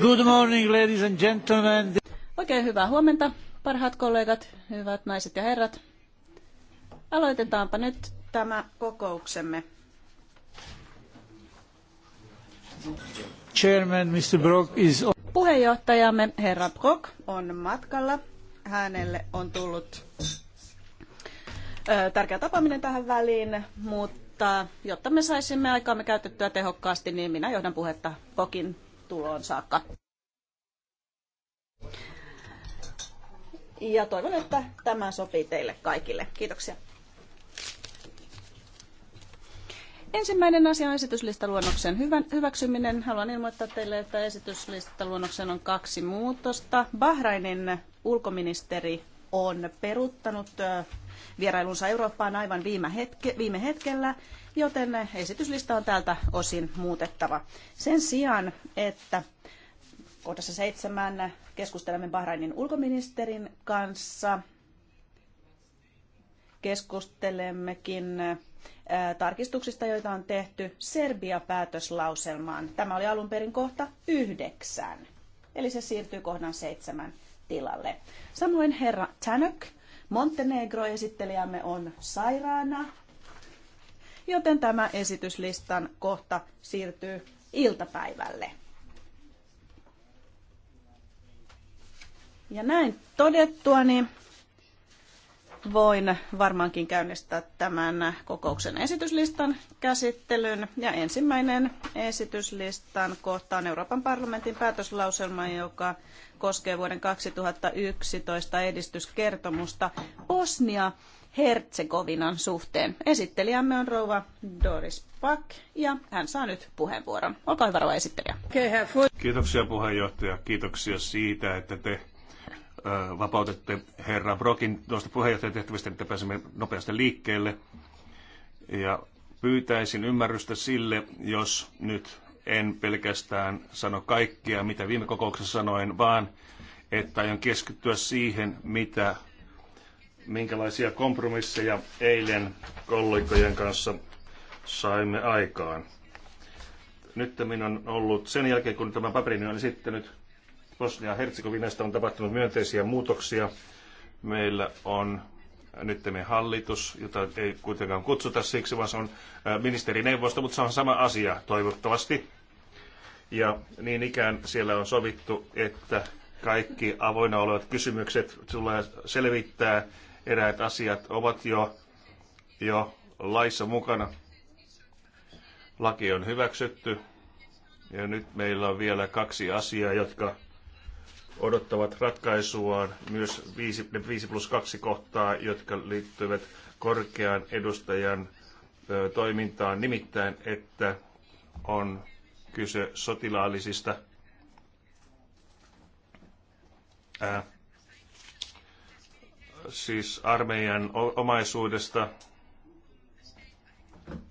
Good morning, ladies and gentlemen. Oikein hyvää huomenta, parhaat kollegat, hyvät naiset ja herrat. Aloitetaanpa nyt tämä kokouksemme. Chairman Mr. Brock is... Puheenjohtajamme herra Brock on matkalla. Hänelle on tullut tärkeä tapaaminen tähän väliin, mutta jotta me saisimme aikaamme käytettyä tehokkaasti, niin minä johdan puhetta Pokin tuloon saakka. Ja toivon, että tämä sopii teille kaikille. Kiitoksia. Ensimmäinen asia on esityslistaluonnoksen hyväksyminen. Haluan ilmoittaa teille, että esityslistaluonnoksen on kaksi muutosta. Bahrainin ulkoministeri on peruttanut vierailunsa Eurooppaan aivan viime, hetke, viime hetkellä joten esityslista on tältä osin muutettava. Sen sijaan, että kohdassa seitsemän keskustelemme Bahrainin ulkoministerin kanssa, keskustelemmekin tarkistuksista, joita on tehty Serbia-päätöslauselmaan. Tämä oli alun perin kohta yhdeksän, eli se siirtyy kohdan seitsemän tilalle. Samoin herra Tanök, Montenegro-esittelijämme on sairaana, joten tämä esityslistan kohta siirtyy iltapäivälle. Ja näin todettua, niin voin varmaankin käynnistää tämän kokouksen esityslistan käsittelyn. Ja ensimmäinen esityslistan kohta on Euroopan parlamentin päätöslauselma, joka koskee vuoden 2011 edistyskertomusta Bosnia Herzegovinan suhteen. Esittelijämme on rouva Doris Pak ja hän saa nyt puheenvuoron. Olkaa hyvä rouva esittelijä. Kiitoksia puheenjohtaja. Kiitoksia siitä, että te vapautette herra Brokin tuosta puheenjohtajan tehtävistä, että pääsemme nopeasti liikkeelle. Ja pyytäisin ymmärrystä sille, jos nyt en pelkästään sano kaikkia, mitä viime kokouksessa sanoin, vaan että aion keskittyä siihen, mitä minkälaisia kompromisseja eilen kollegojen kanssa saimme aikaan. Nyt minä on ollut sen jälkeen, kun tämä paperini on esittänyt, Bosnia Herzegovinasta on tapahtunut myönteisiä muutoksia. Meillä on nyt meidän hallitus, jota ei kuitenkaan kutsuta siksi, vaan se on ministerineuvosto, mutta se on sama asia toivottavasti. Ja niin ikään siellä on sovittu, että kaikki avoinna olevat kysymykset tulee selvittää eräät asiat ovat jo, jo laissa mukana. Laki on hyväksytty ja nyt meillä on vielä kaksi asiaa, jotka odottavat ratkaisuaan myös 5, 5 plus 2 kohtaa, jotka liittyvät korkean edustajan toimintaan, nimittäin että on kyse sotilaallisista ää, siis armeijan omaisuudesta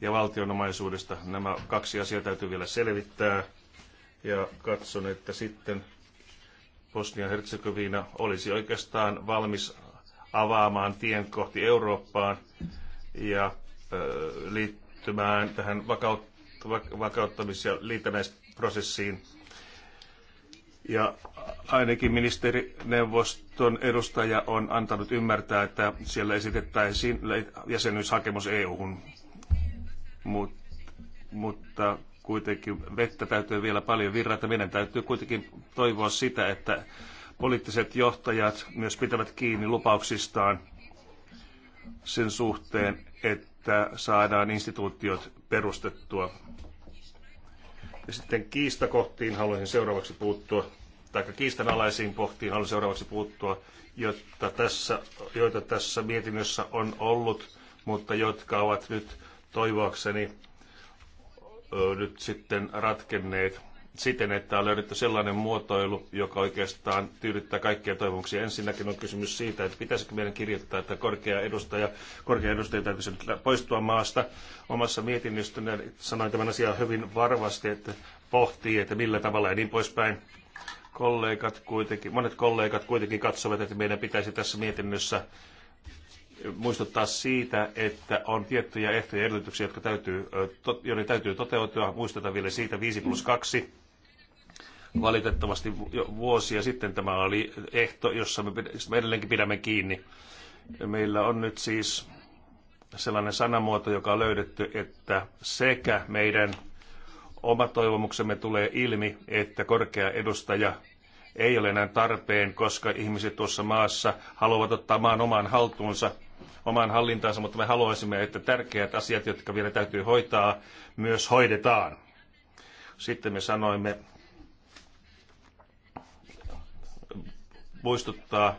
ja valtion omaisuudesta. Nämä kaksi asiaa täytyy vielä selvittää. Ja katson, että sitten Bosnia-Herzegovina olisi oikeastaan valmis avaamaan tien kohti Eurooppaan ja liittymään tähän vakauttamis- ja liitännäisprosessiin ja ainakin ministerineuvoston edustaja on antanut ymmärtää, että siellä esitettäisiin jäsenyyshakemus EU-hun. Mut, mutta kuitenkin vettä täytyy vielä paljon virrata. Meidän täytyy kuitenkin toivoa sitä, että poliittiset johtajat myös pitävät kiinni lupauksistaan sen suhteen, että saadaan instituutiot perustettua. Ja sitten kiistakohtiin haluaisin seuraavaksi puuttua, tai kiistanalaisiin pohtiin haluaisin seuraavaksi puuttua, jotta tässä, joita tässä mietinnössä on ollut, mutta jotka ovat nyt toivoakseni nyt sitten ratkenneet siten, että on löydetty sellainen muotoilu, joka oikeastaan tyydyttää kaikkia toivomuksia. Ensinnäkin on kysymys siitä, että pitäisikö meidän kirjoittaa, että korkea edustaja, korkea edustaja täytyisi poistua maasta. Omassa mietinnöstönä sanoin tämän asian hyvin varvasti, että pohtii, että millä tavalla ja niin poispäin. Kollegat kuitenkin, monet kollegat kuitenkin katsovat, että meidän pitäisi tässä mietinnössä muistuttaa siitä, että on tiettyjä ehtoja ja edellytyksiä, jotka täytyy, joiden täytyy toteutua. Muistetaan vielä siitä 5 plus 2 Valitettavasti jo vuosia sitten tämä oli ehto, jossa me, me edelleenkin pidämme kiinni. Meillä on nyt siis sellainen sanamuoto, joka on löydetty, että sekä meidän oma toivomuksemme tulee ilmi, että korkea edustaja ei ole enää tarpeen, koska ihmiset tuossa maassa haluavat ottaa maan omaan haltuunsa, omaan hallintaansa, mutta me haluaisimme, että tärkeät asiat, jotka vielä täytyy hoitaa, myös hoidetaan. Sitten me sanoimme muistuttaa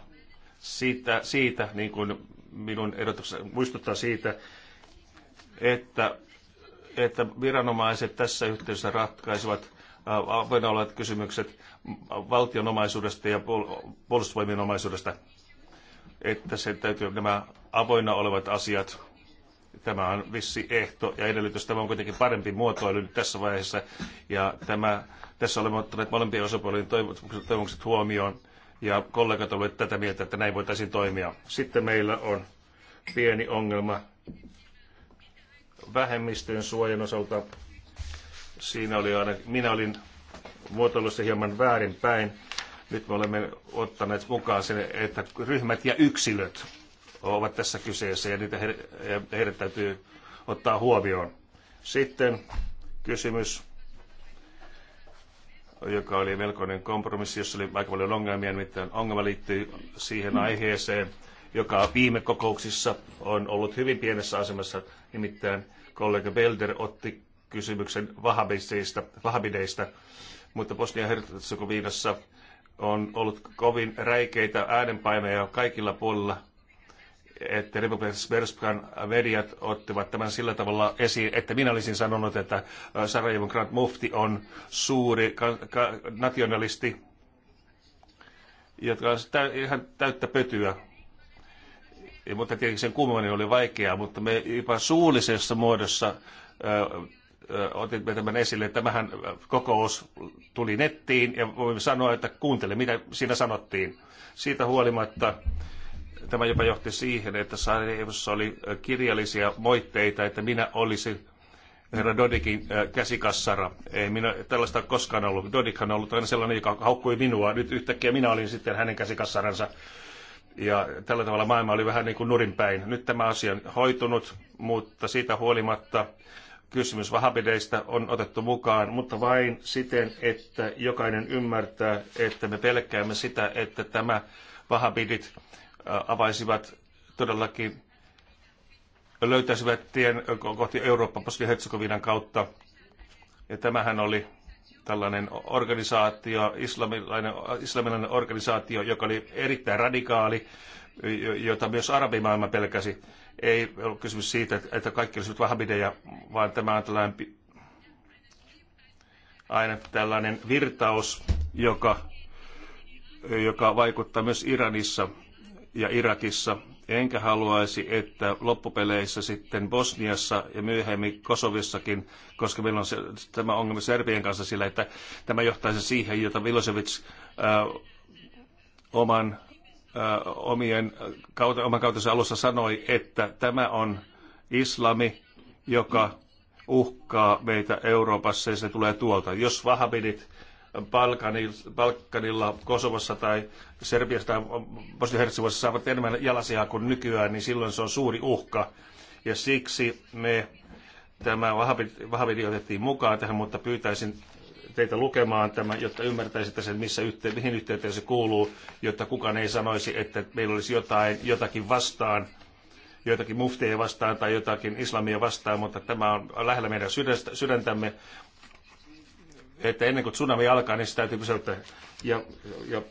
siitä, siitä niin kuin minun ehdotukseni muistuttaa siitä, että, että viranomaiset tässä yhteydessä ratkaisivat äh, avoinna kysymykset valtion omaisuudesta ja puolustusvoimien omaisuudesta, että sen täytyy nämä avoinna olevat asiat tämä on vissi ehto ja edellytys. Tämä on kuitenkin parempi muotoilu nyt tässä vaiheessa. Ja tämä, tässä olemme ottaneet molempien osapuolien toivomukset huomioon ja kollegat olivat tätä mieltä, että näin voitaisiin toimia. Sitten meillä on pieni ongelma vähemmistöjen suojan osalta. Siinä oli aina, minä olin muotoilussa hieman väärinpäin. Nyt me olemme ottaneet mukaan sen, että ryhmät ja yksilöt ovat tässä kyseessä ja niitä heidät täytyy ottaa huomioon. Sitten kysymys joka oli melkoinen kompromissi, jossa oli aika paljon ongelmia, nimittäin ongelma liittyy siihen mm. aiheeseen, joka viime kokouksissa on ollut hyvin pienessä asemassa, nimittäin kollega Belder otti kysymyksen vahabideista, mutta Bosnia-Herzegovinassa on ollut kovin räikeitä äänenpainoja kaikilla puolilla että Republikas Verskan mediat ottivat tämän sillä tavalla esiin, että minä olisin sanonut, että äh, Sarajevon Grand Mufti on suuri nationalisti, jotka on ihan täyttä pötyä. Ja, mutta tietenkin sen kummemmin oli vaikeaa, mutta me jopa suullisessa muodossa äh, äh, otimme tämän esille. Tämähän kokous tuli nettiin ja voimme sanoa, että kuuntele, mitä siinä sanottiin. Siitä huolimatta tämä jopa johti siihen, että Sarajevossa oli kirjallisia moitteita, että minä olisin herra Dodikin käsikassara. Ei minä, tällaista ole koskaan ollut. Dodikhan on ollut aina sellainen, joka haukkui minua. Nyt yhtäkkiä minä olin sitten hänen käsikassaransa. Ja tällä tavalla maailma oli vähän niin kuin nurinpäin. Nyt tämä asia on hoitunut, mutta siitä huolimatta kysymys vahabideista on otettu mukaan, mutta vain siten, että jokainen ymmärtää, että me pelkäämme sitä, että tämä vahabidit avaisivat todellakin, löytäisivät tien kohti Eurooppa Bosnia-Herzegovinan kautta. Ja tämähän oli tällainen organisaatio, islamilainen, islamilainen organisaatio, joka oli erittäin radikaali, jota myös arabimaailma pelkäsi. Ei ollut kysymys siitä, että kaikki olisivat vahvideja, vaan tämä on tällainen aina tällainen virtaus, joka, joka vaikuttaa myös Iranissa ja Irakissa, enkä haluaisi, että loppupeleissä sitten Bosniassa ja myöhemmin Kosovissakin, koska meillä on se, tämä ongelma Serbien kanssa sillä, että tämä johtaisi siihen, jota Milosevic äh, oman, äh, omien, kautta, oman kautensa alussa sanoi, että tämä on islami, joka uhkaa meitä Euroopassa ja se tulee tuolta. Jos vahabidit Balkanilla, Kosovossa tai Serbiassa tai Bosnia-Herzegovassa saavat enemmän jalasia kuin nykyään, niin silloin se on suuri uhka. Ja siksi me tämä vahvidi otettiin mukaan tähän, mutta pyytäisin teitä lukemaan tämä, jotta ymmärtäisitte sen, missä yhteen, mihin yhteyteen se kuuluu, jotta kukaan ei sanoisi, että meillä olisi jotain, jotakin vastaan, joitakin mufteja vastaan tai jotakin islamia vastaan, mutta tämä on lähellä meidän sydäntämme, että ennen kuin tsunami alkaa, niin se täytyy pysäyttää. Ja, ja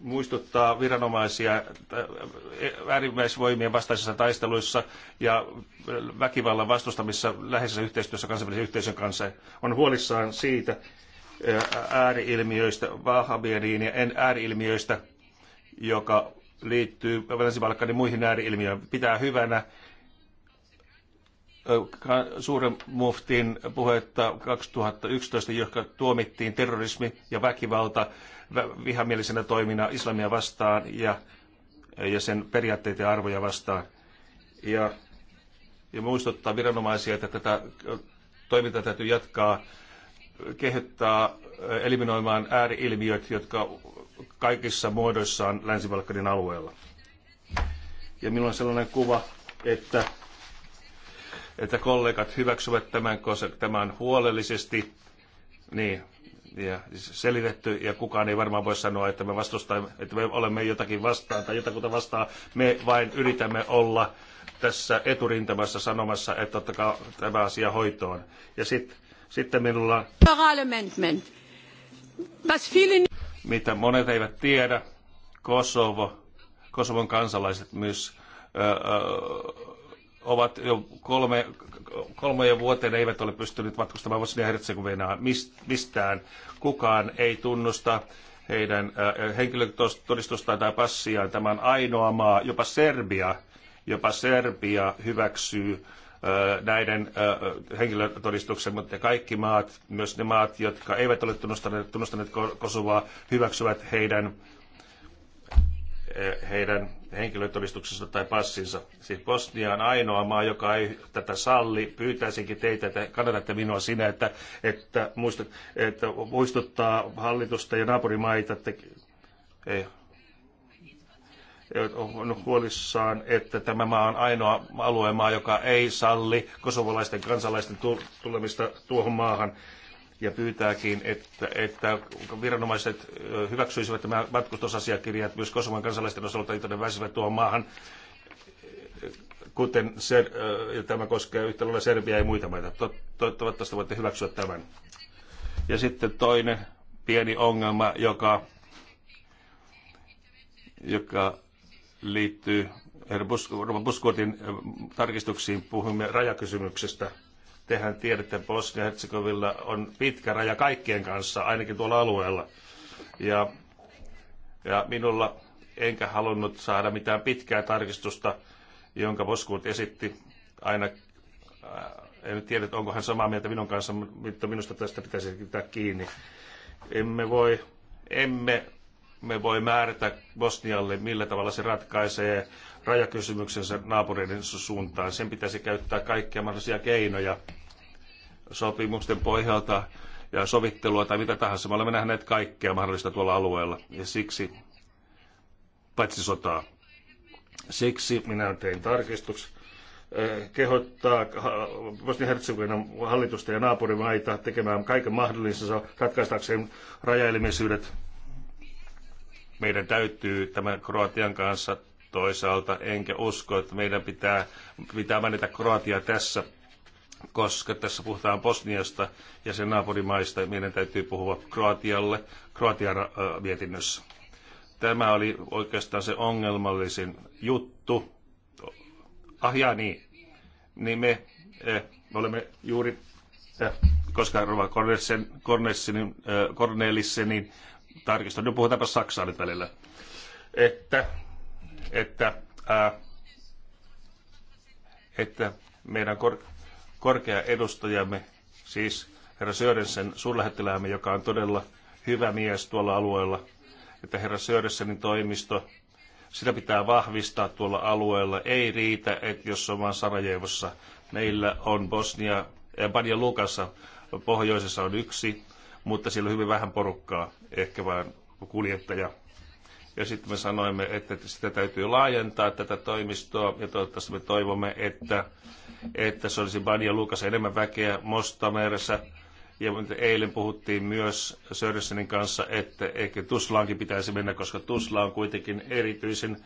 muistuttaa viranomaisia äärimmäisvoimien vastaisissa taisteluissa ja väkivallan vastustamissa läheisessä yhteistyössä kansainvälisen yhteisön kanssa. On huolissaan siitä ääriilmiöistä, Vahabieriin ja ääriilmiöistä, joka liittyy Länsi-Balkanin muihin ääriilmiöihin. Pitää hyvänä suuren muftin puhetta 2011, joka tuomittiin terrorismi ja väkivalta vihamielisenä toimina islamia vastaan ja, ja sen periaatteita ja arvoja vastaan. Ja, ja muistuttaa viranomaisia, että tätä toimintaa täytyy jatkaa, kehittää eliminoimaan ääriilmiöt, jotka kaikissa muodoissaan Länsi-Balkanin alueella. Ja minulla on sellainen kuva, että että kollegat hyväksyvät tämän, koska tämä on huolellisesti niin, ja selitetty, ja kukaan ei varmaan voi sanoa, että me, vastustamme, että me olemme jotakin vastaan tai jotakuta vastaan. Me vain yritämme olla tässä eturintamassa sanomassa, että ottakaa tämä asia hoitoon. Ja sit, sitten minulla... Mitä monet eivät tiedä, Kosovo, Kosovon kansalaiset myös ö, ö, ovat jo kolme, kolmojen vuoteen eivät ole pystyneet matkustamaan Bosnia Herzegovinaa mistään. Kukaan ei tunnusta heidän äh, henkilötodistustaan tai passiaan. Tämä on ainoa maa, jopa Serbia, jopa Serbia hyväksyy äh, näiden äh, henkilötodistuksen, mutta kaikki maat, myös ne maat, jotka eivät ole tunnustaneet, tunnustaneet Kosovaa, hyväksyvät heidän, heidän henkilötodistuksensa tai passinsa. Siis Bosnia on ainoa maa, joka ei tätä salli. Pyytäisinkin teitä, että kannatatte minua sinä, että, että, muistut, että muistuttaa hallitusta ja naapurimaita, että ei, on huolissaan, että tämä maa on ainoa maa, joka ei salli kosovolaisten kansalaisten tulemista tuohon maahan ja pyytääkin, että, että viranomaiset hyväksyisivät nämä matkustusasiakirjat myös Kosovan kansalaisten osalta, jotta ne väsivät tuohon maahan, kuten ser, ja tämä koskee yhtä lailla Serbiaa ja muita maita. Toivottavasti voitte hyväksyä tämän. Ja sitten toinen pieni ongelma, joka, joka liittyy herra Buskotin tarkistuksiin. Puhumme rajakysymyksestä Tehän tiedätte, että Bosnia-Herzegovilla on pitkä raja kaikkien kanssa, ainakin tuolla alueella. Ja, ja minulla enkä halunnut saada mitään pitkää tarkistusta, jonka Boskurt esitti aina, äh, en tiedä, onko hän samaa mieltä minun kanssa, mutta minusta tästä pitäisi pitää kiinni. Emme voi, emme me voi määrätä Bosnialle, millä tavalla se ratkaisee rajakysymyksensä naapureiden suuntaan. Sen pitäisi käyttää kaikkia mahdollisia keinoja sopimusten pohjalta ja sovittelua tai mitä tahansa. Me olemme nähneet kaikkea mahdollista tuolla alueella ja siksi, paitsi sotaa, siksi minä tein tarkistuksen eh, kehottaa bosnia herzegovina hallitusta ja naapurimaita tekemään kaiken mahdollisensa ratkaistakseen rajaelimisyydet meidän täytyy tämän Kroatian kanssa toisaalta, enkä usko, että meidän pitää, pitää mainita Kroatia tässä, koska tässä puhutaan Bosniasta ja sen naapurimaista, meidän täytyy puhua Kroatialle, Kroatian äh, mietinnössä. Tämä oli oikeastaan se ongelmallisin juttu. Ah jaa, niin. Niin me, eh, me olemme juuri, eh, koska Rova Cornelissenin, Kornelissenin tarkistaa. no puhutaanpa Saksaa nyt välillä, että, että, ää, että meidän kor, korkea edustajamme, siis herra Sörensen suurlähettiläämme, joka on todella hyvä mies tuolla alueella, että herra Sörensenin toimisto, sitä pitää vahvistaa tuolla alueella. Ei riitä, että jos on vain Sarajevossa. Meillä on Bosnia, Banja Lukassa, pohjoisessa on yksi mutta siellä oli hyvin vähän porukkaa, ehkä vain kuljettaja. Ja sitten me sanoimme, että sitä täytyy laajentaa tätä toimistoa ja toivottavasti me toivomme, että, että se olisi Banja Lukas enemmän väkeä Mostameressä. Ja eilen puhuttiin myös Sörssenin kanssa, että ehkä Tuslaankin pitäisi mennä, koska Tusla on kuitenkin erityisen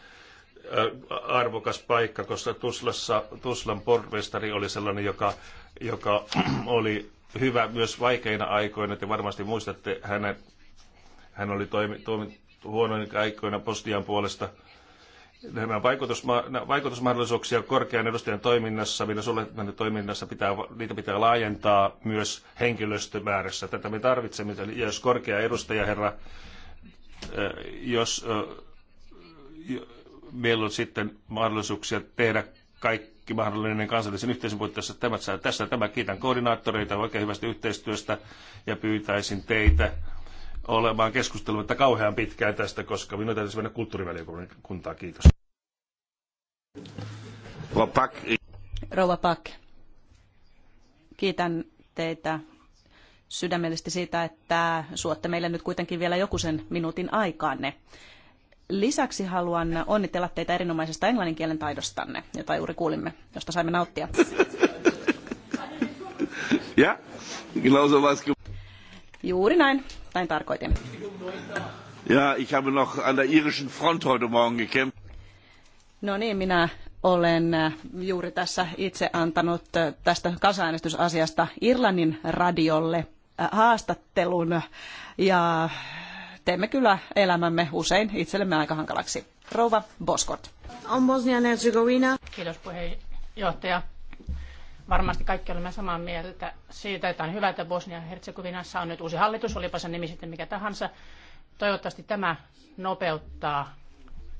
arvokas paikka, koska Tuslassa, Tuslan porvestari oli sellainen, joka, joka oli hyvä myös vaikeina aikoina. Te varmasti muistatte, hänen, hän oli toimi, toimi, huonoina aikoina Postian puolesta. Nämä vaikutusma, vaikutusmahdollisuuksia korkean edustajan toiminnassa, minä sulle toiminnassa, pitää, niitä pitää laajentaa myös henkilöstömäärässä. Tätä me tarvitsemme, Eli jos korkea edustaja herra, eh, jos eh, meillä on sitten mahdollisuuksia tehdä kaikki kaikki mahdollinen kansallisen yhteisön puitteissa. Tämä, tässä tämä kiitän koordinaattoreita oikein hyvästä yhteistyöstä ja pyytäisin teitä olemaan keskustelua kauhean pitkään tästä, koska minun täytyisi mennä kulttuurivaliokuntaan. Kiitos. Rouva Pak, kiitän teitä sydämellisesti siitä, että suotte meille nyt kuitenkin vielä joku sen minuutin aikaanne lisäksi haluan onnitella teitä erinomaisesta englannin kielen taidostanne, jota juuri kuulimme, josta saimme nauttia. Ja, Juuri näin, näin tarkoitin. Ja, ich habe noch an der irischen Front heute Morgen gekämpft. No niin, minä olen juuri tässä itse antanut tästä kansanäänestysasiasta Irlannin radiolle äh, haastattelun ja teemme kyllä elämämme usein itsellemme aika hankalaksi. Rouva Boskort. On Bosnia-Herzegovina. Kiitos puheenjohtaja. Varmasti kaikki olemme samaa mieltä siitä, että on hyvä, että Bosnia-Herzegovinassa on nyt uusi hallitus, olipa se nimi sitten mikä tahansa. Toivottavasti tämä nopeuttaa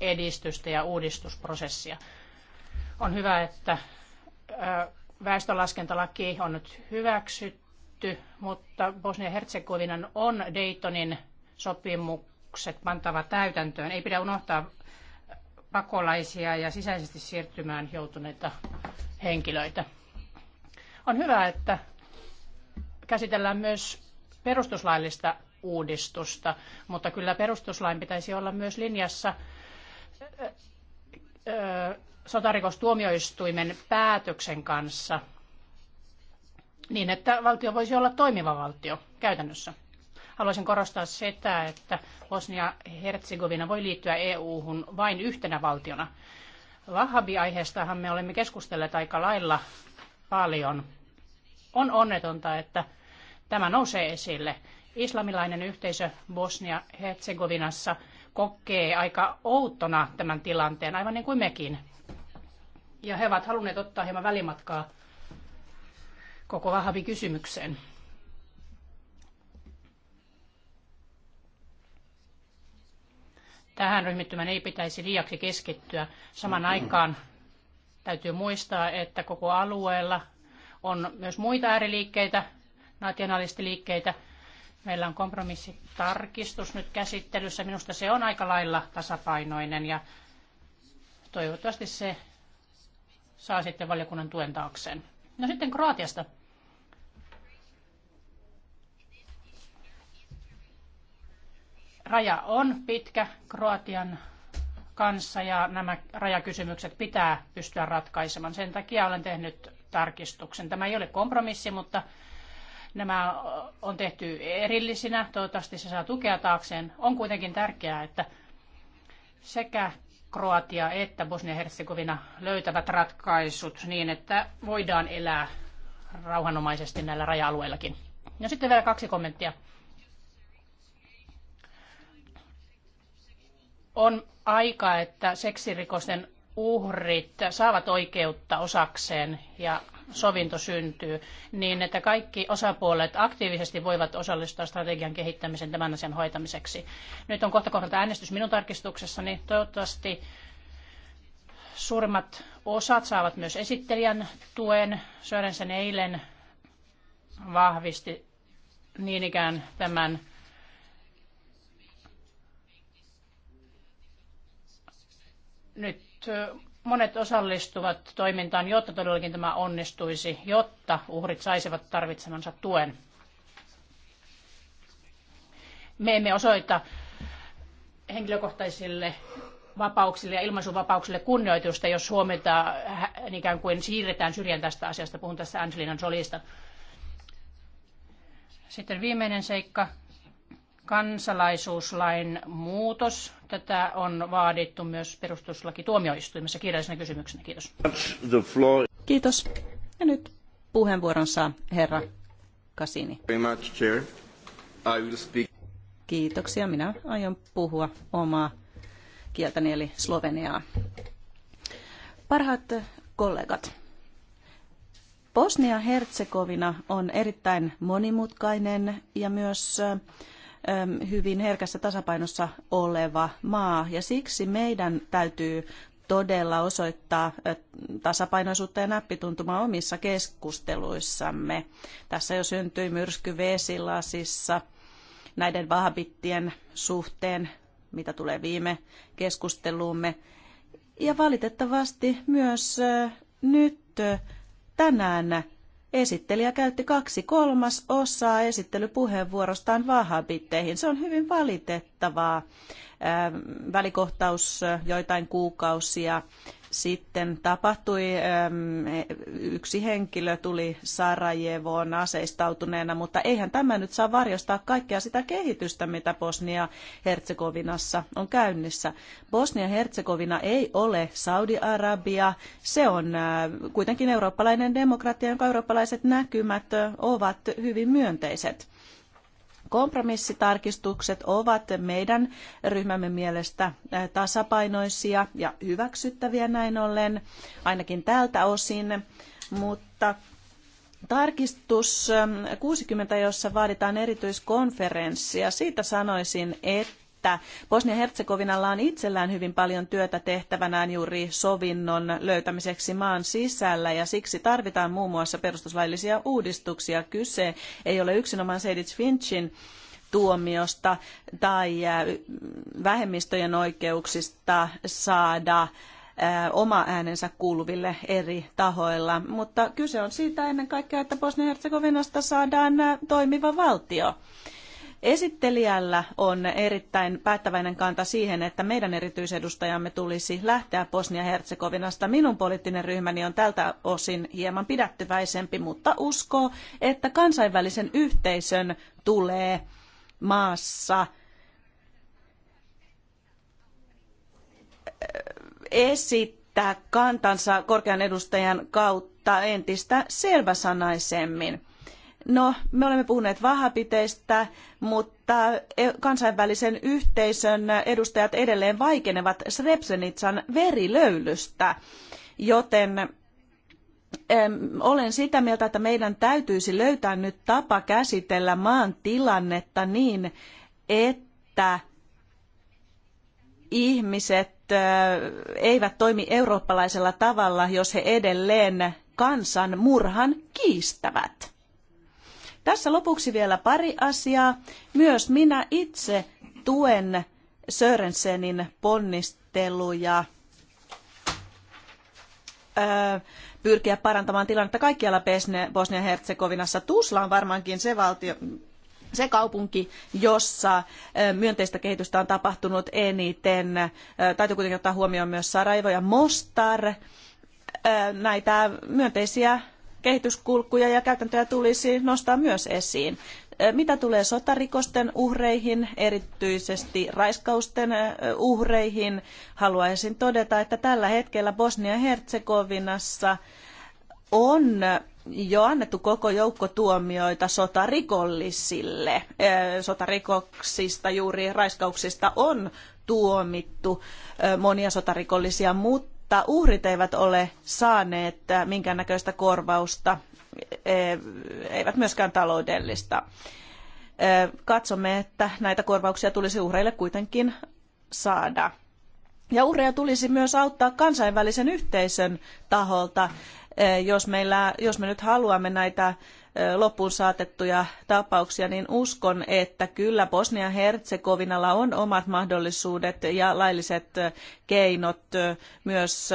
edistystä ja uudistusprosessia. On hyvä, että väestönlaskentalaki on nyt hyväksytty, mutta Bosnia-Herzegovinan on Daytonin sopimukset pantava täytäntöön. Ei pidä unohtaa pakolaisia ja sisäisesti siirtymään joutuneita henkilöitä. On hyvä, että käsitellään myös perustuslaillista uudistusta, mutta kyllä perustuslain pitäisi olla myös linjassa sotarikostuomioistuimen päätöksen kanssa niin, että valtio voisi olla toimiva valtio käytännössä. Haluaisin korostaa sitä, että Bosnia-Herzegovina voi liittyä EU-hun vain yhtenä valtiona. Wahhabi-aiheestahan me olemme keskustelleet aika lailla paljon. On onnetonta, että tämä nousee esille. Islamilainen yhteisö Bosnia-Herzegovinassa kokee aika outona tämän tilanteen, aivan niin kuin mekin. Ja he ovat halunneet ottaa hieman välimatkaa koko vahvi kysymykseen. tähän ryhmittymään ei pitäisi liiaksi keskittyä. Saman aikaan täytyy muistaa, että koko alueella on myös muita ääriliikkeitä, nationalistiliikkeitä. Meillä on kompromissitarkistus nyt käsittelyssä. Minusta se on aika lailla tasapainoinen ja toivottavasti se saa sitten valiokunnan tuen taakseen. No sitten Kroatiasta. Raja on pitkä Kroatian kanssa ja nämä rajakysymykset pitää pystyä ratkaisemaan. Sen takia olen tehnyt tarkistuksen. Tämä ei ole kompromissi, mutta nämä on tehty erillisinä. Toivottavasti se saa tukea taakseen. On kuitenkin tärkeää, että sekä Kroatia että Bosnia-Herzegovina löytävät ratkaisut niin, että voidaan elää rauhanomaisesti näillä raja-alueillakin. sitten vielä kaksi kommenttia On aika, että seksirikosten uhrit saavat oikeutta osakseen ja sovinto syntyy, niin että kaikki osapuolet aktiivisesti voivat osallistua strategian kehittämiseen tämän asian hoitamiseksi. Nyt on kohta kohdalta äänestys minun tarkistuksessani. Toivottavasti suurimmat osat saavat myös esittelijän tuen. Sörensen eilen vahvisti niin ikään tämän Nyt monet osallistuvat toimintaan, jotta todellakin tämä onnistuisi, jotta uhrit saisivat tarvitsemansa tuen. Me emme osoita henkilökohtaisille vapauksille ja ilmaisuvapauksille kunnioitusta, jos Suomelta ikään kuin siirretään syrjään tästä asiasta. Puhun tässä Angelina Solista. Sitten viimeinen seikka, kansalaisuuslain muutos. Tätä on vaadittu myös perustuslaki tuomioistuimessa kirjallisena kysymyksenä. Kiitos. Kiitos. Ja nyt puheenvuoron saa herra Kasini. Kiitoksia. Minä aion puhua omaa kieltäni eli Sloveniaa. Parhaat kollegat, Bosnia-Herzegovina on erittäin monimutkainen ja myös hyvin herkässä tasapainossa oleva maa ja siksi meidän täytyy todella osoittaa tasapainoisuutta ja näppituntumaa omissa keskusteluissamme. Tässä jo syntyi myrsky vesilasissa näiden vahvittien suhteen, mitä tulee viime keskusteluumme. Ja valitettavasti myös nyt tänään Esittelijä käytti kaksi kolmas osaa esittelypuheenvuorostaan vahabitteihin. Se on hyvin valitettavaa. Välikohtaus joitain kuukausia sitten tapahtui. Ähm, yksi henkilö tuli Sarajevoon aseistautuneena, mutta eihän tämä nyt saa varjostaa kaikkea sitä kehitystä, mitä Bosnia-Herzegovinassa on käynnissä. Bosnia-Herzegovina ei ole Saudi-Arabia. Se on äh, kuitenkin eurooppalainen demokratia, jonka eurooppalaiset näkymät ovat hyvin myönteiset. Kompromissitarkistukset ovat meidän ryhmämme mielestä tasapainoisia ja hyväksyttäviä näin ollen, ainakin tältä osin, mutta tarkistus 60, jossa vaaditaan erityiskonferenssia, siitä sanoisin, että että Bosnia-Herzegovinalla on itsellään hyvin paljon työtä tehtävänään juuri sovinnon löytämiseksi maan sisällä ja siksi tarvitaan muun muassa perustuslaillisia uudistuksia. Kyse ei ole yksinomaan Sedic Finchin tuomiosta tai vähemmistöjen oikeuksista saada oma äänensä kuuluville eri tahoilla, mutta kyse on siitä ennen kaikkea, että Bosnia-Herzegovinasta saadaan toimiva valtio. Esittelijällä on erittäin päättäväinen kanta siihen, että meidän erityisedustajamme tulisi lähteä Bosnia-Herzegovinasta. Minun poliittinen ryhmäni on tältä osin hieman pidättyväisempi, mutta uskoo, että kansainvälisen yhteisön tulee maassa eh, esittää kantansa korkean edustajan kautta entistä selväsanaisemmin No, me olemme puhuneet vahapiteistä, mutta e- kansainvälisen yhteisön edustajat edelleen vaikenevat Srebrenitsan verilöylystä, joten olen sitä mieltä, että meidän täytyisi löytää nyt tapa käsitellä maan tilannetta niin, että ihmiset eivät toimi eurooppalaisella tavalla, jos he edelleen kansan murhan kiistävät. Tässä lopuksi vielä pari asiaa. Myös minä itse tuen Sörensenin ponnisteluja pyrkiä parantamaan tilannetta kaikkialla Bosnia-Herzegovinassa. Tusla on varmaankin se valtio, se kaupunki, jossa myönteistä kehitystä on tapahtunut eniten. Täytyy kuitenkin ottaa huomioon myös Sarajevo ja Mostar. Näitä myönteisiä kehityskulkuja ja käytäntöjä tulisi nostaa myös esiin. Mitä tulee sotarikosten uhreihin, erityisesti raiskausten uhreihin, haluaisin todeta, että tällä hetkellä Bosnia-Herzegovinassa on jo annettu koko joukko tuomioita sotarikollisille. Sotarikoksista, juuri raiskauksista on tuomittu monia sotarikollisia, mutta mutta uhrit eivät ole saaneet minkäännäköistä korvausta, e, eivät myöskään taloudellista. E, katsomme, että näitä korvauksia tulisi uhreille kuitenkin saada. Ja uhreja tulisi myös auttaa kansainvälisen yhteisön taholta, e, jos, meillä, jos me nyt haluamme näitä loppuun saatettuja tapauksia, niin uskon, että kyllä Bosnia-Herzegovinalla on omat mahdollisuudet ja lailliset keinot myös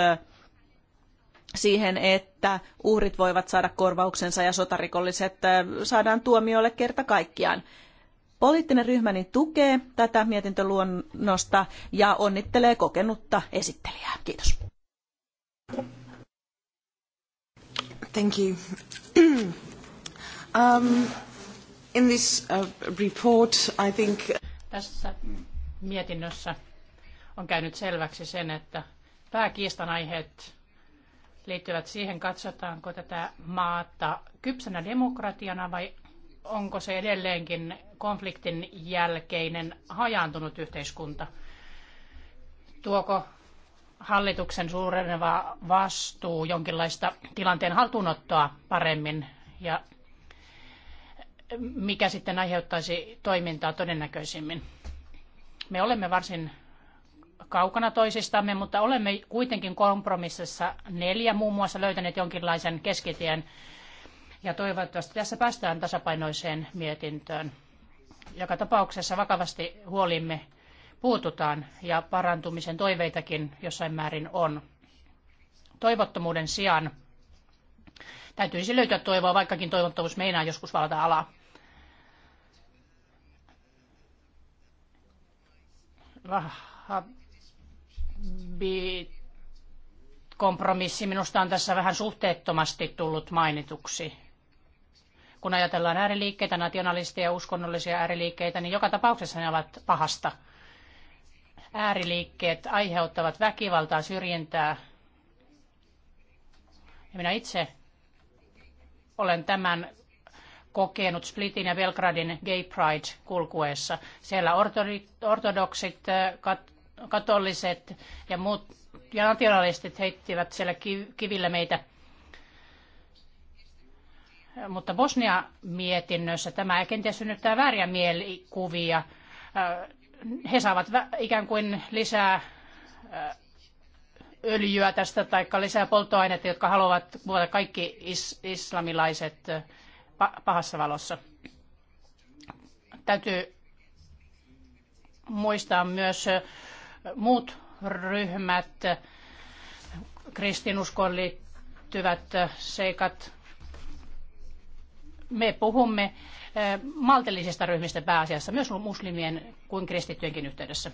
siihen, että uhrit voivat saada korvauksensa ja sotarikolliset saadaan tuomiolle kerta kaikkiaan. Poliittinen ryhmäni tukee tätä mietintöluonnosta ja onnittelee kokenutta esittelijää. Kiitos. Thank you. Um, in this uh, report, I think... Uh, Tässä mietinnössä on käynyt selväksi sen, että pääkiistan aiheet liittyvät siihen, katsotaanko tätä maata kypsänä demokratiana vai onko se edelleenkin konfliktin jälkeinen hajaantunut yhteiskunta. Tuoko hallituksen suureneva vastuu jonkinlaista tilanteen haltuunottoa paremmin ja mikä sitten aiheuttaisi toimintaa todennäköisimmin. Me olemme varsin kaukana toisistamme, mutta olemme kuitenkin kompromississa neljä muun muassa löytäneet jonkinlaisen keskitien. Ja toivottavasti tässä päästään tasapainoiseen mietintöön. Joka tapauksessa vakavasti huolimme puututaan ja parantumisen toiveitakin jossain määrin on. Toivottomuuden sijaan Täytyisi löytää toivoa, vaikkakin toivottavuus meinaa joskus valata alaa. Vahabi kompromissi minusta on tässä vähän suhteettomasti tullut mainituksi. Kun ajatellaan ääriliikkeitä, nationalisteja ja uskonnollisia ääriliikkeitä, niin joka tapauksessa ne ovat pahasta. Ääriliikkeet aiheuttavat väkivaltaa, syrjintää. Ja minä itse olen tämän kokenut Splitin ja Belgradin Gay Pride kulkuessa. Siellä ortodoksit, katoliset ja muut ja nationalistit heittivät siellä kivillä meitä. Mutta Bosnia-mietinnössä tämä kenties synnyttää vääriä mielikuvia. He saavat ikään kuin lisää öljyä tästä tai lisää polttoainetta, jotka haluavat kuvata kaikki is- islamilaiset pahassa valossa. Täytyy muistaa myös muut ryhmät, kristinuskoon liittyvät seikat. Me puhumme maltillisista ryhmistä pääasiassa, myös muslimien kuin kristittyjenkin yhteydessä.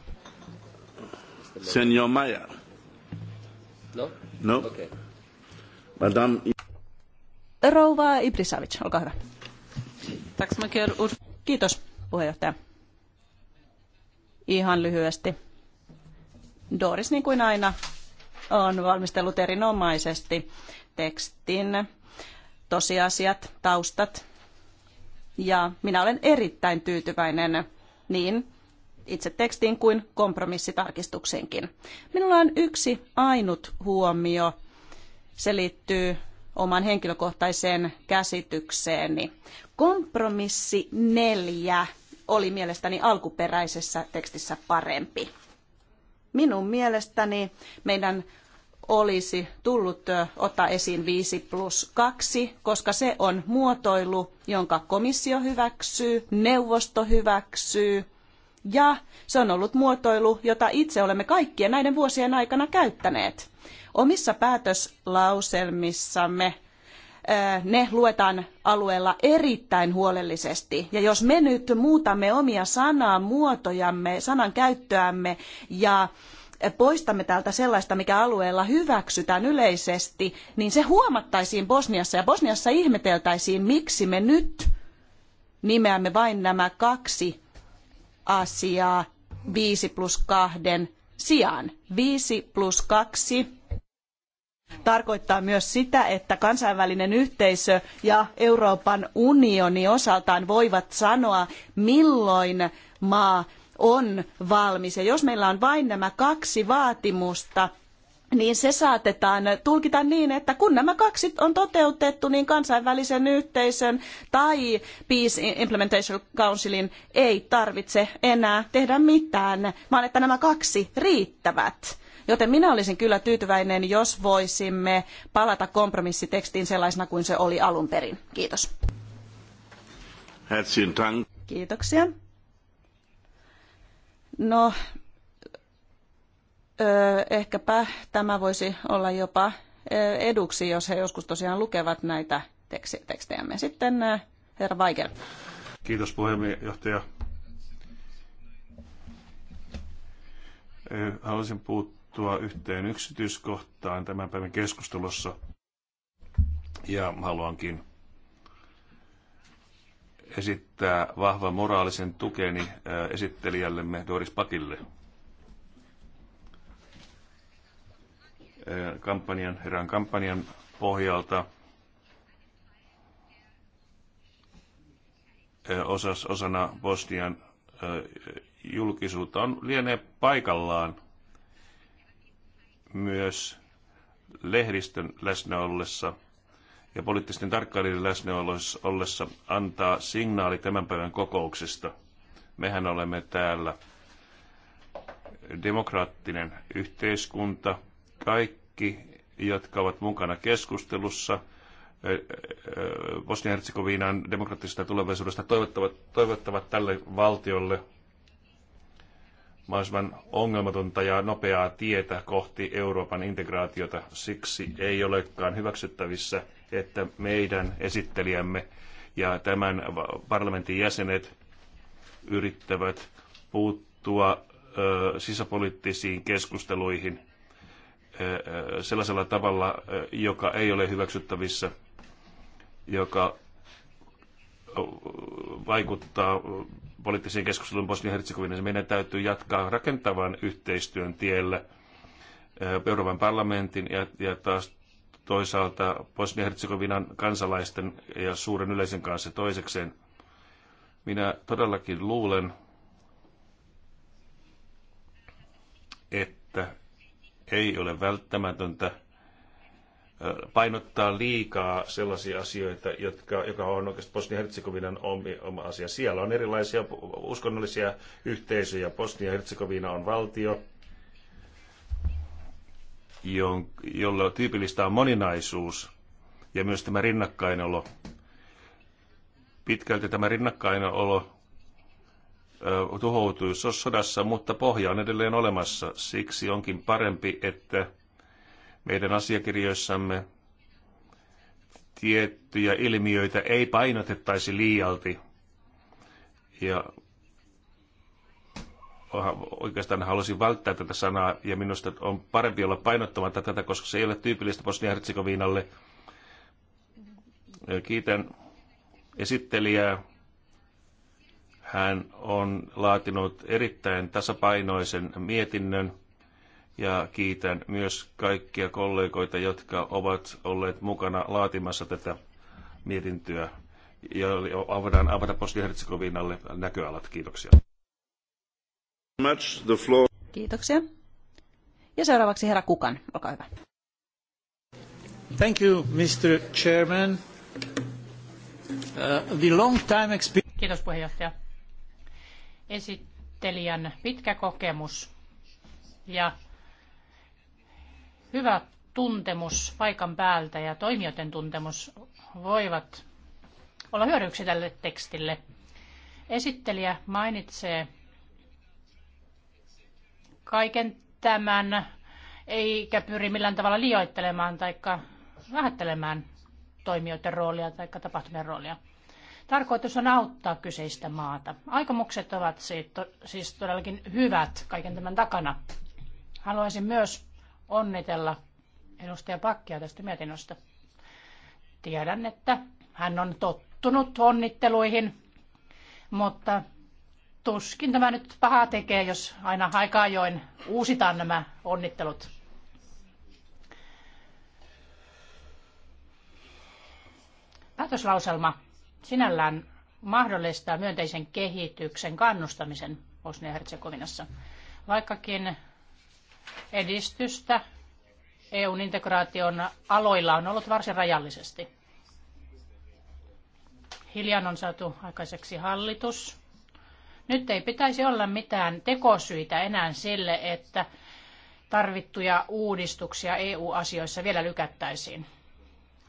Senior Mayer. No? No. Okay. Madame... Rouva Ibrisavic, olkaa hyvä. Kiitos puheenjohtaja. Ihan lyhyesti. Doris, niin kuin aina, on valmistellut erinomaisesti tekstin tosiasiat, taustat. Ja minä olen erittäin tyytyväinen niin itse tekstiin kuin kompromissitarkistuksiinkin. Minulla on yksi ainut huomio. Se liittyy oman henkilökohtaiseen käsitykseeni. Kompromissi neljä oli mielestäni alkuperäisessä tekstissä parempi. Minun mielestäni meidän olisi tullut ottaa esiin 5 plus 2, koska se on muotoilu, jonka komissio hyväksyy, neuvosto hyväksyy ja se on ollut muotoilu, jota itse olemme kaikkien näiden vuosien aikana käyttäneet. Omissa päätöslauselmissamme ne luetaan alueella erittäin huolellisesti. Ja jos me nyt muutamme omia sanaa, muotojamme, sanan käyttöämme ja poistamme täältä sellaista, mikä alueella hyväksytään yleisesti, niin se huomattaisiin Bosniassa ja Bosniassa ihmeteltäisiin, miksi me nyt nimeämme vain nämä kaksi asiaa 5 plus 2 sijaan. 5 plus 2 tarkoittaa myös sitä, että kansainvälinen yhteisö ja Euroopan unioni osaltaan voivat sanoa, milloin maa on valmis. Ja jos meillä on vain nämä kaksi vaatimusta, niin se saatetaan tulkita niin, että kun nämä kaksi on toteutettu, niin kansainvälisen yhteisön tai Peace Implementation Councilin ei tarvitse enää tehdä mitään, vaan että nämä kaksi riittävät. Joten minä olisin kyllä tyytyväinen, jos voisimme palata kompromissitekstiin sellaisena kuin se oli alun perin. Kiitos. Kiitoksia. No, ehkäpä tämä voisi olla jopa eduksi, jos he joskus tosiaan lukevat näitä tekstejämme. Sitten herra Weigel. Kiitos puheenjohtaja. Haluaisin puuttua yhteen yksityiskohtaan tämän päivän keskustelussa. Ja haluankin esittää vahvan moraalisen tukeni esittelijällemme Doris Pakille. Eh, kampanjan, erään kampanjan pohjalta eh, osas, osana Bosnian eh, julkisuutta on lienee paikallaan myös lehdistön läsnä ollessa ja poliittisten tarkkailijoiden läsnä ollessa antaa signaali tämän päivän kokouksesta. Mehän olemme täällä demokraattinen yhteiskunta – kaikki, jotka ovat mukana keskustelussa e, e, Bosnia-Herzegovinan demokraattisesta tulevaisuudesta, toivottavat, toivottavat tälle valtiolle mahdollisimman ongelmatonta ja nopeaa tietä kohti Euroopan integraatiota. Siksi ei olekaan hyväksyttävissä, että meidän esittelijämme ja tämän parlamentin jäsenet yrittävät puuttua ö, sisäpoliittisiin keskusteluihin – sellaisella tavalla, joka ei ole hyväksyttävissä, joka vaikuttaa poliittiseen keskusteluun Bosnia-Herzegovinassa. Meidän täytyy jatkaa rakentavan yhteistyön tiellä Euroopan parlamentin ja, ja taas toisaalta Bosnia-Herzegovinan kansalaisten ja suuren yleisen kanssa toisekseen. Minä todellakin luulen, että ei ole välttämätöntä painottaa liikaa sellaisia asioita, jotka, joka on oikeastaan Bosnia-Herzegovinan oma asia. Siellä on erilaisia uskonnollisia yhteisöjä. Bosnia-Herzegovina on valtio, jolla tyypillistä on moninaisuus ja myös tämä rinnakkainolo. Pitkälti tämä rinnakkainolo tuhoutui sodassa, mutta pohja on edelleen olemassa. Siksi onkin parempi, että meidän asiakirjoissamme tiettyjä ilmiöitä ei painotettaisi liialti. Ja oikeastaan halusin välttää tätä sanaa, ja minusta on parempi olla painottamatta tätä, koska se ei ole tyypillistä Bosnia-Herzegovinalle. Kiitän esittelijää hän on laatinut erittäin tasapainoisen mietinnön ja kiitän myös kaikkia kollegoita, jotka ovat olleet mukana laatimassa tätä mietintöä. Ja avataan avata Bosnia-Herzegovinalle näköalat. Kiitoksia. Kiitoksia. Ja seuraavaksi herra Kukan, olkaa hyvä. Thank you, Mr. Chairman. Uh, the long time experience... Kiitos puheenjohtaja esittelijän pitkä kokemus ja hyvä tuntemus paikan päältä ja toimijoiden tuntemus voivat olla hyödyksi tälle tekstille. Esittelijä mainitsee kaiken tämän, eikä pyri millään tavalla liioittelemaan tai vähättelemään toimijoiden roolia tai tapahtumien roolia. Tarkoitus on auttaa kyseistä maata. Aikomukset ovat siitä, siis todellakin hyvät kaiken tämän takana. Haluaisin myös onnitella edustaja Pakkia tästä mietinnöstä. Tiedän, että hän on tottunut onnitteluihin, mutta tuskin tämä nyt pahaa tekee, jos aina aika ajoin uusitaan nämä onnittelut. Päätöslauselma sinällään mahdollistaa myönteisen kehityksen kannustamisen Bosnia-Herzegovinassa. Vaikkakin edistystä EUn integraation aloilla on ollut varsin rajallisesti. Hiljan on saatu aikaiseksi hallitus. Nyt ei pitäisi olla mitään tekosyitä enää sille, että tarvittuja uudistuksia EU-asioissa vielä lykättäisiin.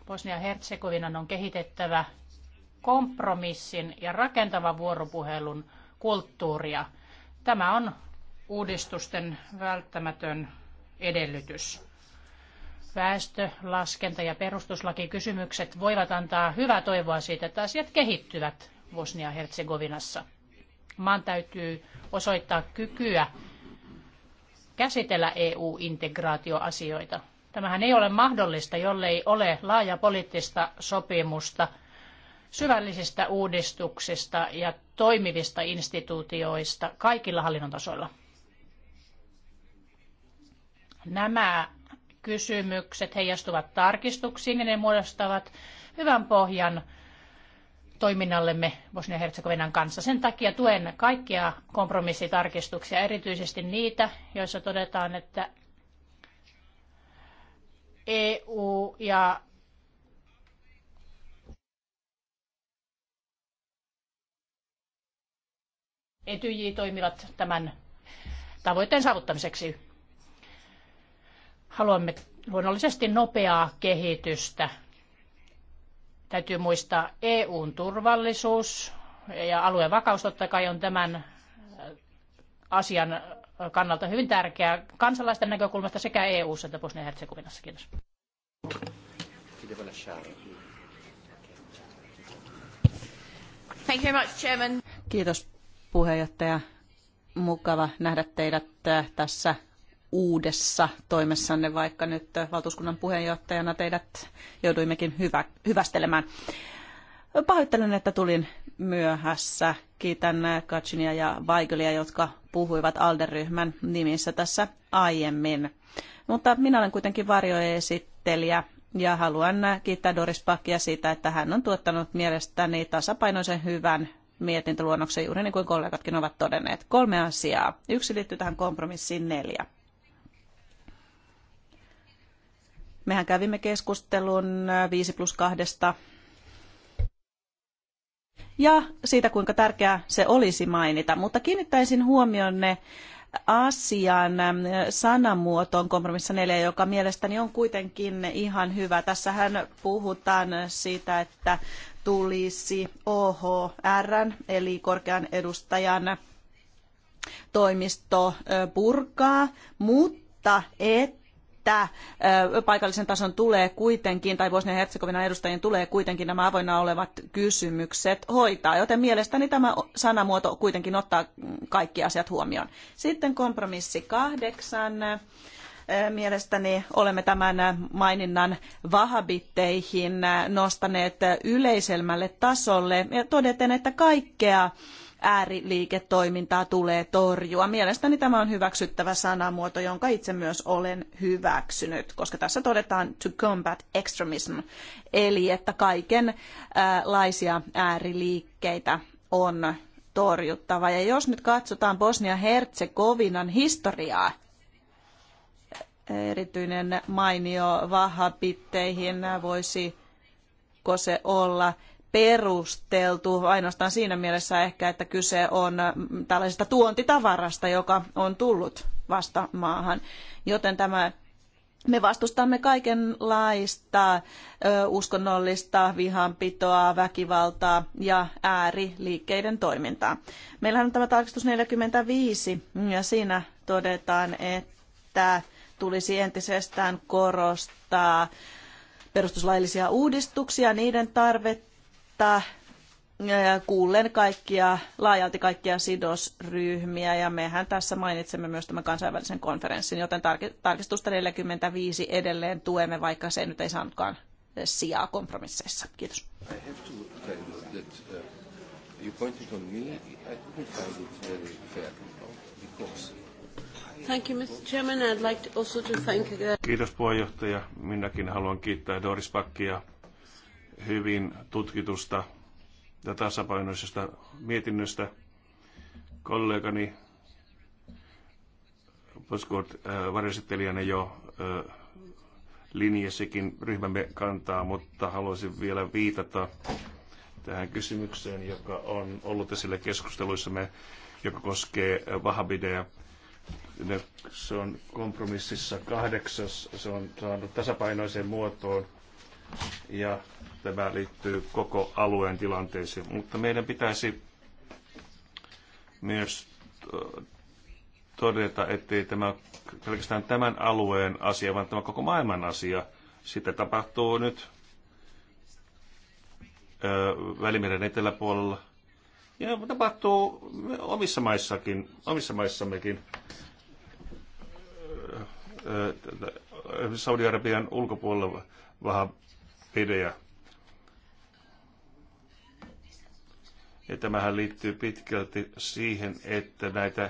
Bosnia-Herzegovinan on kehitettävä kompromissin ja rakentavan vuoropuhelun kulttuuria. Tämä on uudistusten välttämätön edellytys. Väestölaskenta ja perustuslakikysymykset voivat antaa hyvää toivoa siitä, että asiat kehittyvät Bosnia-Herzegovinassa. Maan täytyy osoittaa kykyä käsitellä EU-integraatioasioita. Tämähän ei ole mahdollista, jollei ole laaja poliittista sopimusta – syvällisistä uudistuksista ja toimivista instituutioista kaikilla hallinnon tasoilla. Nämä kysymykset heijastuvat tarkistuksiin ja ne muodostavat hyvän pohjan toiminnallemme Bosnia-Herzegovinan kanssa. Sen takia tuen kaikkia kompromissitarkistuksia, erityisesti niitä, joissa todetaan, että EU ja Etyj toimivat tämän tavoitteen saavuttamiseksi. Haluamme luonnollisesti nopeaa kehitystä. Täytyy muistaa EUn turvallisuus ja alueen vakaus totta kai on tämän äh, asian kannalta hyvin tärkeää kansalaisten näkökulmasta sekä EU-ssa että Bosnia-Herzegovinassa. Kiitos. Thank you very much, Chairman. Kiitos puheenjohtaja. Mukava nähdä teidät äh, tässä uudessa toimessanne, vaikka nyt äh, valtuuskunnan puheenjohtajana teidät jouduimmekin hyvä, hyvästelemään. Pahoittelen, että tulin myöhässä. Kiitän äh, Katsinia ja Vaikelia, jotka puhuivat Alderyhmän nimissä tässä aiemmin. Mutta minä olen kuitenkin varjoesittelijä ja haluan kiittää Doris Pakkia siitä, että hän on tuottanut mielestäni tasapainoisen hyvän mietintöluonnoksen juuri niin kuin kollegatkin ovat todenneet. Kolme asiaa. Yksi liittyy tähän kompromissiin neljä. Mehän kävimme keskustelun 5 plus 2 ja siitä, kuinka tärkeää se olisi mainita. Mutta kiinnittäisin huomionne asian sanamuotoon kompromissa 4, joka mielestäni on kuitenkin ihan hyvä. Tässähän puhutaan siitä, että tulisi OHR, eli korkean edustajan toimisto purkaa, mutta että paikallisen tason tulee kuitenkin, tai Bosnian Herzegovinan edustajien tulee kuitenkin nämä avoinna olevat kysymykset hoitaa. Joten mielestäni tämä sanamuoto kuitenkin ottaa kaikki asiat huomioon. Sitten kompromissi kahdeksan mielestäni olemme tämän maininnan vahabitteihin nostaneet yleisemmälle tasolle ja todeten, että kaikkea ääriliiketoimintaa tulee torjua. Mielestäni tämä on hyväksyttävä sanamuoto, jonka itse myös olen hyväksynyt, koska tässä todetaan to combat extremism, eli että kaikenlaisia ääriliikkeitä on torjuttava. Ja jos nyt katsotaan Bosnia-Herzegovinan historiaa, erityinen mainio vahapitteihin voisi se olla perusteltu ainoastaan siinä mielessä ehkä, että kyse on tällaisesta tuontitavarasta, joka on tullut vasta maahan. Joten tämä me vastustamme kaikenlaista ö, uskonnollista vihanpitoa, väkivaltaa ja ääriliikkeiden toimintaa. Meillähän on tämä tarkistus 45 ja siinä todetaan, että tulisi entisestään korostaa perustuslaillisia uudistuksia, niiden tarvetta, kuullen kaikkia, laajalti kaikkia sidosryhmiä ja mehän tässä mainitsemme myös tämän kansainvälisen konferenssin, joten tarkistusta 45 edelleen tuemme, vaikka se nyt ei saanutkaan sijaa kompromisseissa. Kiitos. Uh, you pointed on me, I find it very fair, because Thank you, Mr. Chairman. I'd like to also to thank uh, Kiitos puheenjohtaja. Minäkin haluan kiittää Doris Packia hyvin tutkitusta ja tasapainoisesta mietinnöstä. Kollegani Poskort äh, varjoesittelijänä jo äh, linjassakin ryhmämme kantaa, mutta haluaisin vielä viitata tähän kysymykseen, joka on ollut esillä keskusteluissamme, joka koskee vahabideja se on kompromississa kahdeksas, se on saanut tasapainoiseen muotoon ja tämä liittyy koko alueen tilanteeseen. Mutta meidän pitäisi myös todeta, ettei tämä pelkästään tämän alueen asia, vaan tämä koko maailman asia. Sitä tapahtuu nyt Välimeren eteläpuolella – ja tapahtuu omissa maissakin, omissa maissammekin. Öö, öö, Saudi-Arabian ulkopuolella pidejä. Ja tämähän liittyy pitkälti siihen, että näitä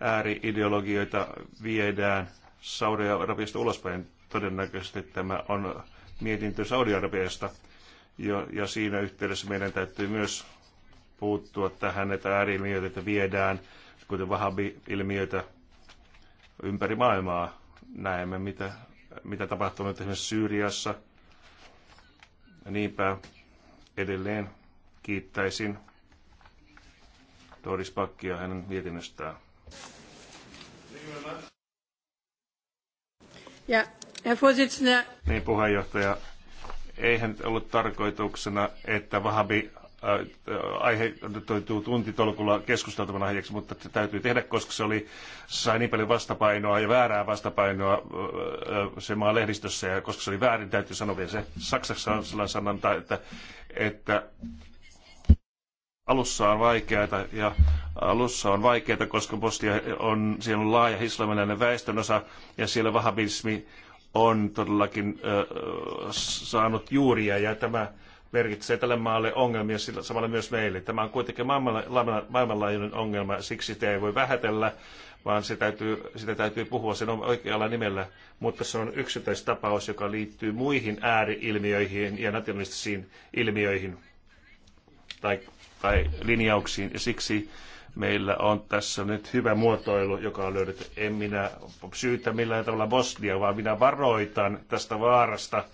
ääriideologioita viedään Saudi-Arabiasta ulospäin. Todennäköisesti tämä on mietintö Saudi-Arabiasta. Ja, ja siinä yhteydessä meidän täytyy myös puuttua tähän, että ääriilmiöitä viedään, kuten vahabi-ilmiöitä ympäri maailmaa. Näemme, mitä, mitä tapahtuu nyt esimerkiksi Syyriassa. Ja niinpä edelleen kiittäisin Doris Pakkia hänen mietinnöstään. Ja, Herr Niin, puheenjohtaja. Eihän ollut tarkoituksena, että vahabi Äh, aihe toituu tuntitolkulla keskusteltavana aiheeksi, mutta se täytyy tehdä, koska se oli, sai niin paljon vastapainoa ja väärää vastapainoa äh, äh, se maa lehdistössä, ja koska se oli väärin, täytyy sanoa vielä se saksaksalainen sananta, että, että alussa on vaikeaa ja alussa on vaikeaa, koska Bosnia on, siellä on laaja islamilainen väestönosa ja siellä vahabismi on todellakin äh, saanut juuria ja tämä merkitsee tälle maalle ongelmia, sillä samalla myös meille. Tämä on kuitenkin maailmanlaajuinen ongelma, siksi sitä ei voi vähätellä, vaan se täytyy, sitä täytyy puhua sen oikealla nimellä. Mutta se on yksittäistapaus, joka liittyy muihin ääriilmiöihin ja nationalistisiin ilmiöihin tai, tai linjauksiin. Ja siksi meillä on tässä nyt hyvä muotoilu, joka on löydetty. En minä syytä millään tavalla Bosnia, vaan minä varoitan tästä vaarasta –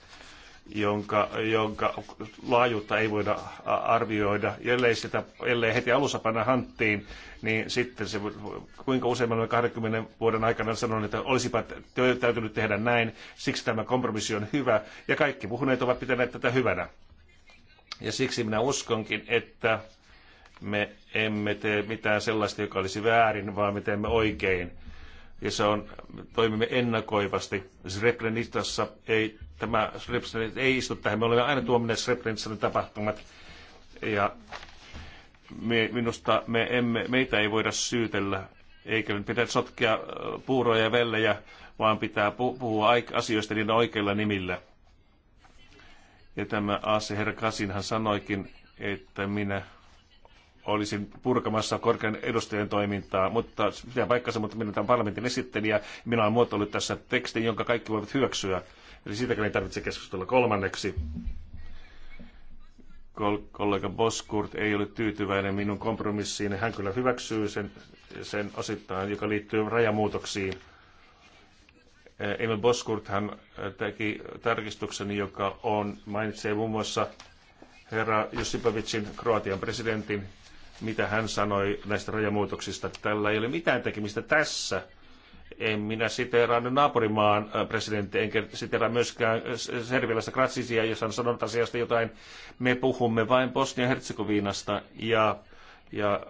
jonka, jonka laajuutta ei voida arvioida. Ellei, sitä, ellei heti alussa panna hanttiin, niin sitten se, kuinka usein olemme 20 vuoden aikana sanoneet, että olisipa täytynyt tehdä näin, siksi tämä kompromissi on hyvä, ja kaikki puhuneet ovat pitäneet tätä hyvänä. Ja siksi minä uskonkin, että me emme tee mitään sellaista, joka olisi väärin, vaan me teemme oikein jossa on, toimimme ennakoivasti. Srebrenitassa ei, tämä Srebrenica ei istu tähän. Me olemme aina tuomineet Srebrenitassa tapahtumat. Ja me, minusta me emme, meitä ei voida syytellä, eikä nyt pidä sotkea puuroja ja vellejä, vaan pitää puhua asioista niiden oikeilla nimillä. Ja tämä Aase herra Kasinhan sanoikin, että minä olisin purkamassa korkean edustajan toimintaa, mutta sitä paikkansa, mutta minä olen parlamentin esittelijä, minä olen muotoillut tässä tekstin, jonka kaikki voivat hyväksyä. Eli siitäkään ei tarvitse keskustella kolmanneksi. Kollega Boskurt ei ole tyytyväinen minun kompromissiin. Hän kyllä hyväksyy sen, sen osittain, joka liittyy rajamuutoksiin. Eh, Emil Boskurt hän eh, teki tarkistuksen, joka on, mainitsee muun muassa herra Jussipovicin, Kroatian presidentin, mitä hän sanoi näistä rajamuutoksista. Tällä ei ole mitään tekemistä tässä. En minä siteeraan naapurimaan äh, presidentti, enkä siteeraa myöskään äh, serbialaista Kratsisia, jos hän sanoo asiasta jotain. Me puhumme vain Bosnia-Herzegovinasta ja, ja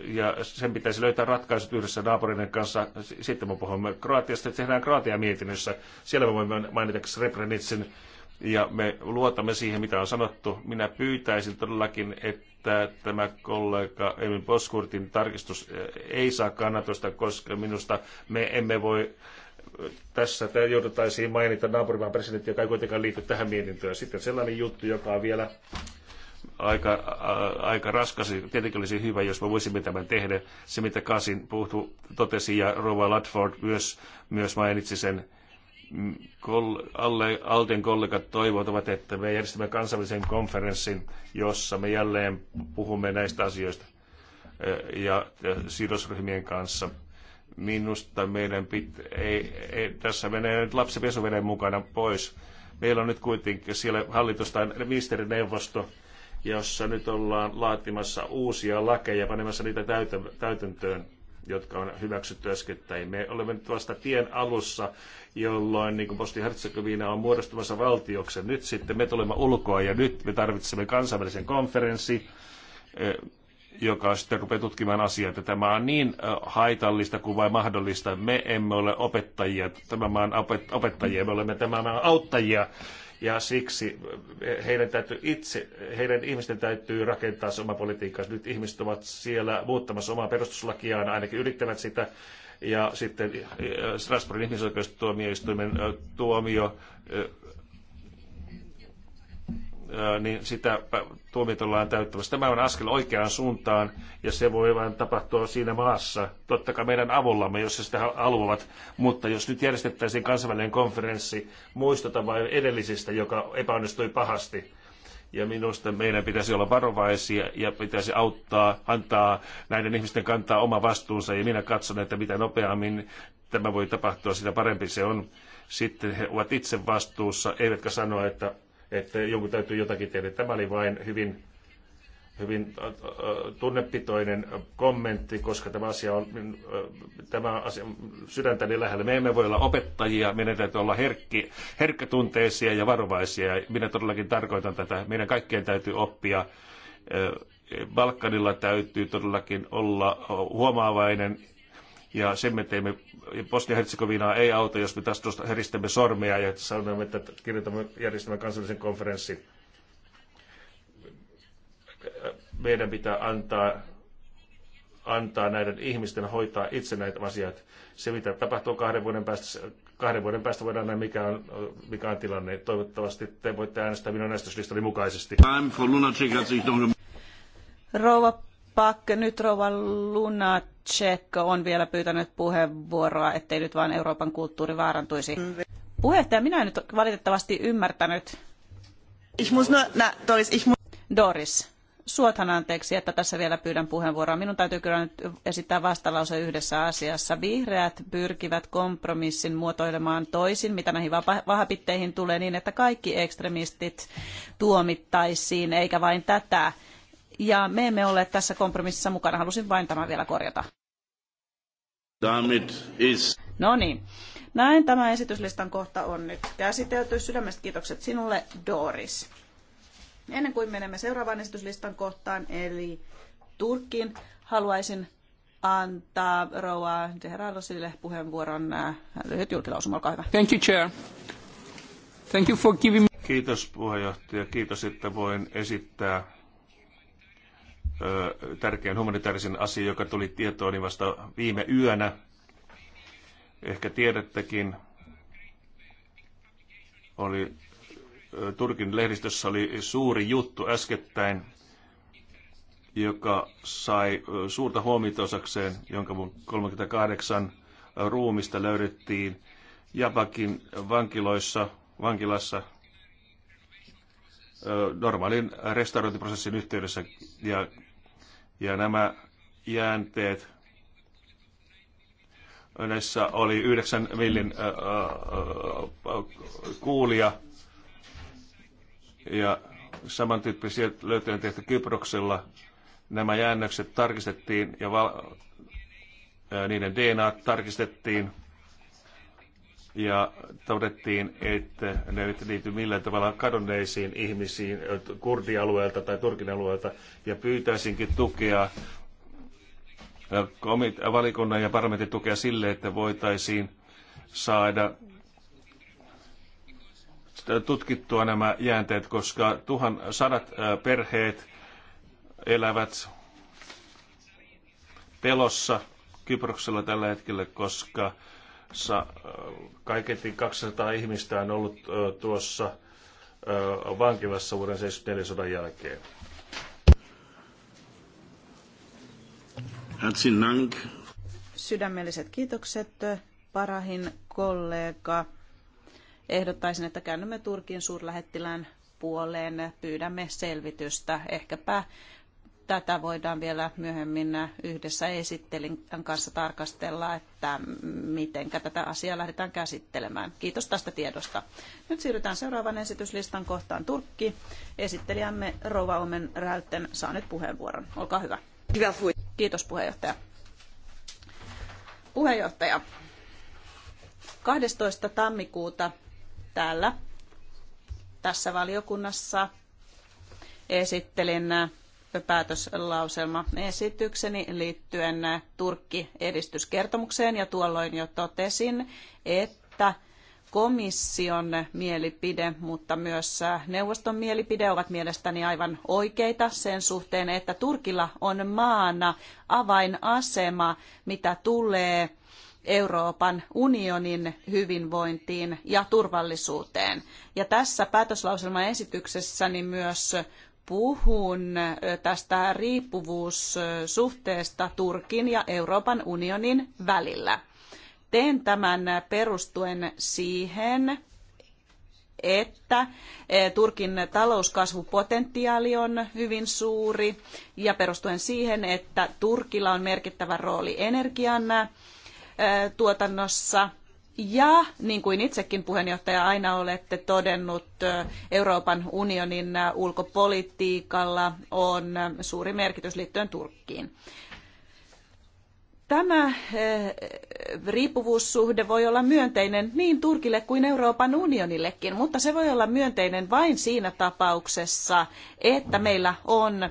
ja sen pitäisi löytää ratkaisut yhdessä naapurinen kanssa. Sitten me puhumme Kroatiasta, tehdään Kroatia mietinnössä. Siellä me voimme mainita Srebrenicin ja me luotamme siihen, mitä on sanottu. Minä pyytäisin todellakin, että tämä kollega Emin Poskurtin tarkistus eh, ei saa kannatusta, koska minusta me emme voi eh, tässä joudutaisiin mainita naapurimaan presidentti, joka ei kuitenkaan liity tähän mietintöön. Sitten sellainen juttu, joka on vielä aika, äh, aika raskas. Niin tietenkin olisi hyvä, jos me voisimme tämän tehdä. Se, mitä Kasin puhtu, totesi ja Rova Ladford myös, myös mainitsi sen, Alten kollegat toivotavat, että me järjestämme kansainvälisen konferenssin, jossa me jälleen puhumme näistä asioista eh, ja sidosryhmien kanssa. Minusta meidän pit, ei, ei, tässä menee nyt lapsi pesuveden mukana pois. Meillä on nyt kuitenkin siellä hallitus tai ministerineuvosto, jossa nyt ollaan laatimassa uusia lakeja, panemassa niitä täytäntöön jotka on hyväksytty äskettäin. Me olemme nyt vasta tien alussa, jolloin niin kuin Bosnia-Herzegovina on muodostumassa valtioksi. Nyt sitten me tulemme ulkoa ja nyt me tarvitsemme kansainvälisen konferenssi, eh, joka sitten rupeaa tutkimaan asioita. Tämä on niin eh, haitallista kuin vain mahdollista. Me emme ole opettajia, tämä maan opettajia, me olemme tämän maan auttajia ja siksi eh, heidän, täytyy itse, heidän ihmisten täytyy rakentaa se oma politiikkansa. Nyt ihmiset ovat siellä muuttamassa omaa perustuslakiaan, ainakin yrittävät sitä, ja sitten eh, Strasbourgin ihmisoikeustuomioistuimen eh, tuomio niin sitä tuomitellaan täyttämässä. Tämä on askel oikeaan suuntaan ja se voi vain tapahtua siinä maassa, totta kai meidän avullamme, jos se sitä haluavat. Mutta jos nyt järjestettäisiin kansainvälinen konferenssi, muistuta vain edellisistä, joka epäonnistui pahasti. Ja minusta meidän pitäisi olla varovaisia ja pitäisi auttaa, antaa näiden ihmisten kantaa oma vastuunsa. Ja minä katson, että mitä nopeammin tämä voi tapahtua, sitä parempi se on. Sitten he ovat itse vastuussa, eivätkä sano, että että jonkun täytyy jotakin tehdä. Tämä oli vain hyvin, hyvin tunnepitoinen kommentti, koska tämä asia on tämä asia, sydäntäni lähellä. Me emme voi olla opettajia, meidän täytyy olla herkki, herkkätunteisia ja varovaisia. Minä todellakin tarkoitan tätä. Meidän kaikkien täytyy oppia Balkanilla täytyy todellakin olla huomaavainen ja sen me teemme, Bosnia-Herzegovinaa ei auta, jos me taas tuosta heristämme sormeja ja sanomme, että kirjoitamme, järjestämme kansallisen konferenssin. Meidän pitää antaa antaa näiden ihmisten hoitaa itse näitä asioita. Se, mitä tapahtuu kahden vuoden päästä, kahden vuoden päästä voidaan nähdä, mikä on, mikä on tilanne. Toivottavasti te voitte äänestää minun äänestyslistani mukaisesti. Rouva Pak. Nyt rouva Lunacek on vielä pyytänyt puheenvuoroa, ettei nyt vaan Euroopan kulttuuri vaarantuisi. Puheenjohtaja, minä en nyt valitettavasti ymmärtänyt. Ich muss nur, na, Doris, ich muss... Doris, suothan anteeksi, että tässä vielä pyydän puheenvuoroa. Minun täytyy kyllä nyt esittää vastalause yhdessä asiassa. Vihreät pyrkivät kompromissin muotoilemaan toisin, mitä näihin vahapitteihin tulee, niin että kaikki ekstremistit tuomittaisiin, eikä vain tätä ja me emme ole tässä kompromississa mukana. Halusin vain tämän vielä korjata. No niin. Näin tämä esityslistan kohta on nyt käsitelty. Sydämestä kiitokset sinulle, Doris. Ennen kuin menemme seuraavaan esityslistan kohtaan, eli Turkkiin, haluaisin antaa Roa Deheralosille puheenvuoron. Lyhyt julkilausuma, olkaa hyvä. Thank you, Chair. Thank you for giving me... Kiitos puheenjohtaja. Kiitos, että voin esittää tärkeän humanitaarisen asian, joka tuli tietoon, niin vasta viime yönä. Ehkä tiedättekin, oli Turkin lehdistössä oli suuri juttu äskettäin, joka sai suurta huomiota osakseen, jonka 38 ruumista löydettiin Japakin vankiloissa, vankilassa normaalin restaurointiprosessin yhteydessä ja ja nämä jäänteet näissä oli 9 millin äh, äh, kuulia ja samantyyppisiä löytöjä on tehty Kyproksella. Nämä jäännökset tarkistettiin ja val- niiden DNA tarkistettiin ja todettiin, että ne eivät liity millään tavalla kadonneisiin ihmisiin kurdialueelta tai Turkin alueelta, ja pyytäisinkin tukea valikunnan ja parlamentin tukea sille, että voitaisiin saada tutkittua nämä jäänteet, koska tuhan sadat perheet elävät pelossa Kyproksella tällä hetkellä, koska Sa, kaiketi 200 ihmistä on ollut tuossa vankilassa vuoden 74 sodan jälkeen. Sydämelliset kiitokset, Parahin kollega. Ehdottaisin, että käännymme Turkin suurlähettilään puoleen. Pyydämme selvitystä. Ehkäpä tätä voidaan vielä myöhemmin yhdessä esittelin kanssa tarkastella, että miten tätä asiaa lähdetään käsittelemään. Kiitos tästä tiedosta. Nyt siirrytään seuraavan esityslistan kohtaan Turkki. Esittelijämme Rouva Omen Räytten saa nyt puheenvuoron. Olkaa hyvä. Kiitos puheenjohtaja. Puheenjohtaja, 12. tammikuuta täällä tässä valiokunnassa esittelin päätöslauselma esitykseni liittyen Turkki-edistyskertomukseen ja tuolloin jo totesin, että komission mielipide, mutta myös neuvoston mielipide ovat mielestäni aivan oikeita sen suhteen, että Turkilla on maana avainasema, mitä tulee Euroopan unionin hyvinvointiin ja turvallisuuteen. Ja tässä päätöslauselmaesityksessäni myös puhun tästä riippuvuussuhteesta Turkin ja Euroopan unionin välillä. Teen tämän perustuen siihen, että Turkin talouskasvupotentiaali on hyvin suuri ja perustuen siihen, että Turkilla on merkittävä rooli energian tuotannossa ja niin kuin itsekin puheenjohtaja aina olette todennut, Euroopan unionin ulkopolitiikalla on suuri merkitys liittyen Turkkiin. Tämä eh, riippuvuussuhde voi olla myönteinen niin Turkille kuin Euroopan unionillekin, mutta se voi olla myönteinen vain siinä tapauksessa, että meillä on eh,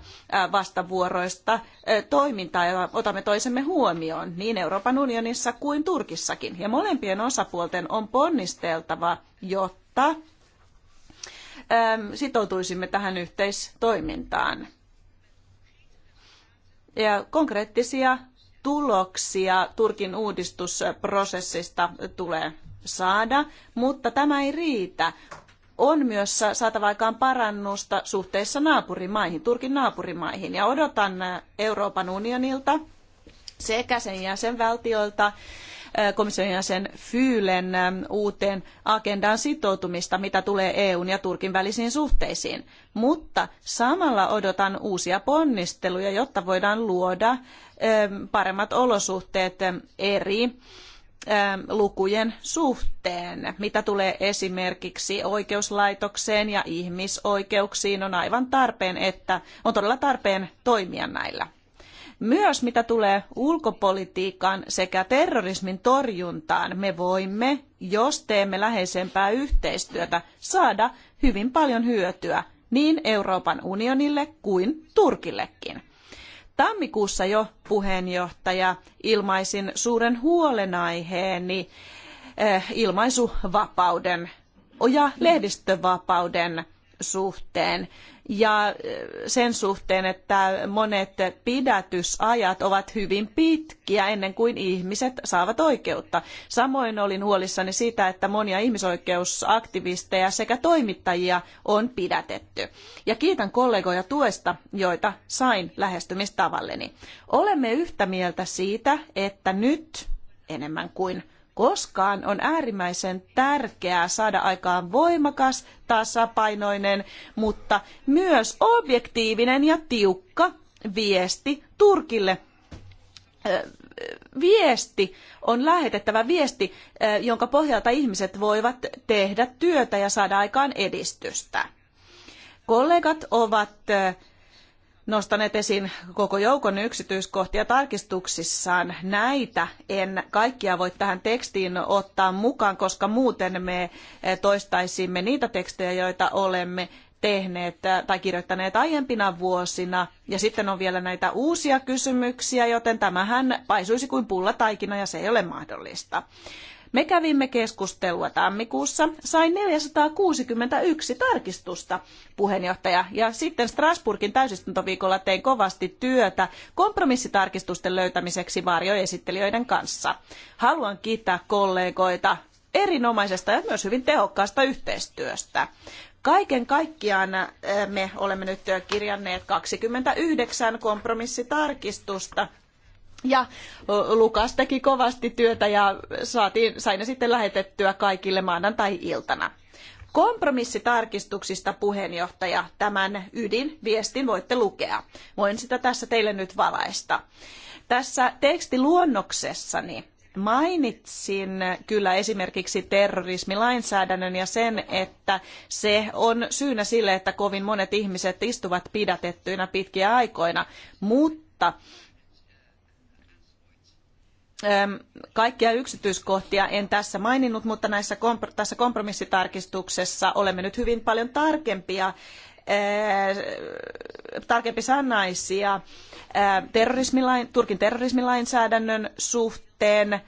vastavuoroista eh, toimintaa ja otamme toisemme huomioon niin Euroopan unionissa kuin Turkissakin. Ja molempien osapuolten on ponnisteltava, jotta sitoutuisimme tähän yhteistoimintaan. Ja konkreettisia tuloksia Turkin uudistusprosessista tulee saada, mutta tämä ei riitä. On myös saatava aikaan parannusta suhteessa naapurimaihin, Turkin naapurimaihin. Ja odotan Euroopan unionilta sekä sen jäsenvaltioilta komission jäsen Fyylen uuteen agendaan sitoutumista, mitä tulee EUn ja Turkin välisiin suhteisiin. Mutta samalla odotan uusia ponnisteluja, jotta voidaan luoda paremmat olosuhteet eri lukujen suhteen, mitä tulee esimerkiksi oikeuslaitokseen ja ihmisoikeuksiin, on aivan tarpeen, että on todella tarpeen toimia näillä myös mitä tulee ulkopolitiikkaan sekä terrorismin torjuntaan, me voimme, jos teemme läheisempää yhteistyötä, saada hyvin paljon hyötyä niin Euroopan unionille kuin Turkillekin. Tammikuussa jo puheenjohtaja ilmaisin suuren huolenaiheeni eh, ilmaisuvapauden ja lehdistövapauden suhteen ja eh, sen suhteen, että monet pidätysajat ovat hyvin pitkiä ennen kuin ihmiset saavat oikeutta. Samoin olin huolissani siitä, että monia ihmisoikeusaktivisteja sekä toimittajia on pidätetty. Ja kiitän kollegoja tuesta, joita sain lähestymistavalleni. Olemme yhtä mieltä siitä, että nyt enemmän kuin koskaan, on äärimmäisen tärkeää saada aikaan voimakas, tasapainoinen, mutta myös objektiivinen ja tiukka viesti Turkille viesti on lähetettävä viesti, jonka pohjalta ihmiset voivat tehdä työtä ja saada aikaan edistystä. Kollegat ovat nostaneet esiin koko joukon yksityiskohtia tarkistuksissaan. Näitä en kaikkia voi tähän tekstiin ottaa mukaan, koska muuten me eh, toistaisimme niitä tekstejä, joita olemme tehneet eh, tai kirjoittaneet aiempina vuosina. Ja sitten on vielä näitä uusia kysymyksiä, joten tämähän paisuisi kuin pulla ja se ei ole mahdollista. Me kävimme keskustelua tammikuussa, sain 461 tarkistusta puheenjohtaja ja sitten Strasburgin täysistuntoviikolla tein kovasti työtä kompromissitarkistusten löytämiseksi varjoesittelijöiden kanssa. Haluan kiittää kollegoita erinomaisesta ja myös hyvin tehokkaasta yhteistyöstä. Kaiken kaikkiaan eh, me olemme nyt kirjanneet 29 kompromissitarkistusta ja Lukas teki kovasti työtä ja saatiin, sain ne sitten lähetettyä kaikille maanantai-iltana. Kompromissitarkistuksista puheenjohtaja tämän ydin viestin voitte lukea. Voin sitä tässä teille nyt valaista. Tässä tekstiluonnoksessani mainitsin kyllä esimerkiksi terrorismilainsäädännön ja sen, että se on syynä sille, että kovin monet ihmiset istuvat pidätettyinä pitkiä aikoina, mutta Kaikkia yksityiskohtia en tässä maininnut, mutta näissä tässä kompromissitarkistuksessa olemme nyt hyvin paljon tarkempia tarkempi sanaisia terrorismilain, Turkin terrorismilainsäädännön suhteen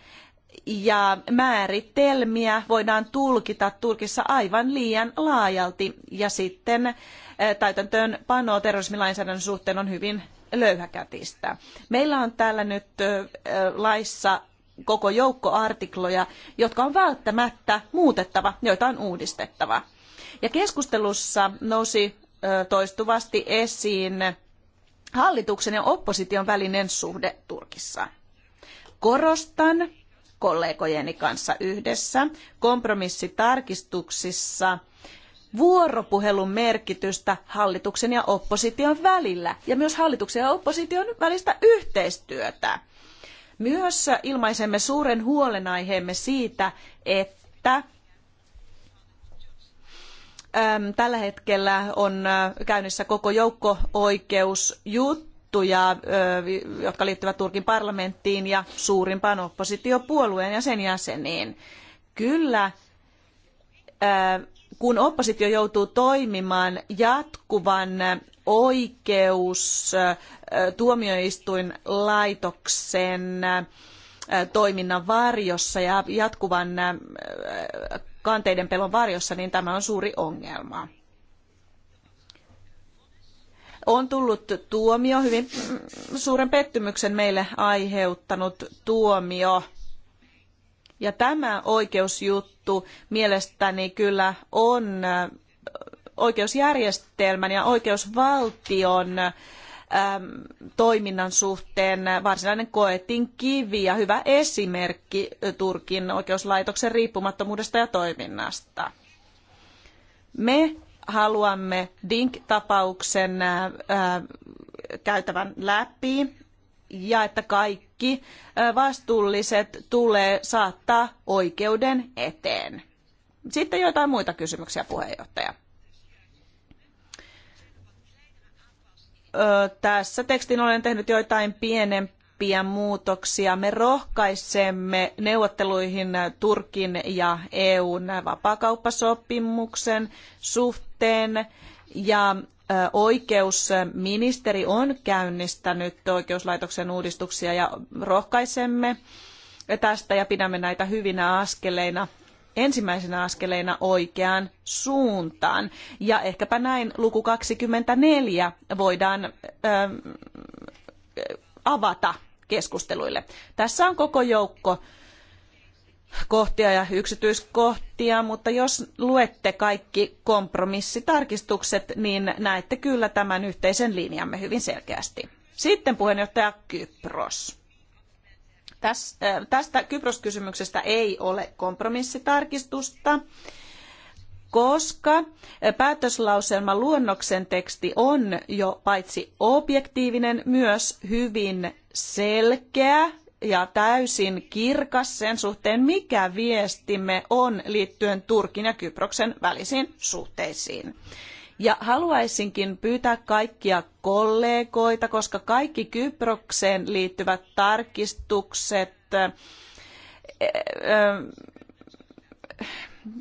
ja määritelmiä voidaan tulkita Turkissa aivan liian laajalti ja sitten eh, täytäntöönpano terrorismilainsäädännön suhteen on hyvin löyhäkätistä. Meillä on täällä nyt eh, laissa koko joukko artikloja, jotka on välttämättä muutettava, joita on uudistettava. Ja keskustelussa nousi eh, toistuvasti esiin hallituksen ja opposition välinen suhde Turkissa. Korostan, kollegojeni kanssa yhdessä kompromissitarkistuksissa vuoropuhelun merkitystä hallituksen ja opposition välillä ja myös hallituksen ja opposition välistä yhteistyötä. Myös ilmaisemme suuren huolenaiheemme siitä, että tällä hetkellä on käynnissä koko joukko oikeusjuttu juttuja, jotka liittyvät Turkin parlamenttiin ja suurimpaan oppositiopuolueen ja sen jäseniin. Kyllä, kun oppositio joutuu toimimaan jatkuvan oikeus toiminnan varjossa ja jatkuvan kanteiden pelon varjossa, niin tämä on suuri ongelma on tullut tuomio, hyvin suuren pettymyksen meille aiheuttanut tuomio. Ja tämä oikeusjuttu mielestäni kyllä on äh, oikeusjärjestelmän ja oikeusvaltion ähm, toiminnan suhteen varsinainen koetin kivi ja hyvä esimerkki Turkin oikeuslaitoksen riippumattomuudesta ja toiminnasta. Me haluamme Dink-tapauksen äh, äh, käytävän läpi ja että kaikki äh, vastuulliset tulee saattaa oikeuden eteen. Sitten joitain muita kysymyksiä, puheenjohtaja. Tässä tekstin olen tehnyt joitain pienempiä lämpiä muutoksia. Me rohkaisemme neuvotteluihin Turkin ja EUn vapaakauppasopimuksen suhteen ja oikeusministeri on käynnistänyt oikeuslaitoksen uudistuksia ja rohkaisemme tästä ja pidämme näitä hyvinä askeleina ensimmäisenä askeleina oikeaan suuntaan. Ja ehkäpä näin luku 24 voidaan ö, avata keskusteluille. Tässä on koko joukko kohtia ja yksityiskohtia, mutta jos luette kaikki kompromissitarkistukset, niin näette kyllä tämän yhteisen linjamme hyvin selkeästi. Sitten puheenjohtaja Kypros. Äh, tästä Kypros-kysymyksestä ei ole kompromissitarkistusta, koska päätöslauselman luonnoksen teksti on jo paitsi objektiivinen, myös hyvin selkeä ja täysin kirkas sen suhteen, mikä viestimme on liittyen Turkin ja Kyproksen välisiin suhteisiin. Ja haluaisinkin pyytää kaikkia kollegoita, koska kaikki Kyprokseen liittyvät tarkistukset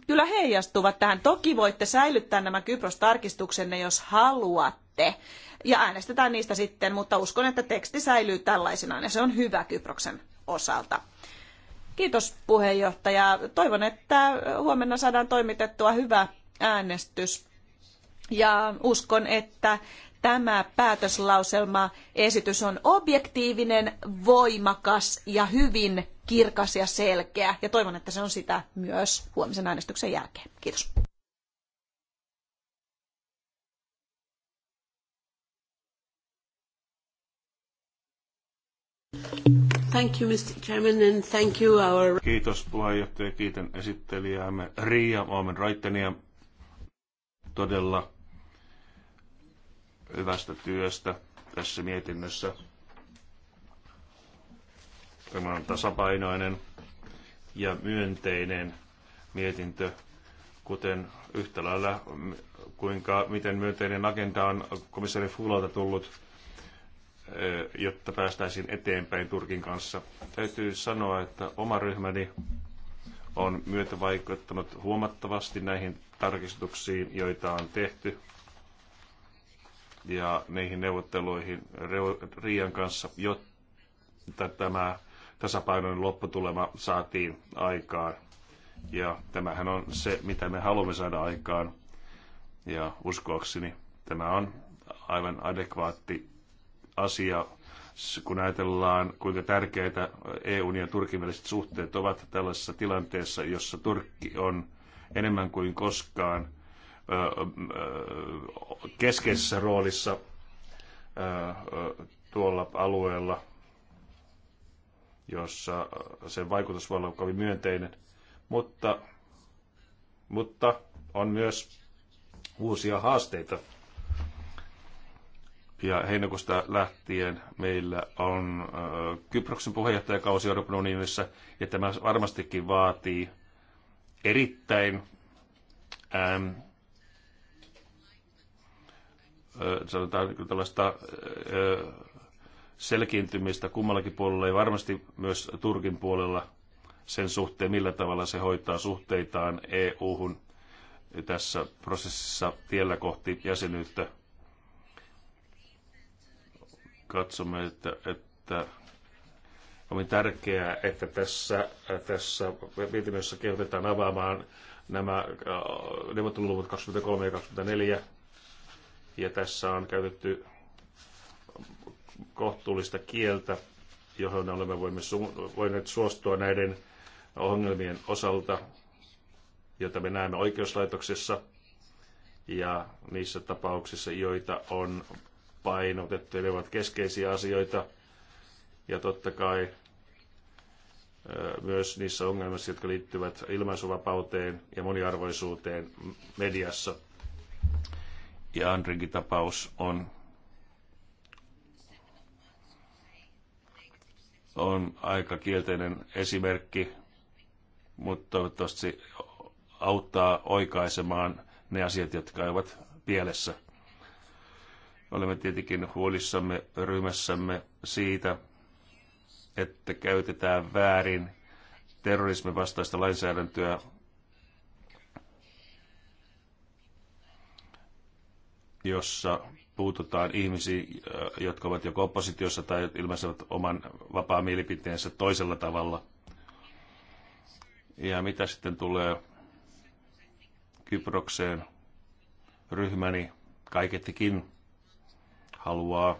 kyllä heijastuvat tähän. Toki voitte säilyttää nämä Kyprostarkistuksenne, jos haluatte ja äänestetään niistä sitten, mutta uskon, että teksti säilyy tällaisenaan ja se on hyvä Kyproksen osalta. Kiitos puheenjohtaja. Toivon, että huomenna saadaan toimitettua hyvä äänestys ja uskon, että tämä päätöslauselma esitys on objektiivinen, voimakas ja hyvin kirkas ja selkeä. Ja toivon, että se on sitä myös huomisen äänestyksen jälkeen. Kiitos. Thank you, Mr. Chairman, and thank you our... Kiitos puheenjohtaja, kiitän esittelijäämme Riia Oomen Raittenia todella hyvästä työstä tässä mietinnössä. Tämä on tasapainoinen ja myönteinen mietintö, kuten yhtä lailla mm, kuinka, miten myönteinen agenda on komissaari Fulolta tullut Eh, jotta päästäisiin eteenpäin Turkin kanssa. Täytyy sanoa, että oma ryhmäni on myötävaikuttanut huomattavasti näihin tarkistuksiin, joita on tehty ja niihin neuvotteluihin Riian kanssa, jotta tämä tasapainoinen lopputulema saatiin aikaan. Ja tämähän on se, mitä me haluamme saada aikaan. Ja uskoakseni tämä on aivan adekvaatti asia, kun ajatellaan, kuinka tärkeitä EUn ja Turkin väliset suhteet ovat tällaisessa tilanteessa, jossa Turkki on enemmän kuin koskaan keskeisessä roolissa tuolla alueella, jossa sen vaikutus voi olla kovin myönteinen. Mutta, mutta on myös uusia haasteita ja heinäkuusta lähtien meillä on Kyproksen puheenjohtajakausi Euroopan unionissa, ja tämä varmastikin vaatii erittäin äm, sanotaan niin tällaista selkiintymistä kummallakin puolella ja varmasti myös Turkin puolella sen suhteen, millä tavalla se hoitaa suhteitaan EU-hun tässä prosessissa tiellä kohti jäsenyyttä katsomme, että, että on tärkeää, että tässä, tässä mietinnössä kehotetaan avaamaan nämä äh, neuvotteluluvut 23 ja 24. Ja tässä on käytetty kohtuullista kieltä, johon olemme voimme su- voineet suostua näiden ongelmien osalta, joita me näemme oikeuslaitoksessa ja niissä tapauksissa, joita on painotettu että ne ovat keskeisiä asioita. Ja totta kai myös niissä ongelmissa, jotka liittyvät ilmaisuvapauteen ja moniarvoisuuteen mediassa. Ja Andrinkin tapaus on, on aika kielteinen esimerkki, mutta toivottavasti auttaa oikaisemaan ne asiat, jotka ovat pielessä. Olemme tietenkin huolissamme ryhmässämme siitä, että käytetään väärin terrorismin vastaista lainsäädäntöä jossa puututaan ihmisiin, jotka ovat joko oppositiossa tai ilmaisevat oman vapaa mielipiteensä toisella tavalla. Ja mitä sitten tulee Kyprokseen ryhmäni kaikettikin haluaa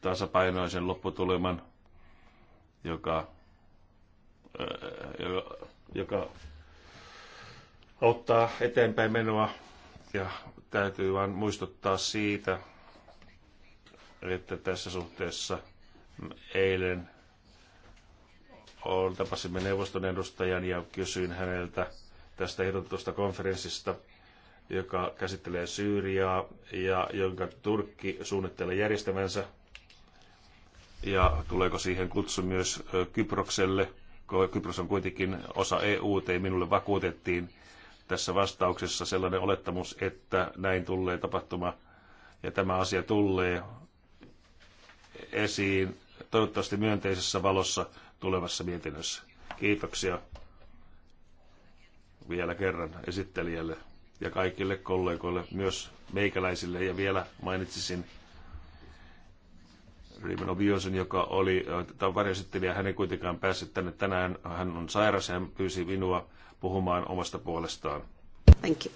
tasapainoisen lopputuleman, joka, äh, joka, joka auttaa eteenpäin menoa. Ja täytyy vain muistuttaa siitä, että tässä suhteessa eilen tapasimme neuvoston edustajan ja kysyin häneltä tästä ehdotetusta konferenssista – joka käsittelee Syyriaa ja jonka Turkki suunnittelee järjestävänsä. Ja tuleeko siihen kutsu myös Kyprokselle? Kypros on kuitenkin osa EUta ja minulle vakuutettiin tässä vastauksessa sellainen olettamus, että näin tulee tapahtuma ja tämä asia tulee esiin toivottavasti myönteisessä valossa tulevassa mietinnössä. Kiitoksia vielä kerran esittelijälle ja kaikille kollegoille, myös meikäläisille. Ja vielä mainitsisin Rimen Obiosen, joka oli, äh, tämä hän ei kuitenkaan päässyt tänne tänään. Hän on sairas ja hän pyysi minua puhumaan omasta puolestaan. Thank you.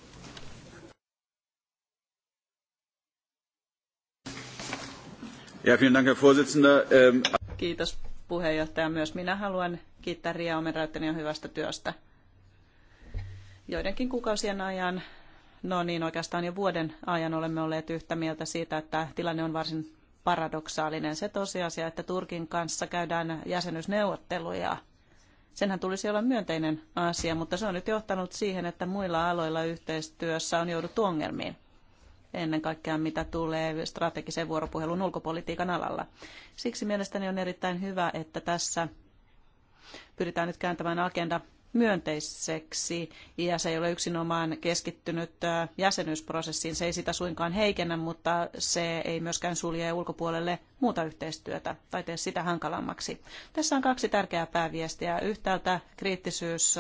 Ja, vielen Dank, ähm, Kiitos puheenjohtaja. Myös minä haluan kiittää Ria Omenräytteniä hyvästä työstä joidenkin kuukausien ajan, no niin oikeastaan jo vuoden ajan olemme olleet yhtä mieltä siitä, että tilanne on varsin paradoksaalinen se tosiasia, että Turkin kanssa käydään jäsenyysneuvotteluja. Senhän tulisi olla myönteinen asia, mutta se on nyt johtanut siihen, että muilla aloilla yhteistyössä on jouduttu ongelmiin ennen kaikkea mitä tulee strategisen vuoropuhelun ulkopolitiikan alalla. Siksi mielestäni on erittäin hyvä, että tässä pyritään nyt kääntämään agenda myönteiseksi ja se ei ole yksinomaan keskittynyt jäsenyysprosessiin. Se ei sitä suinkaan heikennä, mutta se ei myöskään sulje ulkopuolelle muuta yhteistyötä tai tee sitä hankalammaksi. Tässä on kaksi tärkeää pääviestiä. Yhtäältä kriittisyys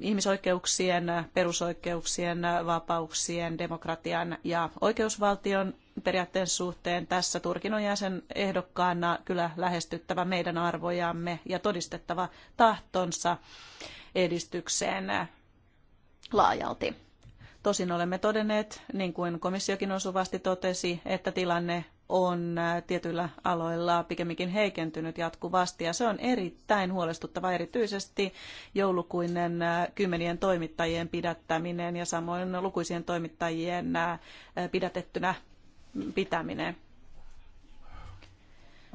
ihmisoikeuksien, perusoikeuksien, vapauksien, demokratian ja oikeusvaltion periaatteen suhteen tässä Turkin on jäsen ehdokkaana kyllä lähestyttävä meidän arvojamme ja todistettava tahtonsa edistykseen laajalti. Tosin olemme todenneet, niin kuin komissiokin osuvasti totesi, että tilanne on tietyillä aloilla pikemminkin heikentynyt jatkuvasti ja se on erittäin huolestuttava erityisesti joulukuinen kymmenien toimittajien pidättäminen ja samoin lukuisien toimittajien pidätettynä pitäminen.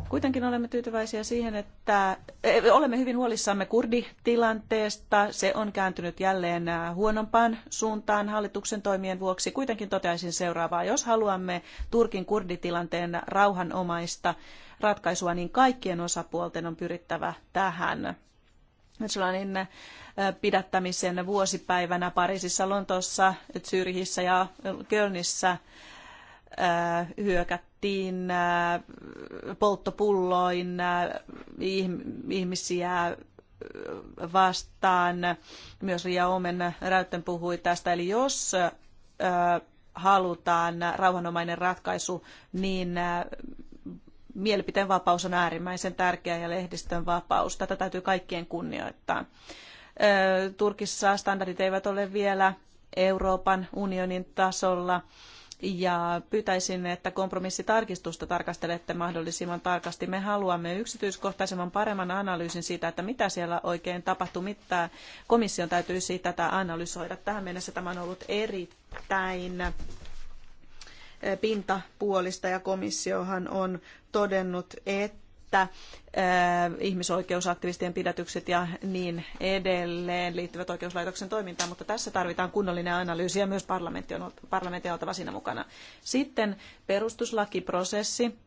Kuitenkin olemme tyytyväisiä siihen, että eh, olemme hyvin huolissamme kurditilanteesta. Se on kääntynyt jälleen eh, huonompaan suuntaan hallituksen toimien vuoksi. Kuitenkin toteaisin seuraavaa. Jos haluamme Turkin kurditilanteen rauhanomaista ratkaisua, niin kaikkien osapuolten on pyrittävä tähän. Öcalanin eh, pidättämisen vuosipäivänä Pariisissa, Lontoossa, Zyrihissä ja Kölnissä – hyökättiin polttopulloin ihmisiä vastaan. Myös Ria Omen Räytten puhui tästä. Eli jos halutaan rauhanomainen ratkaisu, niin mielipiteen vapaus on äärimmäisen tärkeä ja lehdistön vapaus. Tätä täytyy kaikkien kunnioittaa. Turkissa standardit eivät ole vielä Euroopan unionin tasolla ja pyytäisin, että kompromissitarkistusta tarkastelette mahdollisimman tarkasti. Me haluamme yksityiskohtaisemman paremman analyysin siitä, että mitä siellä oikein tapahtui, mitä komission täytyisi tätä analysoida. Tähän mennessä tämä on ollut erittäin äh, pintapuolista ja komissiohan on todennut, että että ihmisoikeusaktivistien pidätykset ja niin edelleen liittyvät oikeuslaitoksen toimintaan, mutta tässä tarvitaan kunnollinen analyysi ja myös parlamentti on, parlamentin oltava siinä mukana. Sitten perustuslakiprosessi.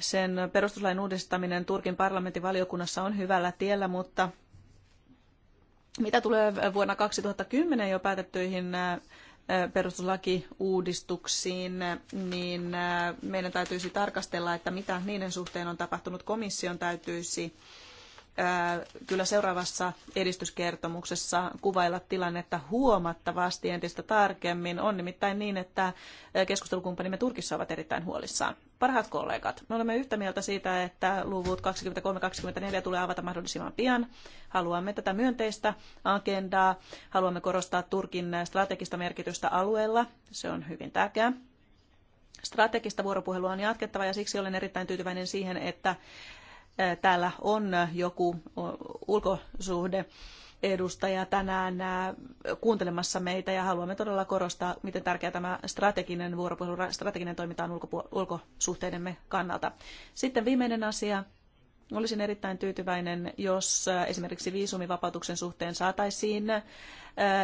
Sen perustuslain uudistaminen Turkin parlamentin valiokunnassa on hyvällä tiellä, mutta mitä tulee vuonna 2010 jo päätettyihin perustuslakiuudistuksiin, niin meidän täytyisi tarkastella, että mitä niiden suhteen on tapahtunut. Komission täytyisi kyllä seuraavassa edistyskertomuksessa kuvailla tilannetta huomattavasti entistä tarkemmin. On nimittäin niin, että keskustelukumppanimme Turkissa ovat erittäin huolissaan. Parhaat kollegat, me olemme yhtä mieltä siitä, että luvut 23-24 tulee avata mahdollisimman pian. Haluamme tätä myönteistä agendaa. Haluamme korostaa Turkin strategista merkitystä alueella. Se on hyvin tärkeää. Strategista vuoropuhelua on jatkettava ja siksi olen erittäin tyytyväinen siihen, että täällä on joku ulkosuhde edustaja tänään äh, kuuntelemassa meitä ja haluamme todella korostaa, miten tärkeä tämä strateginen vuoropuhelu, strateginen toiminta on ulkosuhteidemme kannalta. Sitten viimeinen asia. Olisin erittäin tyytyväinen, jos äh, esimerkiksi viisumivapautuksen suhteen saataisiin äh,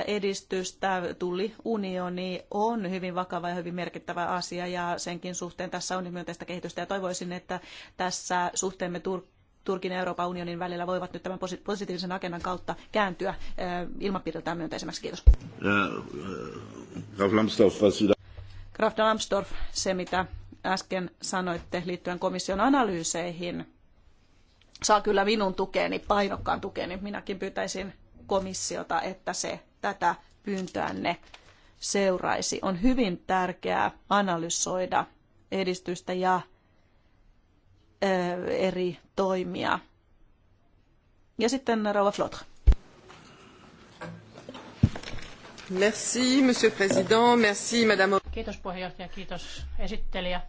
edistystä. Tulliunioni on hyvin vakava ja hyvin merkittävä asia ja senkin suhteen tässä on myönteistä kehitystä ja toivoisin, että tässä suhteemme Turkkiin Turkin ja Euroopan unionin välillä voivat nyt tämän positiivisen agendan kautta kääntyä ilmapiiriltään myönteisemmäksi. Kiitos. Äh, äh, Graf Lambsdorff, se mitä äsken sanoitte liittyen komission analyyseihin, saa kyllä minun tukeni, painokkaan tukeni. Minäkin pyytäisin komissiota, että se tätä pyyntöänne seuraisi. On hyvin tärkeää analysoida edistystä ja Eh, eri toimia. Ja sitten Rauha Flotra. Merci, monsieur président. Merci, madame. Kiitos puheenjohtaja, kiitos esittelijä.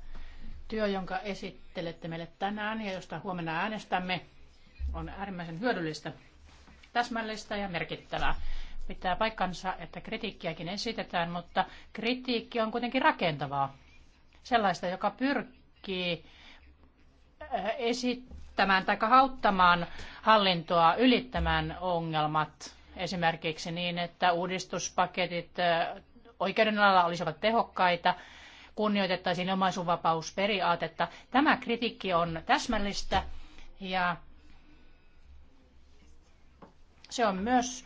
Työ, jonka esittelette meille tänään ja josta huomenna äänestämme, on äärimmäisen hyödyllistä, täsmällistä ja merkittävää. Pitää paikkansa, että kritiikkiäkin esitetään, mutta kritiikki on kuitenkin rakentavaa. Sellaista, joka pyrkii Äh, esittämään tai auttamaan hallintoa ylittämään ongelmat esimerkiksi niin, että uudistuspaketit äh, oikeuden alalla olisivat tehokkaita, kunnioitettaisiin omaisuusvapausperiaatetta. Tämä kritiikki on täsmällistä ja se on myös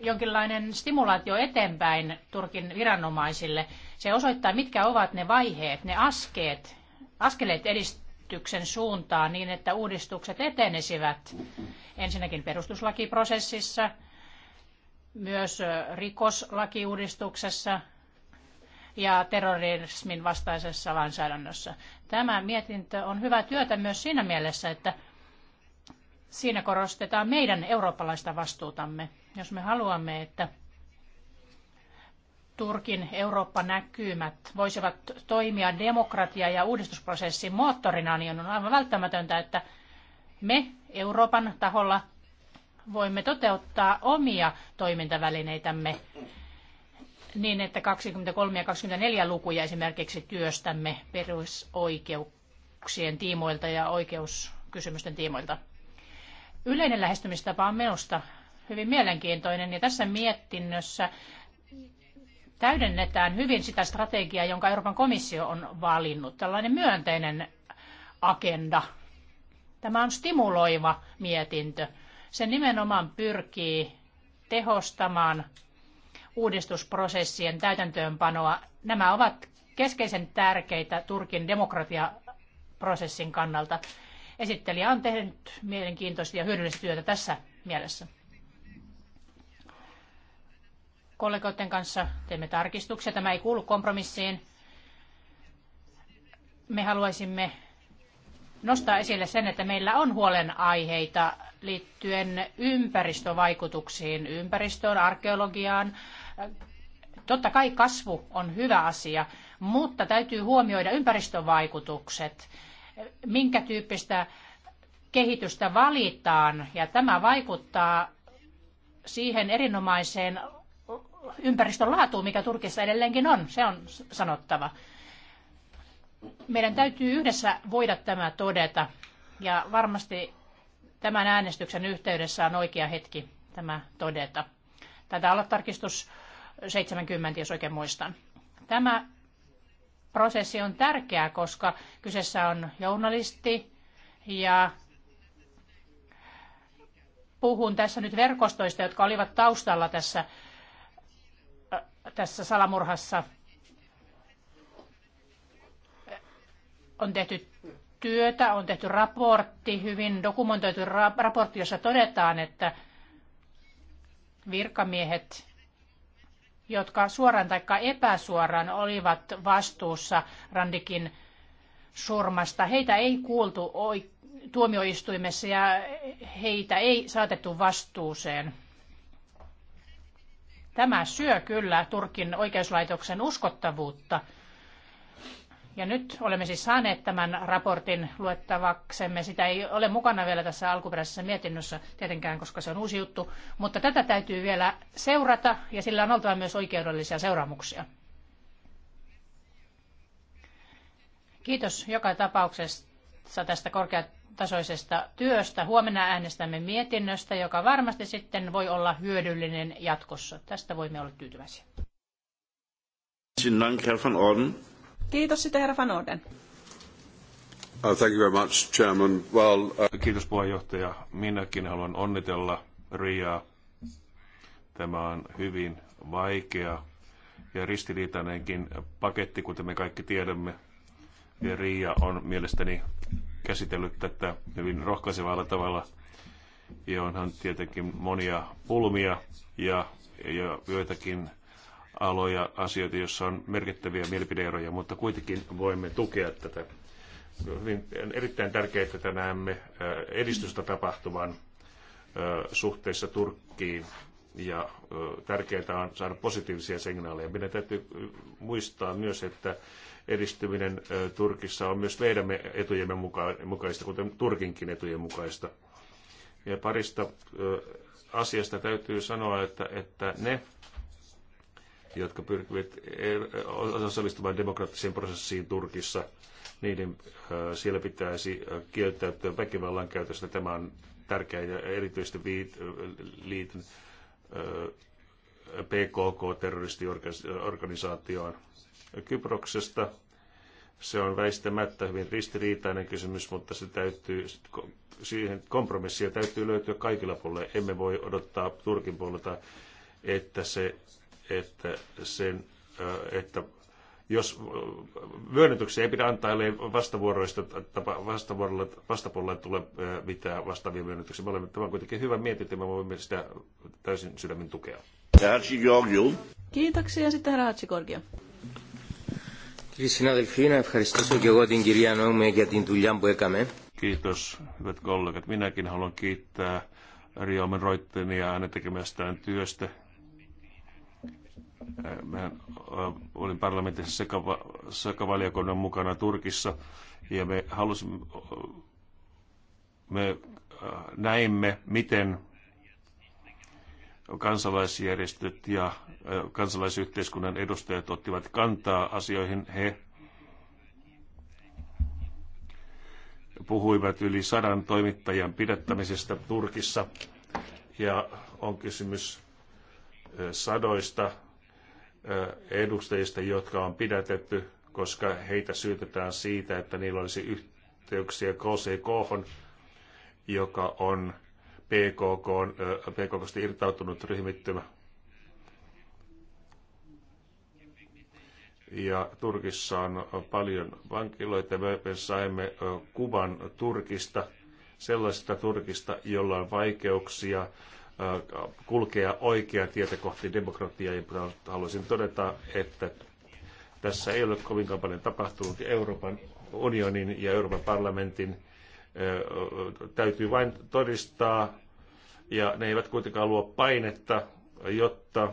jonkinlainen stimulaatio eteenpäin Turkin viranomaisille. Se osoittaa, mitkä ovat ne vaiheet, ne askeet, askeleet edist- kehityksen suuntaa niin, että uudistukset etenisivät ensinnäkin perustuslakiprosessissa, myös rikoslakiuudistuksessa ja terrorismin vastaisessa lainsäädännössä. Tämä mietintö on hyvä työtä myös siinä mielessä, että siinä korostetaan meidän eurooppalaista vastuutamme. Jos me haluamme, että Turkin Eurooppa-näkymät voisivat toimia demokratia- ja uudistusprosessin moottorina, niin on aivan välttämätöntä, että me Euroopan taholla voimme toteuttaa omia toimintavälineitämme niin, että 23 ja 24 lukuja esimerkiksi työstämme perusoikeuksien tiimoilta ja oikeuskysymysten tiimoilta. Yleinen lähestymistapa on minusta hyvin mielenkiintoinen ja tässä mietinnössä täydennetään hyvin sitä strategiaa, jonka Euroopan komissio on valinnut. Tällainen myönteinen agenda. Tämä on stimuloiva mietintö. Se nimenomaan pyrkii tehostamaan uudistusprosessien täytäntöönpanoa. Nämä ovat keskeisen tärkeitä Turkin demokratiaprosessin kannalta. Esittelijä on tehnyt mielenkiintoista ja hyödyllistä työtä tässä mielessä kollegoiden kanssa teemme tarkistuksia. Tämä ei kuulu kompromissiin. Me haluaisimme nostaa esille sen, että meillä on huolenaiheita liittyen ympäristövaikutuksiin, ympäristöön, arkeologiaan. Totta kai kasvu on hyvä asia, mutta täytyy huomioida ympäristövaikutukset, minkä tyyppistä kehitystä valitaan, ja tämä vaikuttaa siihen erinomaiseen ympäristön laatuun, mikä Turkissa edelleenkin on. Se on sanottava. Meidän täytyy yhdessä voida tämä todeta. Ja varmasti tämän äänestyksen yhteydessä on oikea hetki tämä todeta. Tätä olla tarkistus 70, jos oikein muistan. Tämä prosessi on tärkeä, koska kyseessä on journalisti ja puhun tässä nyt verkostoista, jotka olivat taustalla tässä tässä salamurhassa. On tehty työtä, on tehty raportti, hyvin dokumentoitu raportti, jossa todetaan, että virkamiehet, jotka suoraan tai epäsuoraan olivat vastuussa Randikin surmasta, heitä ei kuultu tuomioistuimessa ja heitä ei saatettu vastuuseen. Tämä syö kyllä Turkin oikeuslaitoksen uskottavuutta. Ja nyt olemme siis saaneet tämän raportin luettavaksemme. Sitä ei ole mukana vielä tässä alkuperäisessä mietinnössä tietenkään, koska se on uusi juttu. Mutta tätä täytyy vielä seurata ja sillä on oltava myös oikeudellisia seuraamuksia. Kiitos joka tapauksessa tästä korkeatasoisesta työstä. Huomenna äänestämme mietinnöstä, joka varmasti sitten voi olla hyödyllinen jatkossa. Tästä voimme olla tyytyväisiä. Kiitos sitten, herra Van Orden. Uh, thank you very much, Chairman. Well, uh... Kiitos puheenjohtaja. Minäkin haluan onnitella Riaa. Tämä on hyvin vaikea ja ristiriitainenkin paketti, kuten me kaikki tiedämme. Ja Riia on mielestäni käsitellyt tätä hyvin rohkaisevalla tavalla. Ja onhan tietenkin monia pulmia ja, ja joitakin aloja, asioita, joissa on merkittäviä mielipideeroja, mutta kuitenkin voimme tukea tätä. Hyvin, erittäin tärkeää, että näemme äh, edistystä tapahtuvan äh, suhteessa Turkkiin ja äh, tärkeää on saada positiivisia signaaleja. Meidän täytyy muistaa myös, että edistyminen Turkissa on myös meidän etujemme mukaista, kuten Turkinkin etujen mukaista. Ja parista asiasta täytyy sanoa, että, että ne, jotka pyrkivät e, osallistumaan demokraattiseen prosessiin Turkissa, niiden siellä pitäisi kieltäytyä väkivallan käytöstä. Tämä on tärkeä ja erityisesti viit, PKK-terroristiorganisaatioon. Kyproksesta. Se on väistämättä hyvin ristiriitainen kysymys, mutta se täytyy, siihen kompromissia täytyy löytyä kaikilla puolilla. Emme voi odottaa Turkin puolelta, että, se, että, sen, että jos myönnetyksiä ei pidä antaa, ellei vastavuoroista, vastavuorolla, vastapuolella tule mitään vastaavia myönnetyksiä. Me olemme, tämän kuitenkin hyvä mietintö, me voimme sitä täysin sydämin tukea. Kiitoksia. Sitten herra Hatsi συνάδελφοι, να ευχαριστήσω και εγώ την κυρία για την δουλειά που έκαμε. Kiitos, hyvät kollegat. Minäkin haluan kiittää Riomen Roittenia hänen tekemästään työstä. Mä olin parlamentissa sekava, sekavaliokunnan mukana Turkissa ja me halusimme, me näimme, miten kansalaisjärjestöt ja kansalaisyhteiskunnan edustajat ottivat kantaa asioihin. He puhuivat yli sadan toimittajan pidättämisestä Turkissa ja on kysymys sadoista edustajista, jotka on pidätetty, koska heitä syytetään siitä, että niillä olisi yhteyksiä KCK, joka on PKK on, PKKsta irtautunut ryhmittymä. Ja Turkissa on paljon vankiloita. Me saimme kuvan Turkista, sellaista Turkista, jolla on vaikeuksia kulkea oikea tietä kohti demokratiaa. Ja haluaisin todeta, että tässä ei ole kovinkaan paljon tapahtunut. Euroopan unionin ja Euroopan parlamentin täytyy vain todistaa, ja ne eivät kuitenkaan luo painetta, jotta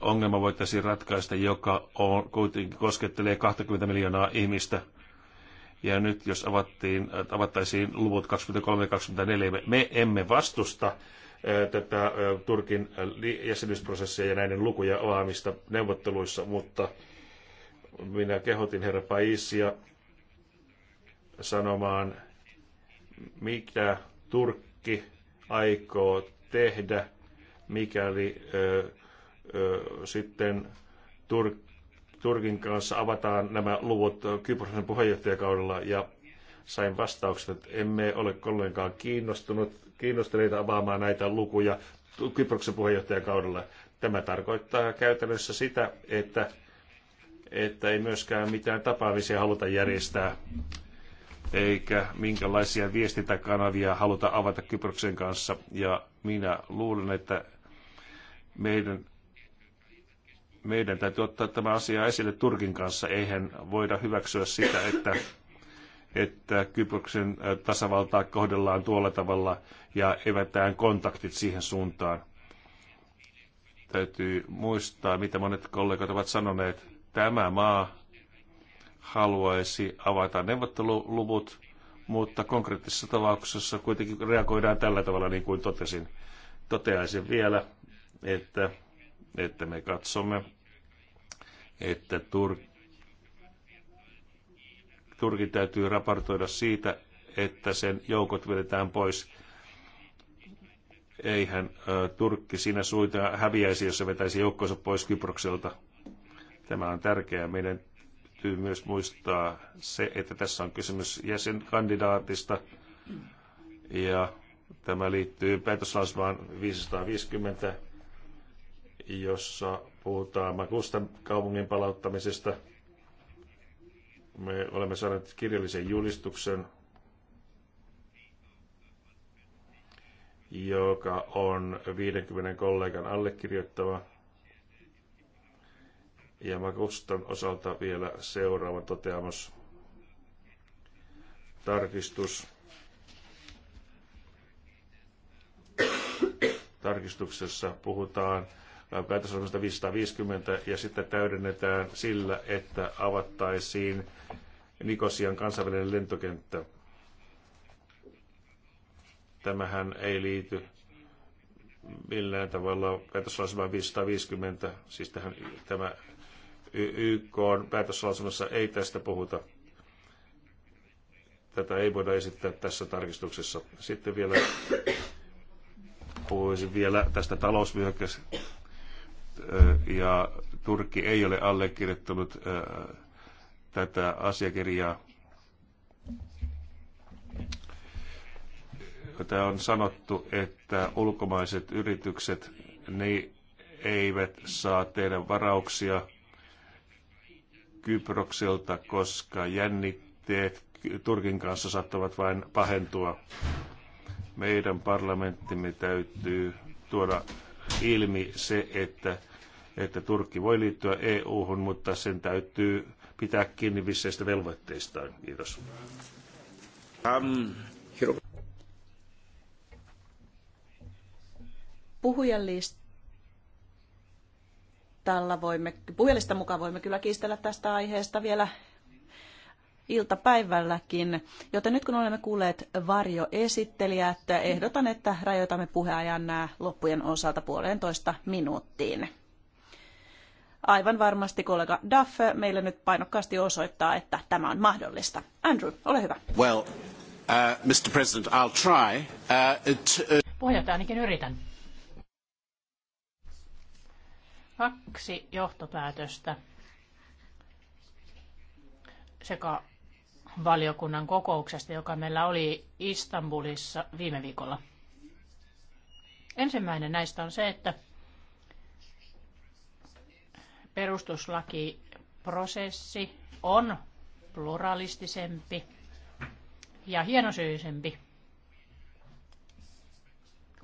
ongelma voitaisiin ratkaista, joka on, kuitenkin koskettelee 20 miljoonaa ihmistä. Ja nyt jos avattiin, avattaisiin luvut 23 24, me emme vastusta tätä Turkin jäsenyysprosessia ja näiden lukuja avaamista neuvotteluissa, mutta minä kehotin herra Paisia sanomaan, mitä Turkki aikoo tehdä, mikäli ö, ö, sitten Tur, Turkin kanssa avataan nämä luvut Kyprosen puheenjohtajakaudella ja sain vastaukset. että emme ole ollenkaan kiinnostunut, kiinnostuneita avaamaan näitä lukuja Kyproksen puheenjohtajakaudella. Tämä tarkoittaa käytännössä sitä, että että ei myöskään mitään tapaamisia haluta järjestää, eikä minkälaisia viestintäkanavia haluta avata Kyproksen kanssa. Ja minä luulen, että meidän, meidän täytyy ottaa tämä asia esille Turkin kanssa. Eihän voida hyväksyä sitä, että, että Kyproksen tasavaltaa kohdellaan tuolla tavalla ja evätään kontaktit siihen suuntaan. Täytyy muistaa, mitä monet kollegat ovat sanoneet tämä maa haluaisi avata neuvotteluluvut, mutta konkreettisessa tapauksessa kuitenkin reagoidaan tällä tavalla, niin kuin totesin. Toteaisin vielä, että, että me katsomme, että Turkki Turkin täytyy raportoida siitä, että sen joukot vedetään pois. Eihän Turkki siinä suita häviäisi, jos se vetäisi joukkonsa pois Kyprokselta. Tämä on tärkeää. Meidän täytyy myös muistaa se, että tässä on kysymys jäsenkandidaatista ja tämä liittyy päätöslausmaan 550, jossa puhutaan Makustan kaupungin palauttamisesta. Me olemme saaneet kirjallisen julistuksen, joka on 50 kollegan allekirjoittama. Ja magustan osalta vielä seuraava toteamus. Tarkistus. Tarkistuksessa puhutaan päätösohjelmasta 550 ja sitten täydennetään sillä, että avattaisiin Nikosian kansainvälinen lentokenttä. Tämähän ei liity millään tavalla päätösohjelmaan 550, siis tähän, tämä YK on päätöslausunnossa ei tästä puhuta. Tätä ei voida esittää tässä tarkistuksessa. Sitten vielä puhuisin vielä tästä talousvyöhykkeestä. Ja Turkki ei ole allekirjoittanut tätä asiakirjaa. Tämä on sanottu, että ulkomaiset yritykset ne eivät saa tehdä varauksia Kyprokselta, koska jännitteet Turkin kanssa saattavat vain pahentua. Meidän parlamenttimme täytyy tuoda ilmi se, että, että Turkki voi liittyä EU-hun, mutta sen täytyy pitää kiinni visseistä velvoitteistaan. Kiitos. Um, Puhujan list listalla. Voimme, puhelista mukaan voimme kyllä kiistellä tästä aiheesta vielä iltapäivälläkin. Joten nyt kun olemme kuulleet varjoesittelijät, ehdotan, että rajoitamme puheajan nämä äh, loppujen osalta puolentoista minuuttiin. Aivan varmasti kollega Duff meille nyt painokkaasti osoittaa, että tämä on mahdollista. Andrew, ole hyvä. Well, uh, Mr. President, I'll try. Uh, it, uh... Puheenjohtaja, ainakin yritän. kaksi johtopäätöstä sekä valiokunnan kokouksesta, joka meillä oli Istanbulissa viime viikolla. Ensimmäinen näistä on se, että perustuslakiprosessi on pluralistisempi ja hienosyisempi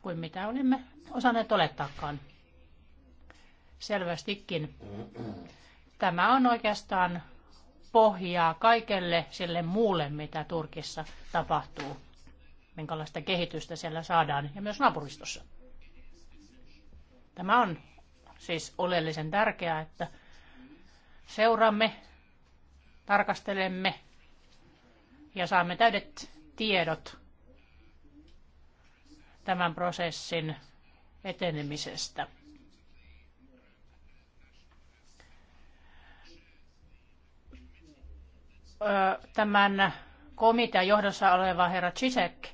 kuin mitä olimme osanneet olettaakaan selvästikin. Tämä on oikeastaan pohjaa kaikelle sille muulle, mitä Turkissa tapahtuu, minkälaista kehitystä siellä saadaan ja myös naapuristossa. Tämä on siis oleellisen tärkeää, että seuraamme, tarkastelemme ja saamme täydet tiedot tämän prosessin etenemisestä. tämän komitean johdossa oleva herra Chisek,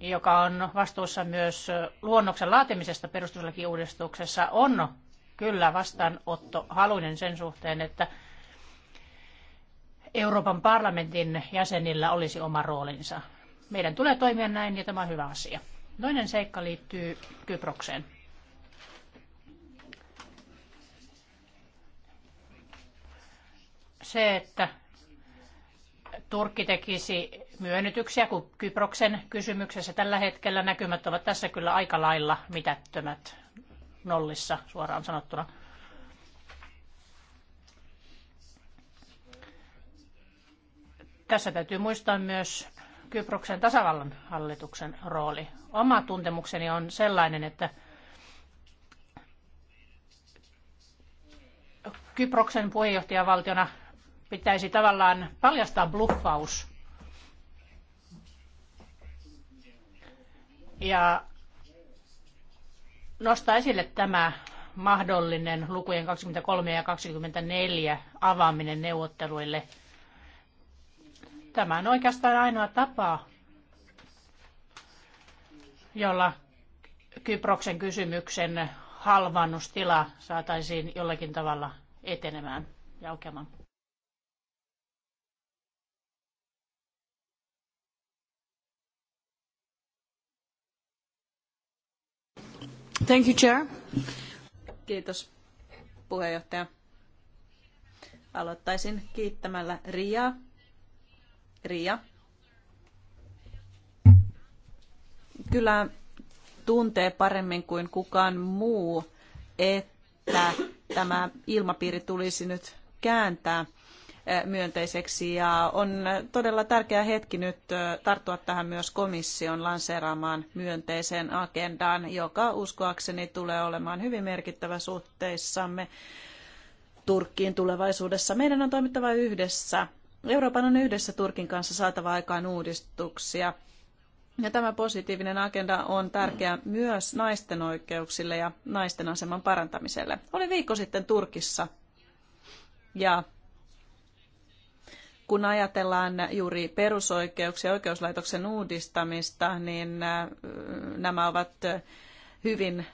joka on vastuussa myös luonnoksen laatimisesta perustuslakiuudistuksessa, on kyllä vastaanotto haluinen sen suhteen, että Euroopan parlamentin jäsenillä olisi oma roolinsa. Meidän tulee toimia näin ja tämä on hyvä asia. Toinen seikka liittyy Kyprokseen. se, että Turkki tekisi myönnytyksiä, kun Kyproksen kysymyksessä tällä hetkellä näkymät ovat tässä kyllä aika lailla mitättömät nollissa suoraan sanottuna. Tässä täytyy muistaa myös Kyproksen tasavallan hallituksen rooli. Oma tuntemukseni on sellainen, että Kyproksen puheenjohtajavaltiona – pitäisi tavallaan paljastaa bluffaus. Ja nostaa esille tämä mahdollinen lukujen 23 ja 24 avaaminen neuvotteluille. Tämä on oikeastaan ainoa tapa, jolla Kyproksen kysymyksen halvannustila saataisiin jollakin tavalla etenemään ja aukeamaan. Thank you, Chair. Kiitos, puheenjohtaja. Aloittaisin kiittämällä Riaa. Ria. Kyllä tuntee paremmin kuin kukaan muu, että tämä ilmapiiri tulisi nyt kääntää myönteiseksi ja on todella tärkeä hetki nyt tarttua tähän myös komission lanseeraamaan myönteiseen agendaan, joka uskoakseni tulee olemaan hyvin merkittävä suhteissamme Turkkiin tulevaisuudessa. Meidän on toimittava yhdessä. Euroopan on yhdessä Turkin kanssa saatava aikaan uudistuksia. Ja tämä positiivinen agenda on tärkeä myös naisten oikeuksille ja naisten aseman parantamiselle. Olin viikko sitten Turkissa ja kun ajatellaan juuri perusoikeuksia ja oikeuslaitoksen uudistamista, niin äh, nämä ovat äh, hyvin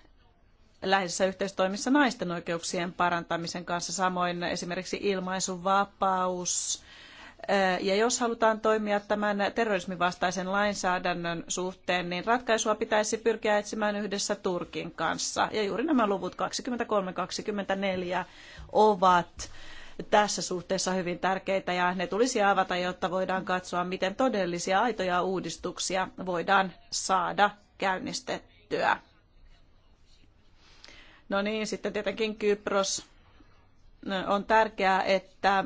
läheisessä yhteistoimissa naisten oikeuksien parantamisen kanssa, samoin esimerkiksi ilmaisuvapaus. Äh, ja jos halutaan toimia tämän terrorismin vastaisen lainsäädännön suhteen, niin ratkaisua pitäisi pyrkiä etsimään yhdessä Turkin kanssa. Ja juuri nämä luvut 23-24 ovat tässä suhteessa hyvin tärkeitä ja ne tulisi avata, jotta voidaan katsoa, miten todellisia aitoja uudistuksia voidaan saada käynnistettyä. No niin, sitten tietenkin Kypros. On tärkeää, että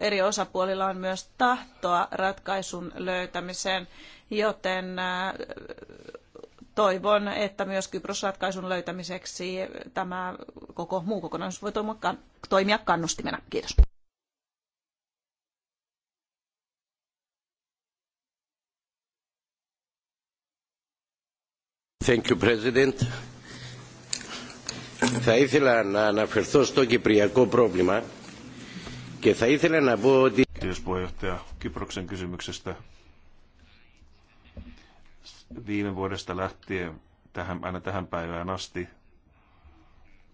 eri osapuolilla on myös tahtoa ratkaisun löytämiseen, joten toivon, että myös Kyprosratkaisun löytämiseksi tämä koko muu kokonaisuus voi toimia kannustimena. Kiitos. Thank you, President. Θα ήθελα να αναφερθώ στο κυπριακό πρόβλημα και θα ήθελα να πω ότι... Κύριος Puheenjohtaja, Kyproksen kysymyksestä viime vuodesta lähtien tähän, aina tähän päivään asti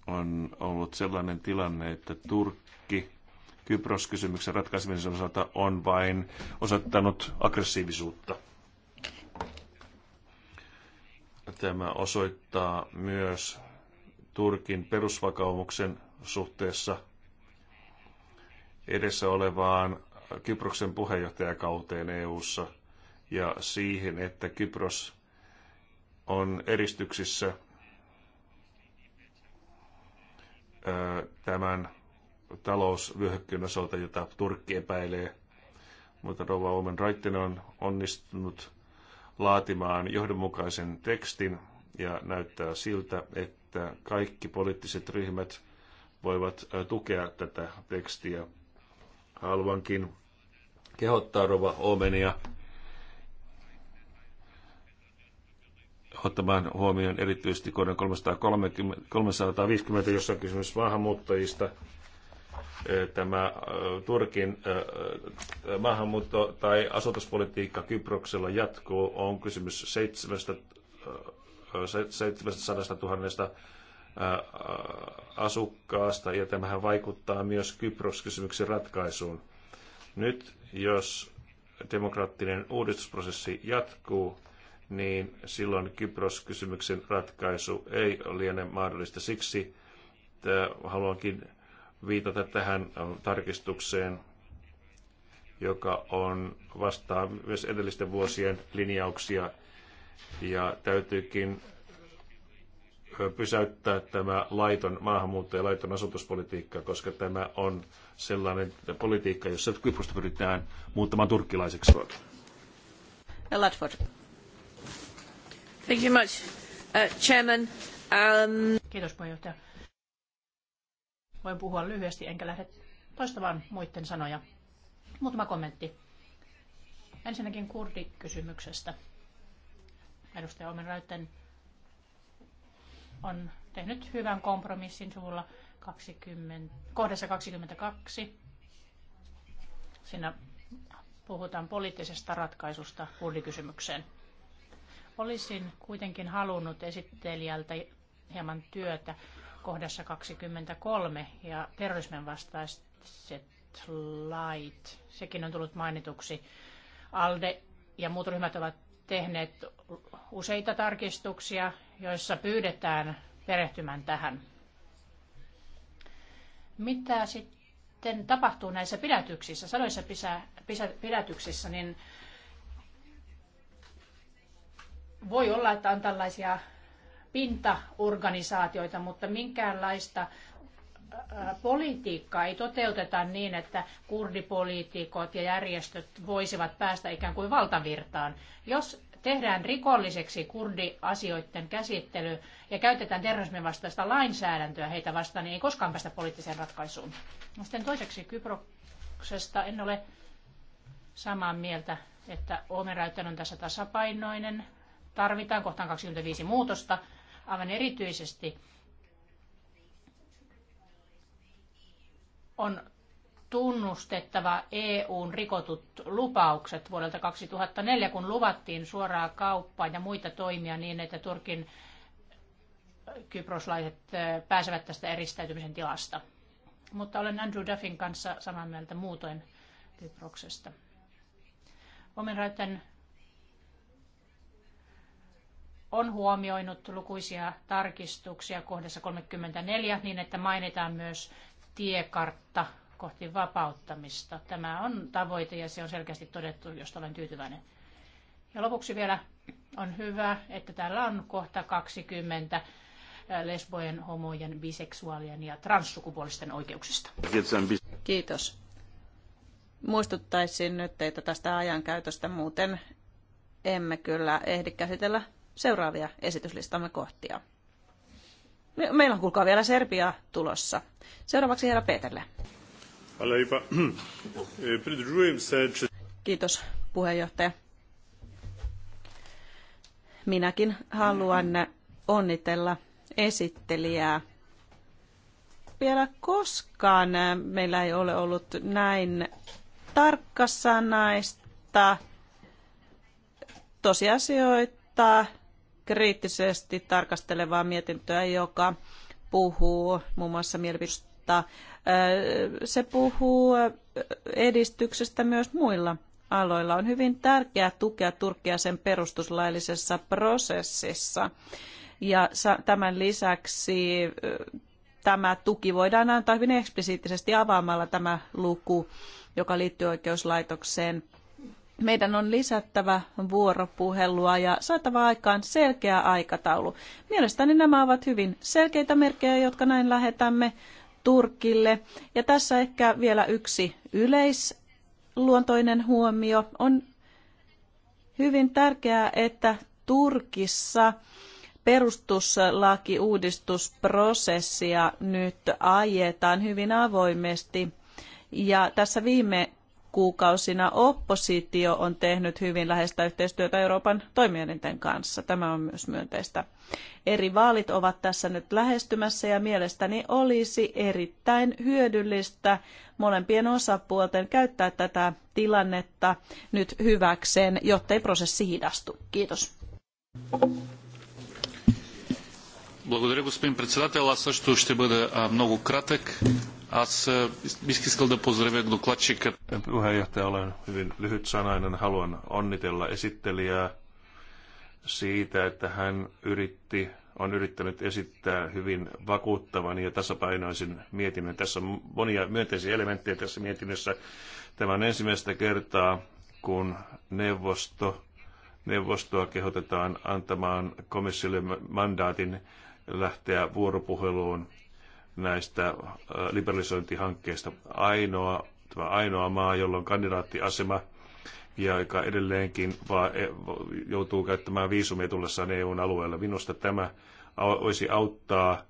on ollut sellainen tilanne, että Turkki Kypros-kysymyksen ratkaisemisen osalta on vain osoittanut aggressiivisuutta. Tämä osoittaa myös Turkin perusvakaumuksen suhteessa edessä olevaan Kyproksen puheenjohtajakauteen EU:ssa – ja siihen, että Kypros on eristyksissä tämän talousvyöhykkeen osalta, jota Turkki epäilee. Mutta Rova Omen Raittinen on onnistunut laatimaan johdonmukaisen tekstin ja näyttää siltä, että kaikki poliittiset ryhmät voivat tukea tätä tekstiä. Haluankin kehottaa Rova Omenia ottamaan huomioon erityisesti kohdan 330, 350, jossa on kysymys maahanmuuttajista. Tämä Turkin maahanmuutto- tai asutuspolitiikka Kyproksella jatkuu. On kysymys 700 000 asukkaasta, ja tämähän vaikuttaa myös Kypros-kysymyksen ratkaisuun. Nyt, jos demokraattinen uudistusprosessi jatkuu, niin silloin Kypros-kysymyksen ratkaisu ei liene mahdollista. Siksi haluankin viitata tähän tarkistukseen, joka on vastaa myös edellisten vuosien linjauksia ja täytyykin pysäyttää tämä laiton maahanmuutto ja laiton asutuspolitiikka, koska tämä on sellainen politiikka, jossa Kyprosta pyritään muuttamaan turkkilaiseksi. Latford. Uh, um, Kiitos puheenjohtaja. Voin puhua lyhyesti, enkä lähde toistamaan muiden sanoja. Muutama kommentti. Ensinnäkin kurdikysymyksestä. Edustaja Omen Räytten on tehnyt hyvän kompromissin sivulla 20, kohdassa 22. Siinä puhutaan poliittisesta ratkaisusta kurdikysymykseen. Olisin kuitenkin halunnut esittelijältä hieman työtä kohdassa 23 ja terrorismin vastaiset lait. Sekin on tullut mainituksi. ALDE ja muut ryhmät ovat tehneet useita tarkistuksia, joissa pyydetään perehtymään tähän. Mitä sitten tapahtuu näissä pidätyksissä, sadoissa pidätyksissä, niin voi olla, että on tällaisia pintaorganisaatioita, mutta minkäänlaista äh, politiikkaa ei toteuteta niin, että kurdipoliitikot ja järjestöt voisivat päästä ikään kuin valtavirtaan. Jos tehdään rikolliseksi kurdiasioiden käsittely ja käytetään terrorismin vastaista lainsäädäntöä heitä vastaan, niin ei koskaan päästä poliittiseen ratkaisuun. No sitten toiseksi Kyproksesta en ole samaa mieltä, että Omeräytön on tässä tasapainoinen tarvitaan kohtaan 25 muutosta aivan erityisesti on tunnustettava EUn rikotut lupaukset vuodelta 2004, kun luvattiin suoraa kauppaa ja muita toimia niin, että Turkin kyproslaiset pääsevät tästä eristäytymisen tilasta. Mutta olen Andrew Duffin kanssa samaa mieltä muutoin Kyproksesta. Omenraiden on huomioinut lukuisia tarkistuksia kohdassa 34 niin, että mainitaan myös tiekartta kohti vapauttamista. Tämä on tavoite ja se on selkeästi todettu, josta olen tyytyväinen. Ja lopuksi vielä on hyvä, että täällä on kohta 20 lesbojen, homojen, biseksuaalien ja transsukupuolisten oikeuksista. Kiitos. Muistuttaisin nyt teitä tästä ajankäytöstä, muuten emme kyllä ehdi käsitellä seuraavia esityslistamme kohtia. meillä on kuulkaa vielä Serbia tulossa. Seuraavaksi herra Peterle. E, Kiitos puheenjohtaja. Minäkin haluan onnitella esittelijää. Vielä koskaan meillä ei ole ollut näin tarkkasanaista tosiasioita kriittisesti tarkastelevaa mietintöä, joka puhuu muun muassa mielipistä. Se puhuu edistyksestä myös muilla aloilla. On hyvin tärkeää tukea Turkia sen perustuslaillisessa prosessissa. Ja tämän lisäksi tämä tuki voidaan antaa hyvin eksplisiittisesti avaamalla tämä luku, joka liittyy oikeuslaitokseen meidän on lisättävä vuoropuhelua ja saatava aikaan selkeä aikataulu. Mielestäni nämä ovat hyvin selkeitä merkkejä, jotka näin lähetämme Turkille. Ja tässä ehkä vielä yksi yleisluontoinen huomio. On hyvin tärkeää, että Turkissa perustuslaki-uudistusprosessia nyt ajetaan hyvin avoimesti. Ja tässä viime kuukausina oppositio on tehnyt hyvin läheistä yhteistyötä Euroopan toimielinten kanssa. Tämä on myös myönteistä. Eri vaalit ovat tässä nyt lähestymässä ja mielestäni olisi erittäin hyödyllistä molempien osapuolten käyttää tätä tilannetta nyt hyväkseen, jotta ei prosessi hidastu. Kiitos. Благодаря, господин председател. Аз също ще бъда много кратък. As, uh, искал да Puheenjohtaja, olen hyvin lyhyt sanainen. Haluan onnitella esittelijää siitä, että hän yritti, on yrittänyt esittää hyvin vakuuttavan ja tasapainoisen mietinnön. Tässä on monia myönteisiä elementtejä tässä mietinnössä. Tämä on ensimmäistä kertaa, kun neuvosto, neuvostoa kehotetaan antamaan komissiolle mandaatin lähteä vuoropuheluun näistä liberalisointihankkeista. Ainoa, tämä ainoa maa, jolla on kandidaattiasema ja joka edelleenkin vaan e, joutuu käyttämään viisumia tullessaan EUn alueella. Minusta tämä voisi auttaa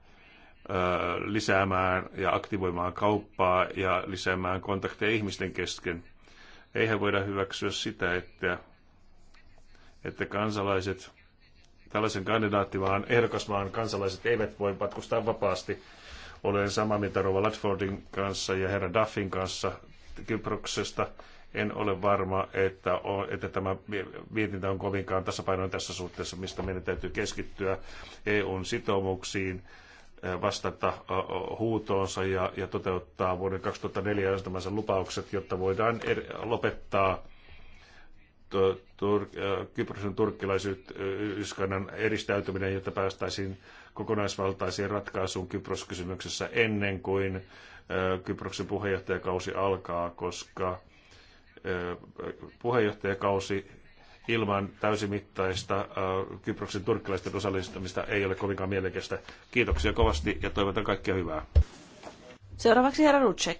lisäämään ja aktivoimaan kauppaa ja lisäämään kontakteja ihmisten kesken. Eihän voida hyväksyä sitä, että, että kansalaiset, tällaisen kandidaattimaan, ehdokasmaan kansalaiset eivät voi matkustaa vapaasti olen samaa mieltä Rova Latfordin kanssa ja herra Duffin kanssa Kyproksesta. En ole varma, että, on, että tämä mietintä on kovinkaan tasapainoinen tässä suhteessa, mistä meidän täytyy keskittyä EUn sitoumuksiin eh, vastata eh, huutoonsa ja, ja toteuttaa vuoden 2004 lupaukset, jotta voidaan eri, lopettaa tur, äh, Kyproksen turkkilaisyyskannan äh, eristäytyminen, jotta päästäisiin kokonaisvaltaisiin ratkaisuun Kyproskysymyksessä kysymyksessä ennen kuin äh, Kyproksen puheenjohtajakausi alkaa, koska puheenjohtajakausi ilman täysimittaista Kyproksen turkkilaisten osallistumista ei ole kovinkaan mielekästä. Kiitoksia kovasti ja toivotan kaikkea hyvää. Seuraavaksi herra Rutsek.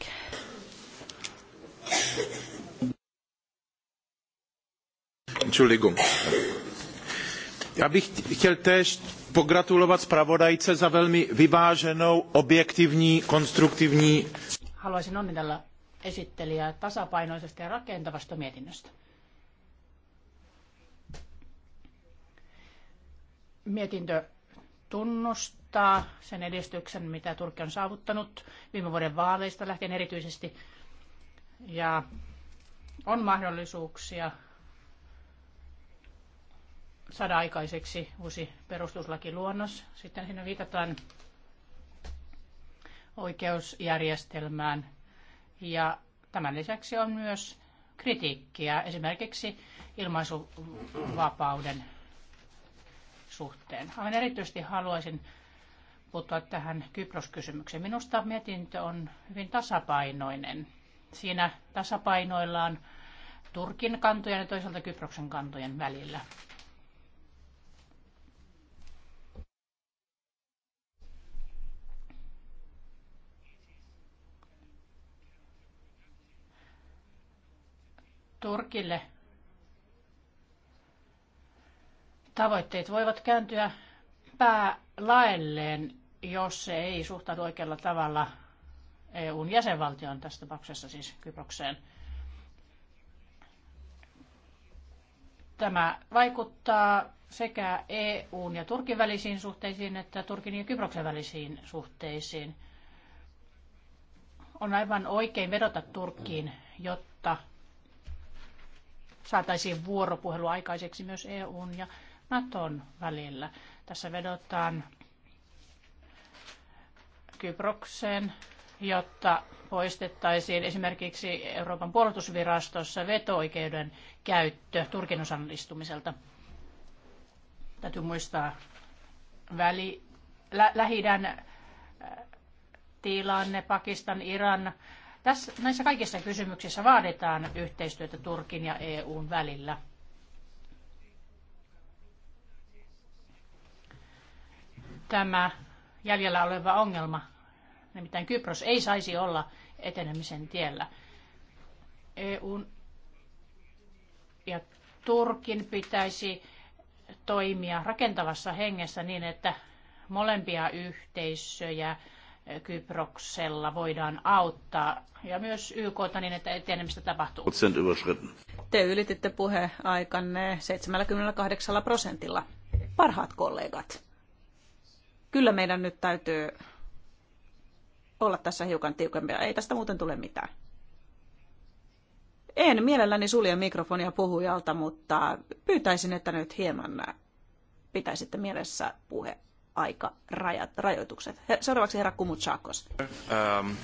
Entschuldigung. Já bych chtěl též pogratulovat zpravodajce za velmi vyváženou, objektivní, konstruktivní... Haluaisin onnitella esittelijää tasapainoisesta ja rakentavasta mietinnöstä. Mietintö tunnustaa sen edistyksen, mitä Turkki on saavuttanut viime vuoden vaaleista lähtien erityisesti. Ja on mahdollisuuksia saada aikaiseksi uusi perustuslakiluonnos. Sitten siinä viitataan oikeusjärjestelmään ja tämän lisäksi on myös kritiikkiä esimerkiksi ilmaisuvapauden suhteen. Aivan erityisesti haluaisin puuttua tähän Kypros-kysymykseen. Minusta mietintö on hyvin tasapainoinen. Siinä tasapainoillaan Turkin kantojen ja toisaalta Kyproksen kantojen välillä. Turkille tavoitteet voivat kääntyä päälaelleen, jos se ei suhtaudu oikealla tavalla EUn jäsenvaltioon, tässä tapauksessa siis Kyprokseen. Tämä vaikuttaa sekä EUn ja Turkin välisiin suhteisiin että Turkin ja Kyproksen välisiin suhteisiin. On aivan oikein vedota Turkkiin, jotta saataisiin vuoropuhelu aikaiseksi myös EUn ja Naton välillä. Tässä vedotaan Kyprokseen, jotta poistettaisiin esimerkiksi Euroopan puolustusvirastossa veto-oikeuden käyttö Turkin osallistumiselta. Täytyy muistaa väli, lä, lähidän äh, tilanne, Pakistan, Iran, tässä, näissä kaikissa kysymyksissä vaaditaan yhteistyötä Turkin ja EUn välillä. Tämä jäljellä oleva ongelma, nimittäin Kypros, ei saisi olla etenemisen tiellä. EUn ja Turkin pitäisi toimia rakentavassa hengessä niin, että molempia yhteisöjä Kyproksella voidaan auttaa ja myös YK niin, että etenemistä tapahtuu. Te ylititte puheaikanne 78 prosentilla. Parhaat kollegat, kyllä meidän nyt täytyy olla tässä hiukan tiukempia. Ei tästä muuten tule mitään. En mielelläni sulje mikrofonia puhujalta, mutta pyytäisin, että nyt hieman pitäisitte mielessä puhe rajat, rajoitukset. Seuraavaksi herra Kumutsakos. Um.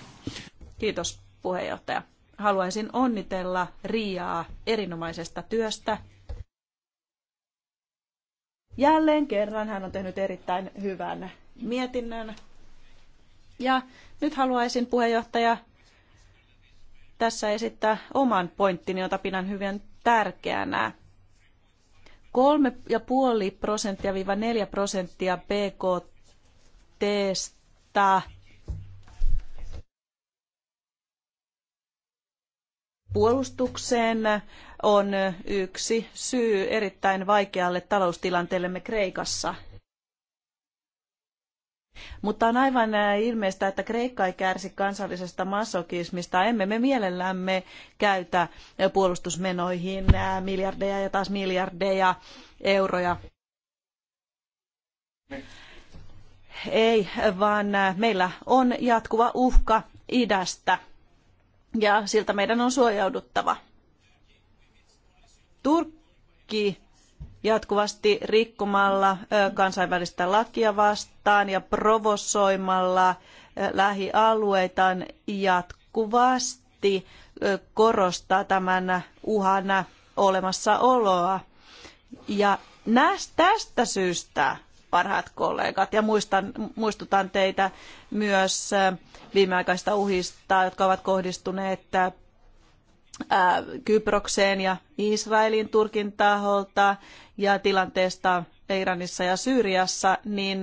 Kiitos puheenjohtaja. Haluaisin onnitella Riaa erinomaisesta työstä. Jälleen kerran hän on tehnyt erittäin hyvän mietinnön. Ja nyt haluaisin puheenjohtaja tässä esittää oman pointtini, jota pidän hyvin tärkeänä. Kolme ja puoli prosenttia viiva 4 prosenttia BKTstä puolustukseen on yksi syy erittäin vaikealle taloustilanteellemme Kreikassa – mutta on aivan ilmeistä, että Kreikka ei kärsi kansallisesta masokismista. Emme me mielellämme käytä puolustusmenoihin miljardeja ja taas miljardeja euroja. Ei, vaan meillä on jatkuva uhka idästä ja siltä meidän on suojauduttava. Turkki jatkuvasti rikkomalla kansainvälistä lakia vastaan ja provosoimalla lähialueitaan jatkuvasti korostaa tämän uhan olemassaoloa. Ja tästä syystä parhaat kollegat. Ja muistan, muistutan teitä myös viimeaikaista uhista, jotka ovat kohdistuneet Äh, Kyprokseen ja Israelin Turkin taholta ja tilanteesta Iranissa ja Syyriassa, niin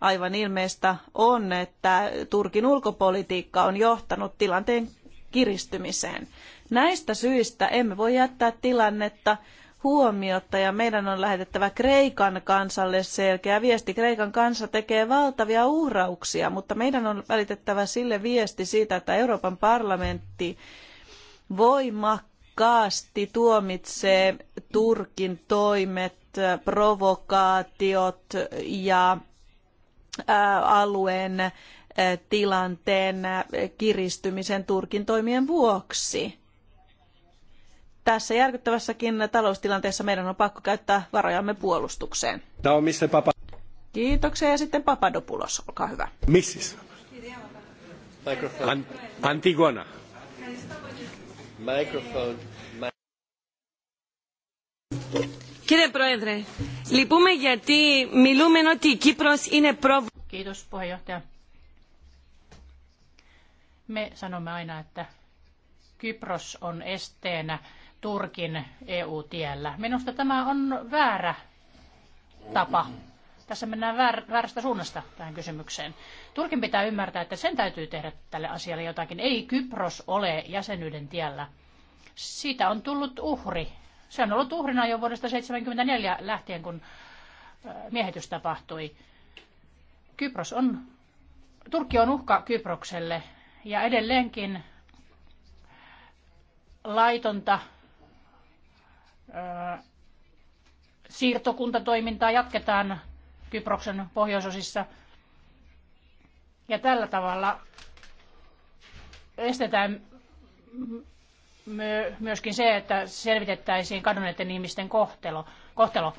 aivan ilmeistä on, että Turkin ulkopolitiikka on johtanut tilanteen kiristymiseen. Näistä syistä emme voi jättää tilannetta huomiota ja meidän on lähetettävä Kreikan kansalle selkeä viesti. Kreikan kansa tekee valtavia uhrauksia, mutta meidän on välitettävä sille viesti siitä, että Euroopan parlamentti voimakkaasti tuomitsee Turkin toimet, provokaatiot ja äh, alueen äh, tilanteen äh, kiristymisen Turkin toimien vuoksi. Tässä järkyttävässäkin taloustilanteessa meidän on pakko käyttää varojamme puolustukseen. Tämä on missä papa. Kiitoksia ja sitten Papadopoulos, olkaa hyvä. Missis. Antigona. Microphone. Κύριε Πρόεδρε, λυπούμε γιατί μιλούμε ότι η Κύπρος είναι πρόβλημα. Kiitos puheenjohtaja. με sanomme αίνα, että Κύπρος on esteenä Turkin EU-tiellä. Minusta tämä on väärä tapa tässä mennään väär, väärästä suunnasta tähän kysymykseen. Turkin pitää ymmärtää, että sen täytyy tehdä tälle asialle jotakin. Ei Kypros ole jäsenyyden tiellä. Siitä on tullut uhri. Se on ollut uhrina jo vuodesta 1974 lähtien, kun miehitys tapahtui. Kypros on, Turkki on uhka Kyprokselle ja edelleenkin laitonta ö, siirtokuntatoimintaa jatketaan Kyproksen pohjoisosissa. Ja tällä tavalla estetään myöskin se, että selvitettäisiin kadonneiden ihmisten kohtelo. kohtelo.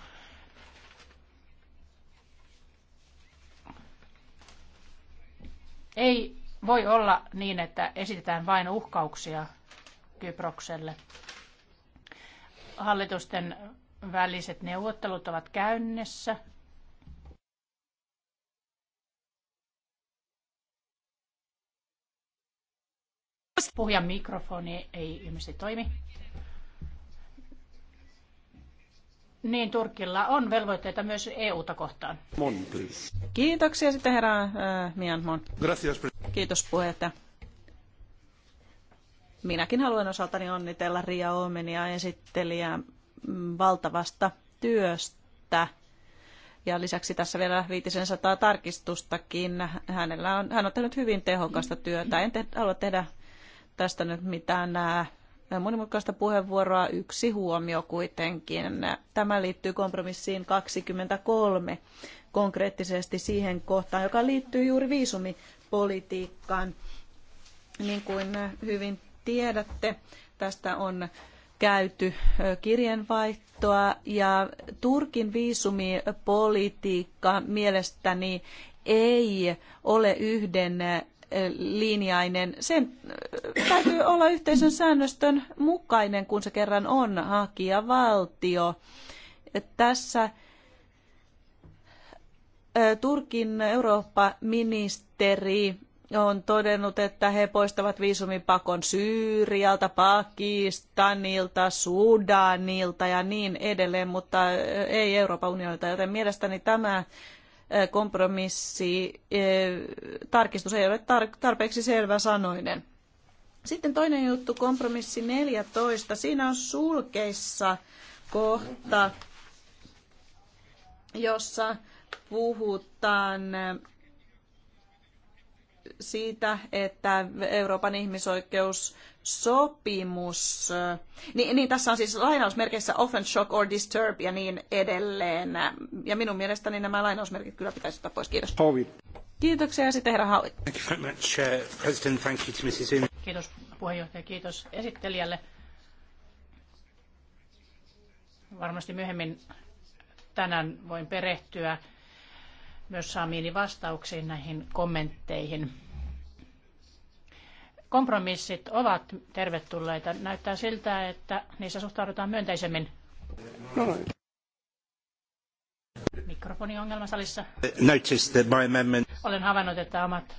Ei voi olla niin, että esitetään vain uhkauksia Kyprokselle. Hallitusten väliset neuvottelut ovat käynnissä Puhujan mikrofoni ei ilmeisesti toimi. Niin, Turkilla on velvoitteita myös EU: ta kohtaan. Mon, please. Kiitoksia sitten herra äh, Mon. Gracias. Kiitos puheenjohtaja. Minäkin haluan osaltani onnitella Ria Omenia esittelijää mm, valtavasta työstä. Ja lisäksi tässä vielä viitisen sataa tarkistustakin. Hänellä on, hän on tehnyt hyvin tehokasta työtä. En te, halua tehdä tästä nyt mitään nää monimutkaista puheenvuoroa. Yksi huomio kuitenkin. Tämä liittyy kompromissiin 23 konkreettisesti siihen kohtaan, joka liittyy juuri viisumipolitiikkaan. Niin kuin hyvin tiedätte, tästä on käyty kirjeenvaihtoa ja Turkin viisumipolitiikka mielestäni ei ole yhden linjainen. Sen äh, täytyy olla yhteisön säännöstön mukainen, kun se kerran on hakijavaltio. Tässä äh, Turkin Eurooppa-ministeri on todennut, että he poistavat viisumipakon Syyrialta, Pakistanilta, Sudanilta ja niin edelleen, mutta äh, ei Euroopan unionilta, joten mielestäni tämä kompromissi, tarkistus ei ole tarpeeksi selvä sanoinen. Sitten toinen juttu, kompromissi 14. Siinä on sulkeissa kohta, jossa puhutaan siitä, että Euroopan ihmisoikeussopimus, niin, niin tässä on siis lainausmerkeissä often shock or disturb ja niin edelleen. Ja minun mielestäni nämä lainausmerkit kyllä pitäisi ottaa pois. Kiitos. Hovi. Kiitoksia ja sitten herra Howie. Thank you very much, uh, President. Thank you to Mrs. In. Kiitos puheenjohtaja, kiitos esittelijälle. Varmasti myöhemmin tänään voin perehtyä myös saamiini vastauksiin näihin kommentteihin. Kompromissit ovat tervetulleita. Näyttää siltä, että niissä suhtaudutaan myönteisemmin. Mikrofoni ongelma salissa. Olen havainnut, että omat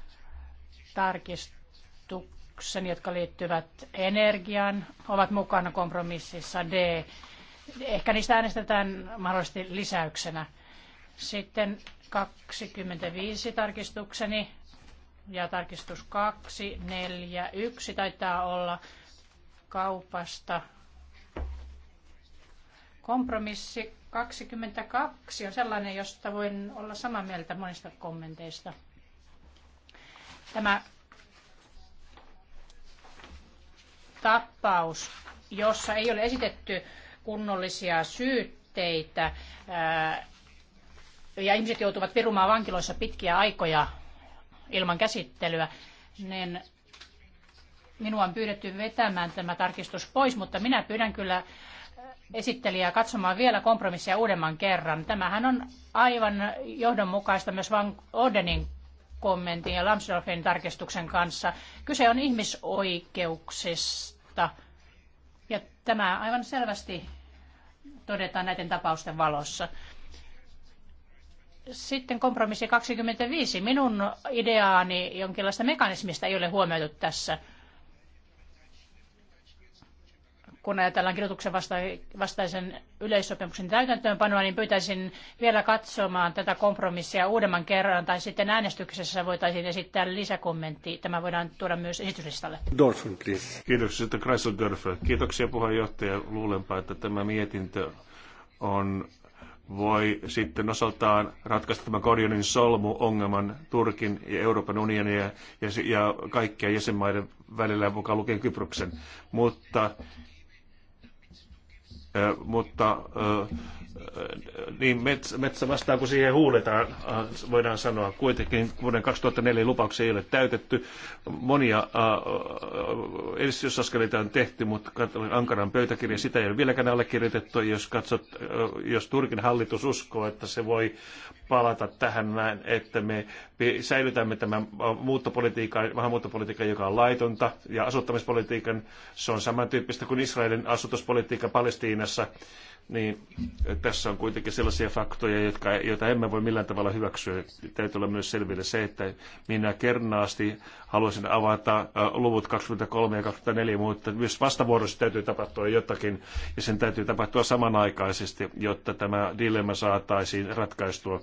tarkistukseni, jotka liittyvät energiaan, ovat mukana kompromississa D. Ehkä niistä äänestetään mahdollisesti lisäyksenä. Sitten 25 tarkistukseni ja tarkistus 2, 4, 1 taitaa olla kaupasta. Kompromissi 22 on sellainen, josta voin olla samaa mieltä monista kommenteista. Tämä tapaus, jossa ei ole esitetty kunnollisia syytteitä, ää, ja ihmiset joutuvat pirumaan vankiloissa pitkiä aikoja ilman käsittelyä, niin minua on pyydetty vetämään tämä tarkistus pois, mutta minä pyydän kyllä esittelijää katsomaan vielä kompromissia uudemman kerran. Tämähän on aivan johdonmukaista myös Van Odenin kommentin ja Lamsdorfin tarkistuksen kanssa. Kyse on ihmisoikeuksista. Ja tämä aivan selvästi todetaan näiden tapausten valossa. Sitten kompromissi 25. Minun ideaani jonkinlaista mekanismista ei ole huomioitu tässä. Kun ajatellaan kirjoituksen vasta- vastaisen yleissopimuksen täytäntöönpanoa, niin pyytäisin vielä katsomaan tätä kompromissia uudemman kerran, tai sitten äänestyksessä voitaisiin esittää lisäkommentti. Tämä voidaan tuoda myös esityslistalle. Dorfman, please. Kiitoksia, Kreisel Dörfer. Kiitoksia puheenjohtaja. Luulenpa, että tämä mietintö on voi sitten osaltaan ratkaista tämän Korjonin solmu-ongelman Turkin ja Euroopan unionin ja, ja, ja kaikkien jäsenmaiden välillä, mukaan lukien Kyproksen. Mutta, äh, mutta äh, niin metsä, metsä vastaa, kun siihen huuletaan, äh, voidaan sanoa. Kuitenkin vuoden 2004 lupauksia ei ole täytetty. Monia äh, äh, edistysaskeleita on tehty, mutta Ankaran pöytäkirja, sitä ei ole vieläkään allekirjoitettu. Jos, katsot, jos Turkin hallitus uskoo, että se voi palata tähän näin, että me säilytämme tämän muuttopolitiikan, maahanmuuttopolitiikan, joka on laitonta, ja asuttamispolitiikan, se on samantyyppistä kuin Israelin asutuspolitiikka Palestiinassa, niin tässä on kuitenkin sellaisia faktoja, jotka, joita emme voi millään tavalla hyväksyä. Täytyy olla myös selville se, että minä kernaasti haluaisin avata luvut 23 ja 24, mutta myös vastavuorossa täytyy tapahtua jotakin, ja sen täytyy tapahtua samanaikaisesti, jotta tämä dilemma saataisiin ratkaistua.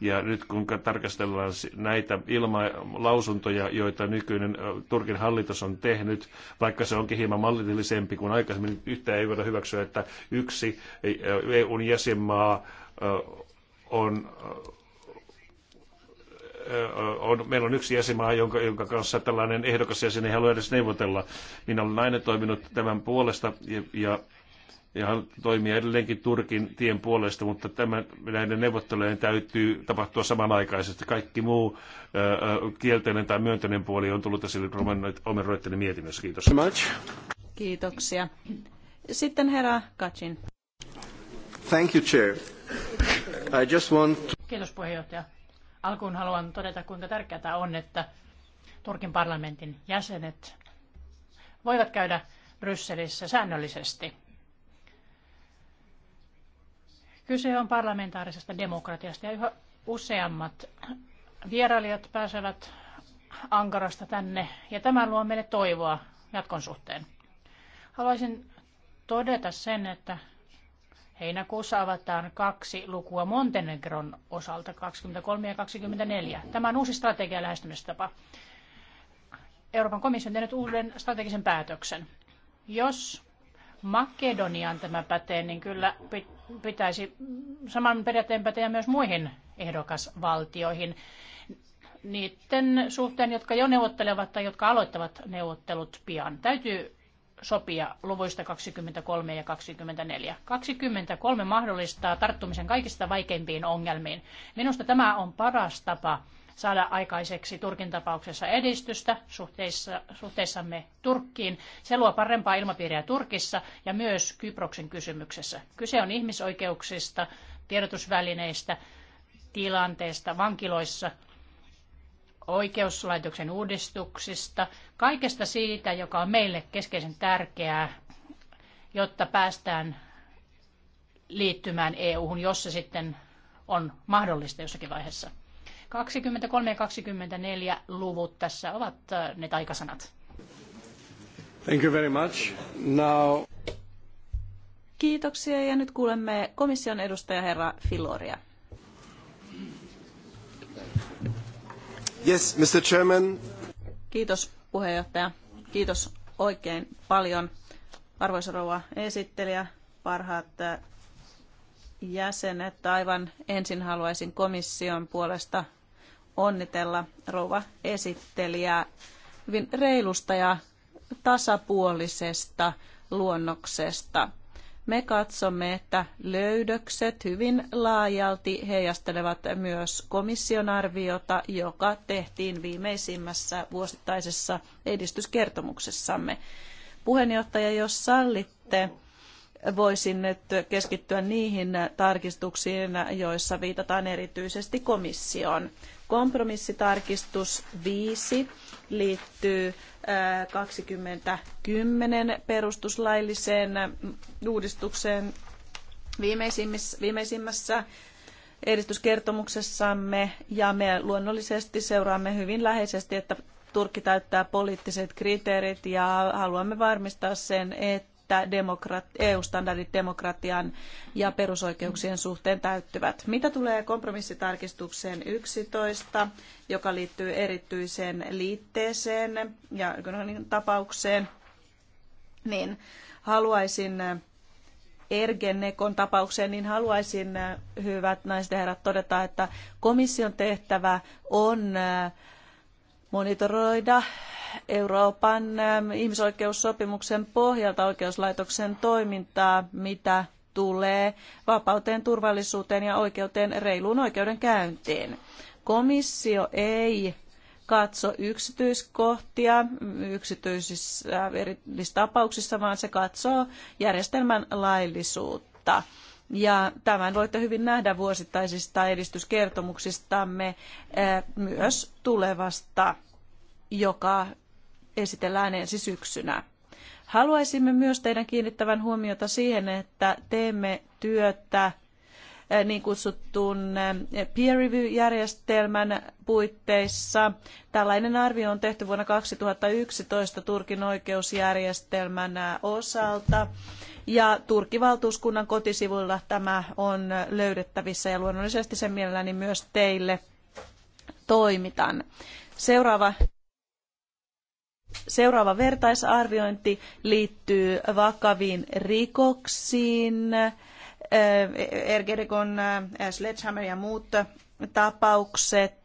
Ja nyt kun tarkastellaan näitä ilmalausuntoja, joita nykyinen Turkin hallitus on tehnyt, vaikka se onkin hieman mallillisempi kuin aikaisemmin, niin yhtään ei voida hyväksyä, että yksi EUn jäsenmaa on on, meillä on yksi jäsenmaa, jonka, jonka kanssa tällainen ehdokas jäsen ei halua edes neuvotella. Minä olen aina toiminut tämän puolesta ja, ja ja toimia edelleenkin Turkin tien puolesta, mutta tämän, näiden neuvottelujen täytyy tapahtua samanaikaisesti. Kaikki muu ö, kielteinen tai myönteinen puoli on tullut esille Roman Roittinen mietinnössä. Kiitos. Kiitoksia. Sitten herra Kacin. Thank you, Chair. I just want to... Kiitos puheenjohtaja. Alkuun haluan todeta, kuinka tärkeää on, että Turkin parlamentin jäsenet voivat käydä Brysselissä säännöllisesti Kyse on parlamentaarisesta demokratiasta ja yhä useammat vierailijat pääsevät Ankarasta tänne ja tämä luo meille toivoa jatkon suhteen. Haluaisin todeta sen, että heinäkuussa avataan kaksi lukua Montenegron osalta 23 ja 24. Tämä on uusi strategia lähestymistapa. Euroopan komissio on tehnyt uuden strategisen päätöksen. Jos Makedoniaan tämä pätee, niin kyllä pitäisi saman periaatteen päteä myös muihin ehdokasvaltioihin niiden suhteen, jotka jo neuvottelevat tai jotka aloittavat neuvottelut pian. Täytyy sopia luvuista 23 ja 24. 23 mahdollistaa tarttumisen kaikista vaikeimpiin ongelmiin. Minusta tämä on paras tapa saada aikaiseksi Turkin tapauksessa edistystä suhteissa, suhteissamme Turkkiin. Se luo parempaa ilmapiiriä Turkissa ja myös Kyproksen kysymyksessä. Kyse on ihmisoikeuksista, tiedotusvälineistä, tilanteesta vankiloissa, oikeuslaitoksen uudistuksista, kaikesta siitä, joka on meille keskeisen tärkeää, jotta päästään liittymään EU-hun, jos se sitten on mahdollista jossakin vaiheessa. 23 ja 24 luvut tässä ovat äh, ne taikasanat. Thank you very much. Now... Kiitoksia ja nyt kuulemme komission edustaja herra Filoria. Yes, Mr. Chairman. Kiitos puheenjohtaja. Kiitos oikein paljon. Arvoisa rouva esittelijä, parhaat äh, jäsenet, aivan ensin haluaisin komission puolesta onnitella rouva esittelijää hyvin reilusta ja tasapuolisesta luonnoksesta. Me katsomme, että löydökset hyvin laajalti heijastelevat myös komission arviota, joka tehtiin viimeisimmässä vuosittaisessa edistyskertomuksessamme. Puheenjohtaja, jos sallitte, voisin nyt keskittyä niihin tarkistuksiin, joissa viitataan erityisesti komissioon. Kompromissitarkistus 5 liittyy 2010 perustuslailliseen uudistukseen viimeisimmässä edistyskertomuksessamme ja me luonnollisesti seuraamme hyvin läheisesti, että Turkki täyttää poliittiset kriteerit ja haluamme varmistaa sen, että että demokrat- EU-standardit demokratian ja perusoikeuksien suhteen täyttyvät. Mitä tulee kompromissitarkistukseen 11, joka liittyy erityiseen liitteeseen ja tapaukseen, niin haluaisin Ergenekon tapaukseen, niin haluaisin, hyvät naiset ja herrat, todeta, että komission tehtävä on monitoroida Euroopan ähm, ihmisoikeussopimuksen pohjalta oikeuslaitoksen toimintaa, mitä tulee vapauteen, turvallisuuteen ja oikeuteen reiluun oikeudenkäyntiin. Komissio ei katso yksityiskohtia yksityisissä erillistapauksissa, vaan se katsoo järjestelmän laillisuutta. Ja tämän voitte hyvin nähdä vuosittaisista edistyskertomuksistamme eh, myös tulevasta, joka esitellään ensi syksynä. Haluaisimme myös teidän kiinnittävän huomiota siihen, että teemme työtä Eh, niin kutsutun eh, peer review-järjestelmän puitteissa. Tällainen arvio on tehty vuonna 2011 Turkin oikeusjärjestelmän eh, osalta. Ja Turkivaltuuskunnan kotisivuilla tämä on löydettävissä ja luonnollisesti sen mielelläni myös teille toimitan. Seuraava Seuraava vertaisarviointi liittyy vakaviin rikoksiin Eh, Ergedegon, eh, Sledgehammer ja muut tapaukset.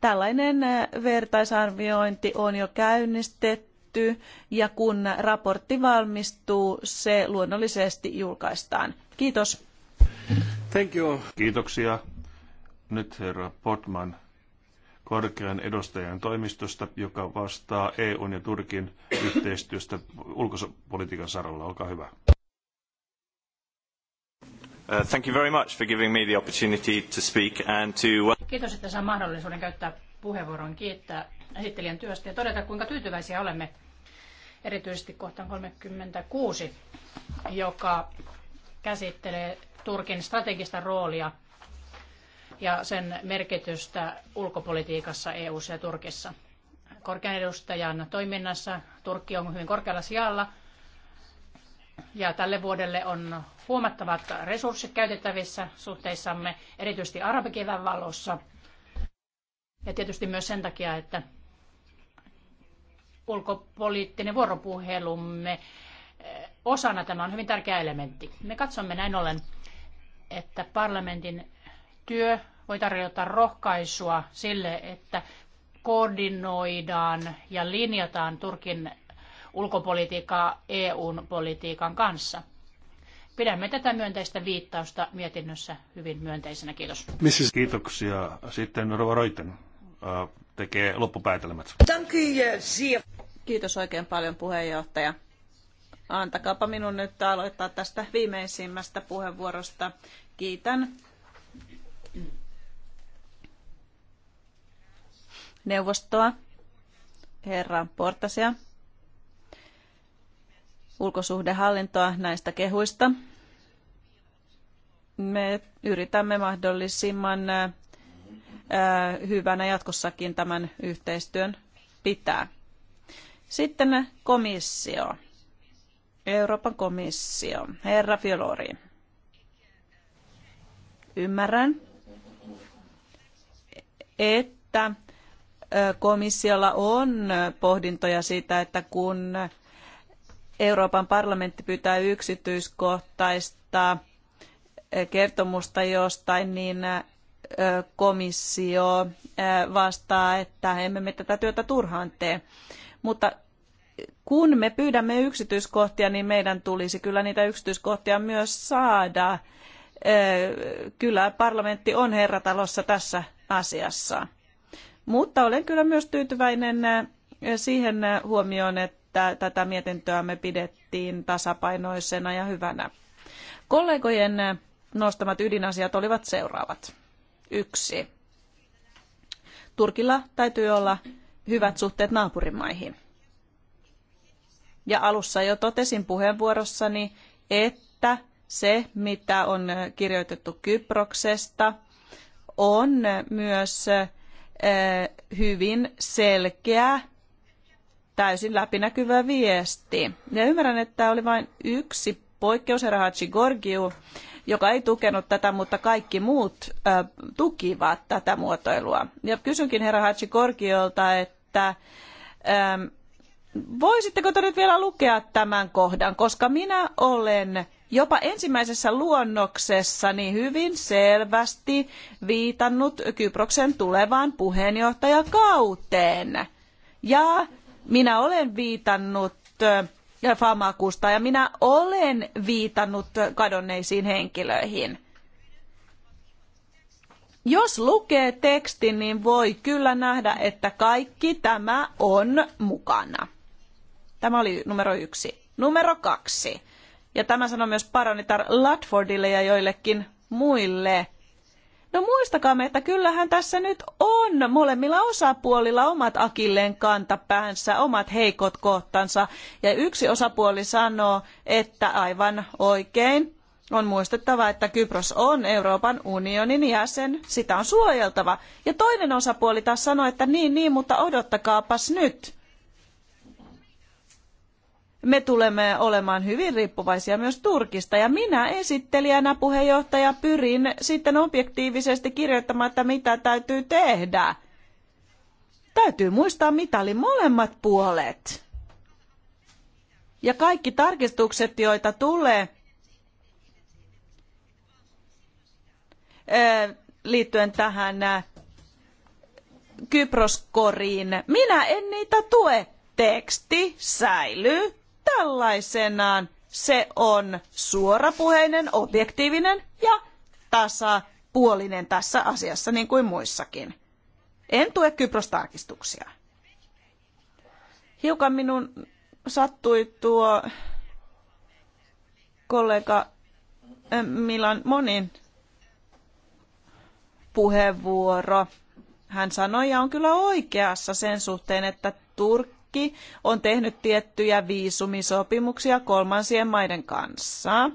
Tällainen eh, vertaisarviointi on jo käynnistetty ja kun raportti valmistuu, se luonnollisesti julkaistaan. Kiitos. Thank you. Kiitoksia. Nyt herra Potman korkean edustajan toimistosta, joka vastaa EUn ja Turkin yhteistyöstä ulkopolitiikan saralla. Olkaa hyvä. Uh, thank you very much for giving me the opportunity to speak and to... Uh, Kiitos, että saan mahdollisuuden käyttää puheenvuoron kiittää esittelijän työstä ja todeta, kuinka tyytyväisiä olemme erityisesti kohtaan 36, joka käsittelee Turkin strategista roolia ja sen merkitystä ulkopolitiikassa EU:ssa ja Turkissa. Korkean edustajan toiminnassa Turkki on hyvin korkealla sijalla – ja tälle vuodelle on huomattavat resurssit käytettävissä suhteissamme, erityisesti arabikevään valossa. Ja tietysti myös sen takia, että ulkopoliittinen vuoropuhelumme eh, osana tämä on hyvin tärkeä elementti. Me katsomme näin ollen, että parlamentin työ voi tarjota rohkaisua sille, että koordinoidaan ja linjataan Turkin ulkopolitiikkaa EUn politiikan kanssa. Pidämme tätä myönteistä viittausta mietinnössä hyvin myönteisenä. Kiitos. Kiitoksia. Sitten Rova äh, tekee loppupäätelmät. Kiitos oikein paljon puheenjohtaja. Antakaapa minun nyt aloittaa tästä viimeisimmästä puheenvuorosta. Kiitän neuvostoa, herra Portasia, ulkosuhdehallintoa näistä kehuista. Me yritämme mahdollisimman hyvänä jatkossakin tämän yhteistyön pitää. Sitten komissio. Euroopan komissio. Herra Fiolori. Ymmärrän, että komissiolla on pohdintoja siitä, että kun Euroopan parlamentti pyytää yksityiskohtaista eh, kertomusta jostain, niin eh, komissio eh, vastaa, että emme me tätä työtä turhaan tee. Mutta kun me pyydämme yksityiskohtia, niin meidän tulisi kyllä niitä yksityiskohtia myös saada. Kyllä parlamentti on herratalossa tässä asiassa. Mutta olen kyllä myös tyytyväinen siihen huomioon, että että tätä mietintöä me pidettiin tasapainoisena ja hyvänä. Kollegojen nostamat ydinasiat olivat seuraavat. Yksi. Turkilla täytyy olla hyvät suhteet naapurimaihin. Ja alussa jo totesin puheenvuorossani, että se, mitä on kirjoitettu Kyproksesta, on myös eh, hyvin selkeä täysin läpinäkyvä viesti. Ja ymmärrän, että oli vain yksi poikkeus, herra Gorgiu, joka ei tukenut tätä, mutta kaikki muut ö, tukivat tätä muotoilua. Ja kysynkin herra Gorgiolta, että ö, voisitteko te nyt vielä lukea tämän kohdan, koska minä olen jopa ensimmäisessä luonnoksessani hyvin selvästi viitannut Kyproksen tulevaan puheenjohtajakauteen. Ja minä olen viitannut Famakusta ja minä olen viitannut kadonneisiin henkilöihin. Jos lukee tekstin, niin voi kyllä nähdä, että kaikki tämä on mukana. Tämä oli numero yksi. Numero kaksi. Ja tämä sanoo myös paronitar Latfordille ja joillekin muille No muistakaa, että kyllähän tässä nyt on molemmilla osapuolilla omat akilleen kantapäänsä, omat heikot kohtansa. Ja yksi osapuoli sanoo, että aivan oikein, on muistettava, että Kypros on Euroopan unionin jäsen, sitä on suojeltava. Ja toinen osapuoli taas sanoi, että niin, niin, mutta odottakaapas nyt me tulemme olemaan hyvin riippuvaisia myös Turkista. Ja minä esittelijänä puheenjohtaja pyrin sitten objektiivisesti kirjoittamaan, että mitä täytyy tehdä. Täytyy muistaa mitä oli molemmat puolet. Ja kaikki tarkistukset, joita tulee eh, liittyen tähän eh, Kyproskoriin, minä en niitä tue teksti säilyy tällaisenaan se on suorapuheinen, objektiivinen ja tasapuolinen tässä asiassa niin kuin muissakin. En tue Kyprostarkistuksia. Hiukan minun sattui tuo kollega eh, Milan Monin puheenvuoro. Hän sanoi, ja on kyllä oikeassa sen suhteen, että Turkki Turkki on tehnyt tiettyjä viisumisopimuksia kolmansien maiden kanssa.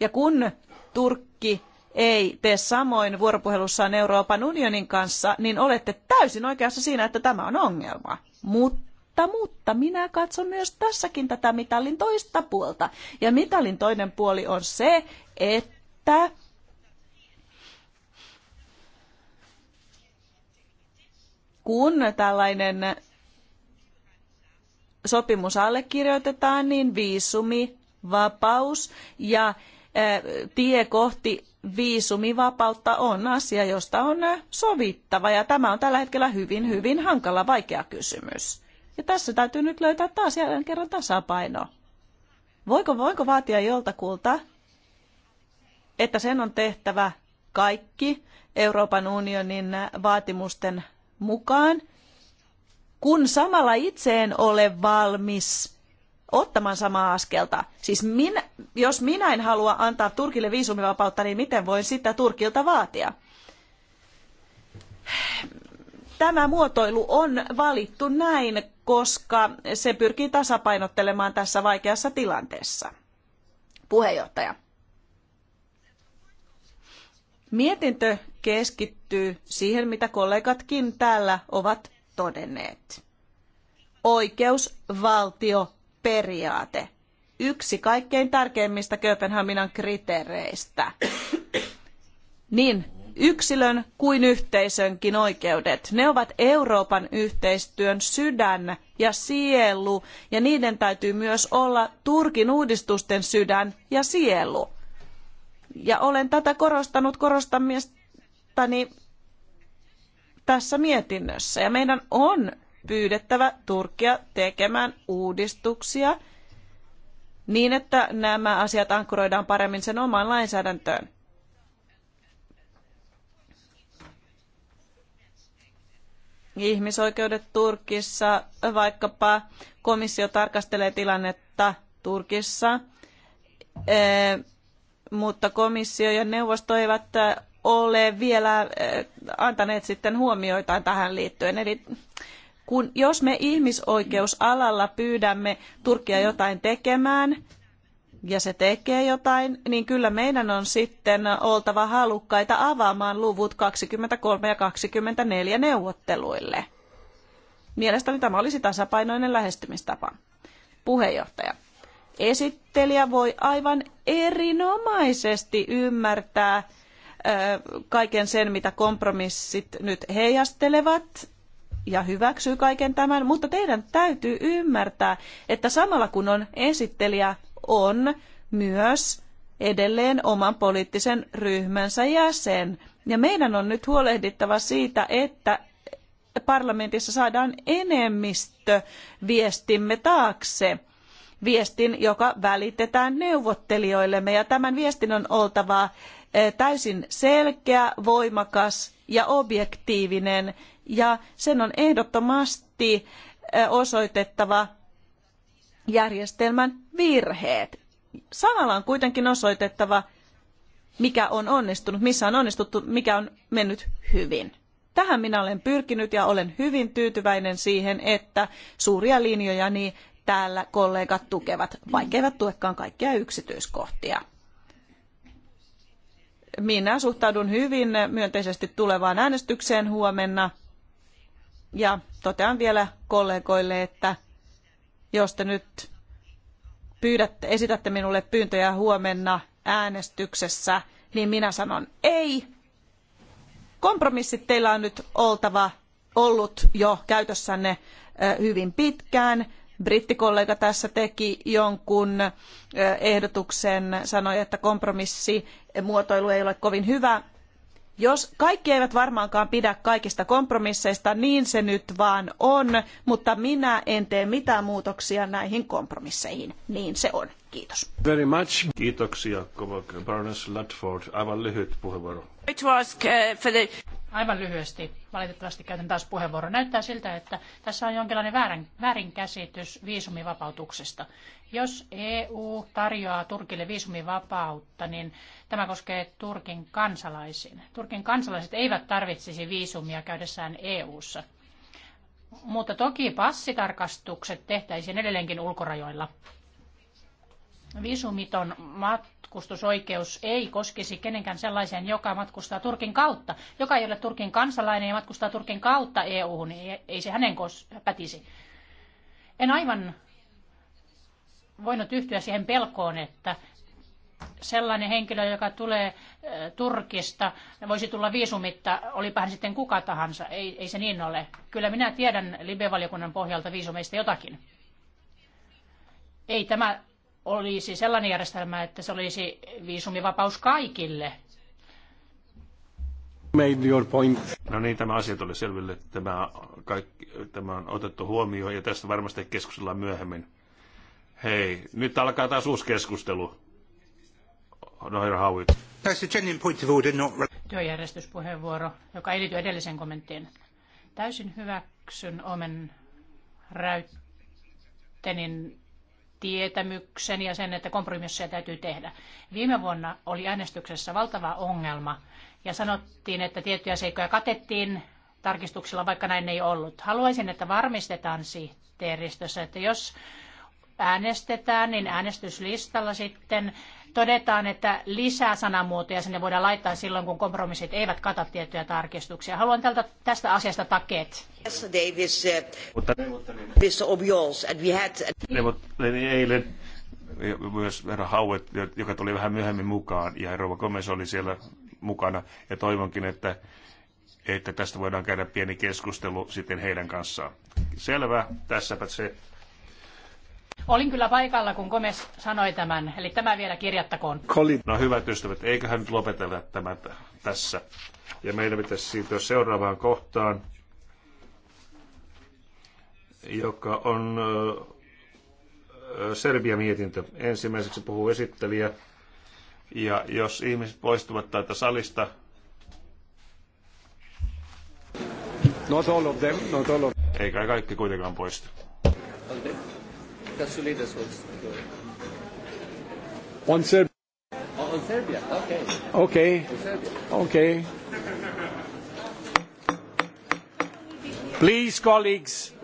Ja kun Turkki ei tee samoin vuoropuhelussaan Euroopan unionin kanssa, niin olette täysin oikeassa siinä, että tämä on ongelma. Mutta, mutta minä katson myös tässäkin tätä mitalin toista puolta. Ja mitalin toinen puoli on se, että kun tällainen sopimus allekirjoitetaan, niin viisumi, vapaus ja eh, tie kohti viisumivapautta on asia, josta on eh, sovittava. Ja tämä on tällä hetkellä hyvin, hyvin hankala, vaikea kysymys. Ja tässä täytyy nyt löytää taas jälleen kerran tasapaino. Voiko, voiko vaatia joltakulta, että sen on tehtävä kaikki Euroopan unionin vaatimusten mukaan, kun samalla itse en ole valmis ottamaan samaa askelta. Siis minä, jos minä en halua antaa Turkille viisumivapautta, niin miten voin sitä Turkilta vaatia? Tämä muotoilu on valittu näin, koska se pyrkii tasapainottelemaan tässä vaikeassa tilanteessa. Puheenjohtaja. Mietintö keskittyy siihen, mitä kollegatkin täällä ovat todenneet. Oikeusvaltioperiaate. Yksi kaikkein tärkeimmistä Kööpenhaminan kriteereistä. Niin yksilön kuin yhteisönkin oikeudet. Ne ovat Euroopan yhteistyön sydän ja sielu, ja niiden täytyy myös olla Turkin uudistusten sydän ja sielu. Ja olen tätä korostanut korostamistani tässä mietinnössä. Ja meidän on pyydettävä Turkia tekemään uudistuksia niin, että nämä asiat ankkuroidaan paremmin sen omaan lainsäädäntöön. Ihmisoikeudet Turkissa, vaikkapa komissio tarkastelee tilannetta Turkissa, eh, mutta komissio ja neuvosto eivät eh, ole vielä eh, antaneet sitten huomioitaan tähän liittyen. Eli kun, jos me ihmisoikeusalalla pyydämme Turkia jotain tekemään, ja se tekee jotain, niin kyllä meidän on sitten oltava halukkaita avaamaan luvut 23 ja 24 neuvotteluille. Mielestäni tämä olisi tasapainoinen lähestymistapa. Puheenjohtaja. Esittelijä voi aivan erinomaisesti ymmärtää kaiken sen, mitä kompromissit nyt heijastelevat ja hyväksyy kaiken tämän, mutta teidän täytyy ymmärtää, että samalla kun on esittelijä, on myös edelleen oman poliittisen ryhmänsä jäsen. Ja meidän on nyt huolehdittava siitä, että parlamentissa saadaan enemmistö viestimme taakse viestin, joka välitetään neuvottelijoillemme. Ja tämän viestin on oltava täysin selkeä, voimakas ja objektiivinen ja sen on ehdottomasti osoitettava järjestelmän virheet. Samalla on kuitenkin osoitettava, mikä on onnistunut, missä on onnistuttu, mikä on mennyt hyvin. Tähän minä olen pyrkinyt ja olen hyvin tyytyväinen siihen, että suuria linjoja niin täällä kollegat tukevat, vaikka eivät tuekaan kaikkia yksityiskohtia minä suhtaudun hyvin myönteisesti tulevaan äänestykseen huomenna. Ja totean vielä kollegoille, että jos te nyt pyydätte, esitätte minulle pyyntöjä huomenna äänestyksessä, niin minä sanon ei. Kompromissit teillä on nyt oltava ollut jo käytössänne hyvin pitkään brittikollega tässä teki jonkun ehdotuksen, sanoi, että kompromissi muotoilu ei ole kovin hyvä. Jos kaikki eivät varmaankaan pidä kaikista kompromisseista, niin se nyt vaan on, mutta minä en tee mitään muutoksia näihin kompromisseihin. Niin se on. Kiitos. Very much. Kiitoksia, Baroness Ladford. Aivan lyhyt puheenvuoro. Uh, Aivan lyhyesti. Valitettavasti käytän taas puheenvuoron. Näyttää siltä, että tässä on jonkinlainen väärän, väärinkäsitys viisumivapautuksesta. Jos EU tarjoaa Turkille viisumivapautta, niin tämä koskee Turkin kansalaisiin. Turkin kansalaiset eivät tarvitsisi viisumia käydessään EU:ssa. Mutta toki passitarkastukset tehtäisiin edelleenkin ulkorajoilla. Visumiton matkustusoikeus ei koskisi kenenkään sellaisen, joka matkustaa Turkin kautta. Joka ei ole Turkin kansalainen ja matkustaa Turkin kautta EU-hun, niin ei se hänen pätisi. En aivan voinut yhtyä siihen pelkoon, että sellainen henkilö, joka tulee Turkista, voisi tulla viisumitta, olipa hän sitten kuka tahansa. Ei, ei se niin ole. Kyllä minä tiedän Libe-valiokunnan pohjalta viisumeista jotakin. Ei tämä olisi sellainen järjestelmä, että se olisi viisumivapaus kaikille. Made your point. No niin, tämä asia tuli selville. Tämä, kaikki, tämä on otettu huomioon ja tästä varmasti keskustellaan myöhemmin. Hei, nyt alkaa taas uusi keskustelu. No herra Hauit. Työjärjestyspuheenvuoro, joka ei liity edelliseen kommenttiin. Täysin hyväksyn omen räyttenin tietämyksen ja sen, että kompromisseja täytyy tehdä. Viime vuonna oli äänestyksessä valtava ongelma ja sanottiin, että tiettyjä seikkoja katettiin tarkistuksilla, vaikka näin ei ollut. Haluaisin, että varmistetaan sihteeristössä, että jos äänestetään, niin äänestyslistalla sitten todetaan, että lisää sanamuotoja sinne voidaan laittaa silloin, kun kompromissit eivät kata tiettyjä tarkistuksia. Haluan tältä, tästä asiasta takeet. Uh, Mutta neuvottelin eilen myös herra Hauet, joka tuli vähän myöhemmin mukaan, ja Rova Gomez oli siellä mukana, ja toivonkin, että, että tästä voidaan käydä pieni keskustelu sitten heidän kanssaan. Selvä, tässäpä se. Olin kyllä paikalla, kun Gomez sanoi tämän, eli tämä vielä kirjattakoon. Colin. No hyvät ystävät, eiköhän nyt lopetella tämä tässä. Ja meidän pitäisi siirtyä seuraavaan kohtaan, joka on Serbia-mietintö. Ensimmäiseksi puhuu esittelijä. Ja jos ihmiset poistuvat täältä salista... Not all of them, not all of... Eikä kaikki kuitenkaan poistu. Okay. Kasulides was doing. On Serbia. Oh, on Serbia. Okay. Okay. Serbia. Okay. Please, colleagues.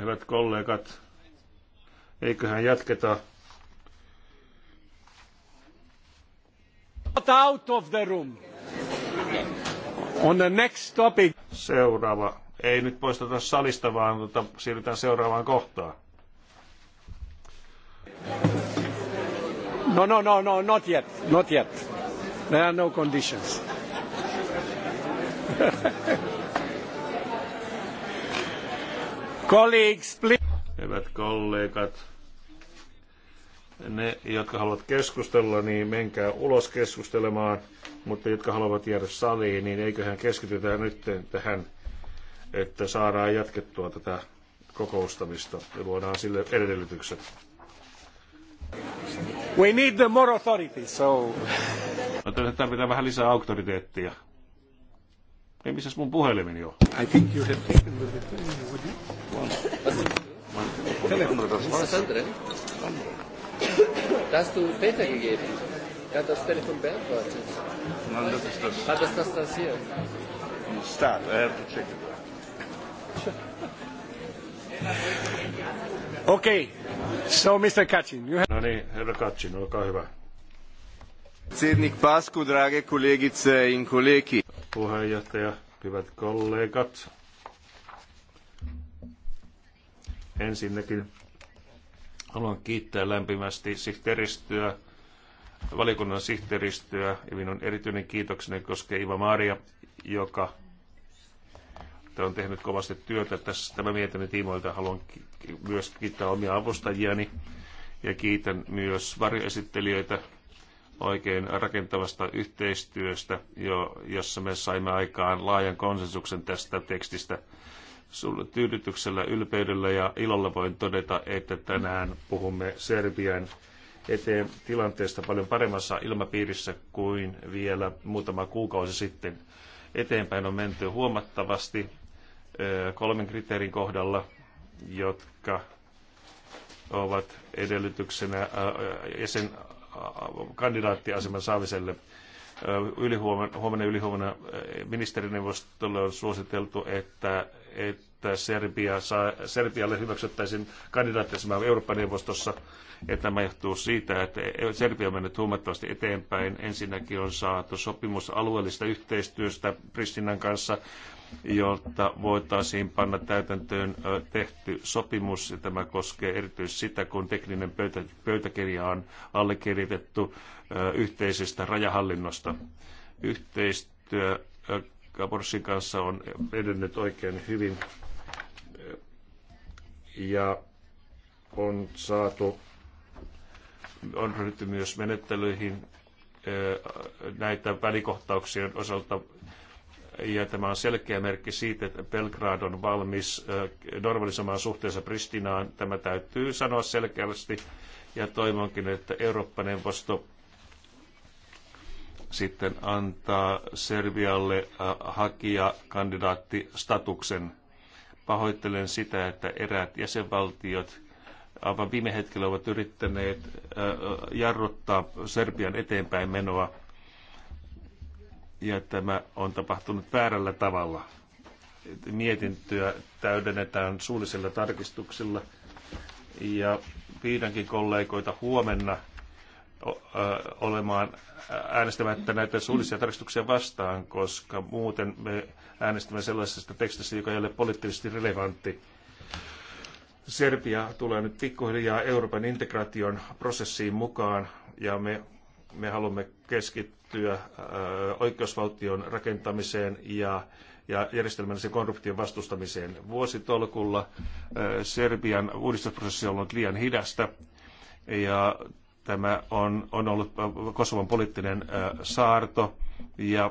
Hyvät kollegat, eiköhän jatketa. Not out of the room. On the next topic. Seuraava. Ei nyt poisteta salista, vaan tota, siirrytään seuraavaan kohtaan. No, no, no, no, not yet. Not yet. There are no conditions. Colleagues, please. Hyvät kollegat, ne, jotka haluavat keskustella, niin menkää ulos keskustelemaan, mutta jotka haluavat jäädä saliin, niin eiköhän keskitytään nyt tähän, että saadaan jatkettua tätä kokoustamista ja luodaan sille edellytykset. We need the more authority, so... No, tarvitaan vähän lisää auktoriteettia. Ei missä, mun puhelimeni on? I think you have taken the return, would you? Das andere. Das hast du Peter gegeben. Er hat das Telefon beantwortet. Nein, no, das ist das. Hat das das, hier? Start, I have to check it. Okei. Okay. So, Mr. Kacin, you have... No niin, herra Kacin, olkaa hyvä. Predsednik Pasku, drage kolegice in kolegi. Puheenjohtaja, hyvät kollegat. Ensinnäkin haluan kiittää lämpimästi sihteeristöä, valiokunnan sihteeristöä ja minun erityinen kiitokseni koskee Iva Maria, joka että on tehnyt kovasti työtä tässä tämä mietinnön tiimoilta. Haluan myös kiittää omia avustajiani ja kiitän myös varjoesittelijöitä oikein rakentavasta yhteistyöstä, jo, jossa me saimme aikaan laajan konsensuksen tästä tekstistä. Sulle tyydytyksellä, ylpeydellä ja ilolla voin todeta, että tänään puhumme Serbian eteen tilanteesta paljon paremmassa ilmapiirissä kuin vielä muutama kuukausi sitten. Eteenpäin on menty huomattavasti kolmen kriteerin kohdalla, jotka ovat edellytyksenä jäsen kandidaattiaseman saamiselle. Ylihuomenna ylihuomenna ministerineuvostolle on suositeltu, että, että Serbia saa, Serbialle hyväksyttäisiin kandidaattiasema Euroopan neuvostossa. että tämä johtuu siitä, että Serbia on mennyt huomattavasti eteenpäin. Ensinnäkin on saatu sopimus alueellista yhteistyöstä Pristinan kanssa jotta voitaisiin panna täytäntöön tehty sopimus, ja tämä koskee erityisesti sitä, kun tekninen pöytä, pöytäkirja on allekirjoitettu yhteisestä rajahallinnosta. Yhteistyö Kaborsin kanssa on edennyt oikein hyvin ja on saatu, on ryhdytty myös menettelyihin näitä välikohtauksien osalta ja tämä on selkeä merkki siitä, että Belgrad on valmis normalisoimaan suhteensa Pristinaan. Tämä täytyy sanoa selkeästi ja toivonkin, että Eurooppa-neuvosto sitten antaa Serbialle hakijakandidaattistatuksen. Pahoittelen sitä, että eräät jäsenvaltiot aivan viime hetkellä ovat yrittäneet jarruttaa Serbian eteenpäin menoa ja tämä on tapahtunut väärällä tavalla. Mietintöä täydennetään suullisilla tarkistuksilla ja pyydänkin kollegoita huomenna olemaan äänestämättä näitä suullisia tarkistuksia vastaan, koska muuten me äänestämme sellaisesta tekstistä, joka ei ole poliittisesti relevantti. Serbia tulee nyt pikkuhiljaa Euroopan integraation prosessiin mukaan ja me, me haluamme keskittyä yhteistyö oikeusvaltion rakentamiseen ja ja järjestelmällisen korruption vastustamiseen. Vuositolkulla Serbian uudistusprosessi on ollut liian hidasta ja tämä on, on ollut Kosovan poliittinen saarto ja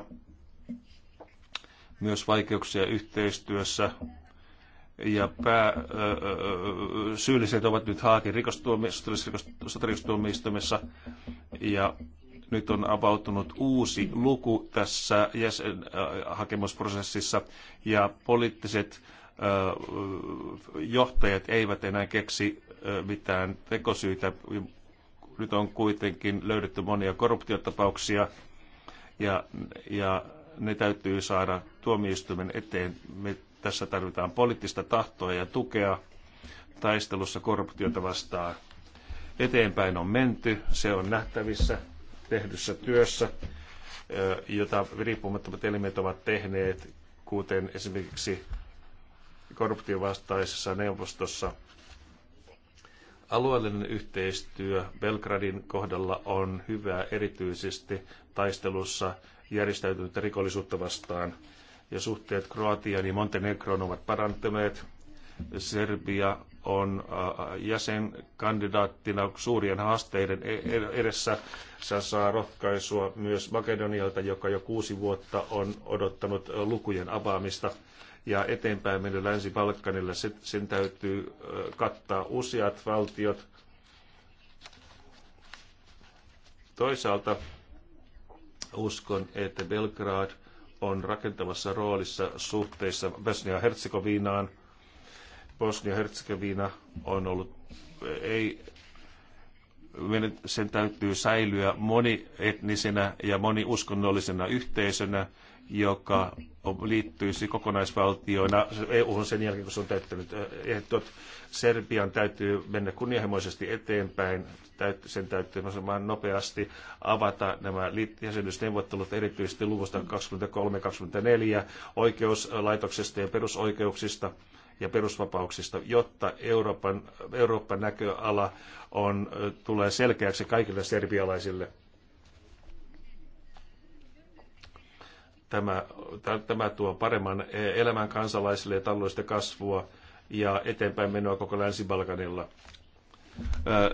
myös vaikeuksia yhteistyössä. Ja pää, syylliset ovat nyt Haakin rikostuomioistuimessa ja nyt on avautunut uusi luku tässä jäsenhakemusprosessissa äh, ja poliittiset äh, johtajat eivät enää keksi äh, mitään tekosyitä. Nyt on kuitenkin löydetty monia korruptiotapauksia ja, ja ne täytyy saada tuomioistuimen eteen. Me tässä tarvitaan poliittista tahtoa ja tukea taistelussa korruptiota vastaan. Eteenpäin on menty, se on nähtävissä tehdyssä työssä, jota riippumattomat elimet ovat tehneet, kuten esimerkiksi korruptiovastaisessa neuvostossa. Alueellinen yhteistyö Belgradin kohdalla on hyvää erityisesti taistelussa järjestäytynyttä rikollisuutta vastaan ja suhteet Kroatian ja Montenegroon ovat parantuneet. Serbia on jäsenkandidaattina suurien haasteiden e, e, edessä. Se saa rohkaisua myös Makedonialta, joka jo kuusi vuotta on odottanut lukujen avaamista ja eteenpäin mennyt Länsi-Balkanilla. Sen täytyy kattaa useat valtiot. Toisaalta uskon, että Belgrad on rakentavassa roolissa suhteissa Bosnia-Herzegovinaan – Bosnia-Herzegovina on ollut, ei, sen täytyy säilyä monietnisenä ja moniuskonnollisena yhteisönä, joka liittyisi kokonaisvaltioina EU-hun sen jälkeen, kun se on täyttänyt eh, ehdot. Serbian täytyy mennä kunnianhimoisesti eteenpäin, sen täytyy nopeasti avata nämä jäsenyysneuvottelut erityisesti luvusta 23-24 oikeuslaitoksesta ja perusoikeuksista ja perusvapauksista, jotta Euroopan, Euroopan näköala on, tulee selkeäksi kaikille serbialaisille. Tämä, tämä tuo paremman e, elämän kansalaisille ja taloudellista kasvua ja eteenpäin menoa koko Länsi-Balkanilla.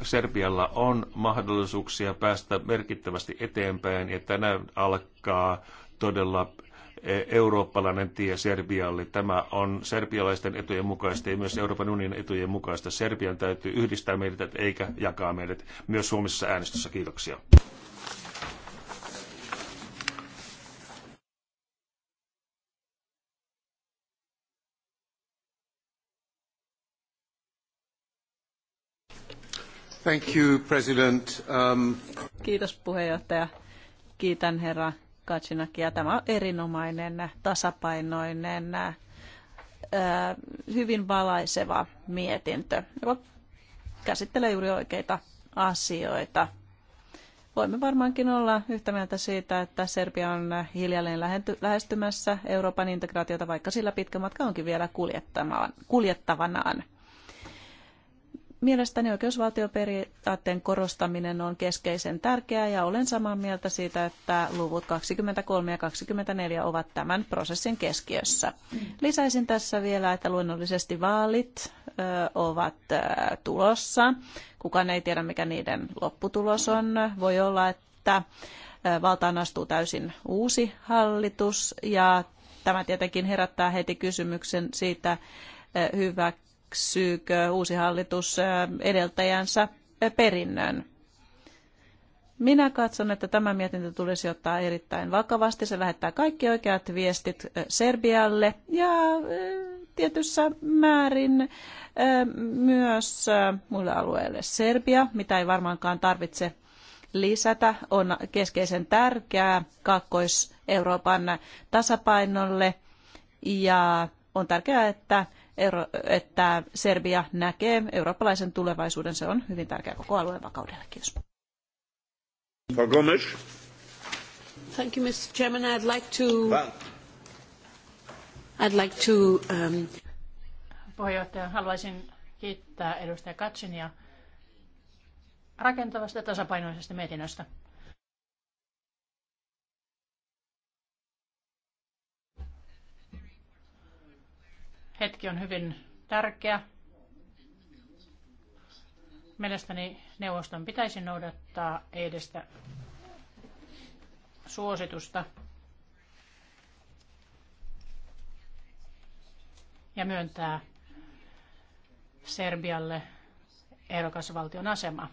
Serbialla on mahdollisuuksia päästä merkittävästi eteenpäin ja tänään alkaa todella E, eurooppalainen tie Serbialle. Tämä on serbialaisten etujen mukaista ja myös Euroopan unionin etujen mukaista. Serbian täytyy yhdistää meidät eikä jakaa meidät myös Suomessa äänestössä. Kiitoksia. Thank you, President. Um... Kiitos puheenjohtaja. Kiitän herra Kacinakia. Tämä on erinomainen, tasapainoinen, hyvin valaiseva mietintö, joka käsittelee juuri oikeita asioita. Voimme varmaankin olla yhtä mieltä siitä, että Serbia on hiljalleen lähestymässä Euroopan integraatiota, vaikka sillä pitkä matka onkin vielä kuljettavanaan. Mielestäni oikeusvaltioperiaatteen korostaminen on keskeisen tärkeää ja olen samaa mieltä siitä, että luvut 23 ja 24 ovat tämän prosessin keskiössä. Lisäisin tässä vielä, että luonnollisesti vaalit ovat tulossa. Kukaan ei tiedä, mikä niiden lopputulos on. Voi olla, että valtaan astuu täysin uusi hallitus ja tämä tietenkin herättää heti kysymyksen siitä, hyvä hyväksyykö uusi hallitus edeltäjänsä perinnön. Minä katson, että tämä mietintö tulisi ottaa erittäin vakavasti. Se lähettää kaikki oikeat viestit Serbialle ja tietyssä määrin myös muille alueille. Serbia, mitä ei varmaankaan tarvitse lisätä, on keskeisen tärkeää Kaakkois-Euroopan tasapainolle ja on tärkeää, että että Serbia näkee eurooppalaisen tulevaisuuden. Se on hyvin tärkeä koko alueen vakaudelle. Kiitos. Thank you, Mr. Chairman. I'd like to... I'd like to um... Puheenjohtaja, haluaisin kiittää edustaja Katsinia rakentavasta ja tasapainoisesta mietinnöstä. Hetki on hyvin tärkeä. Mielestäni neuvoston pitäisi noudattaa edestä suositusta ja myöntää Serbialle ehdokasvaltion asema.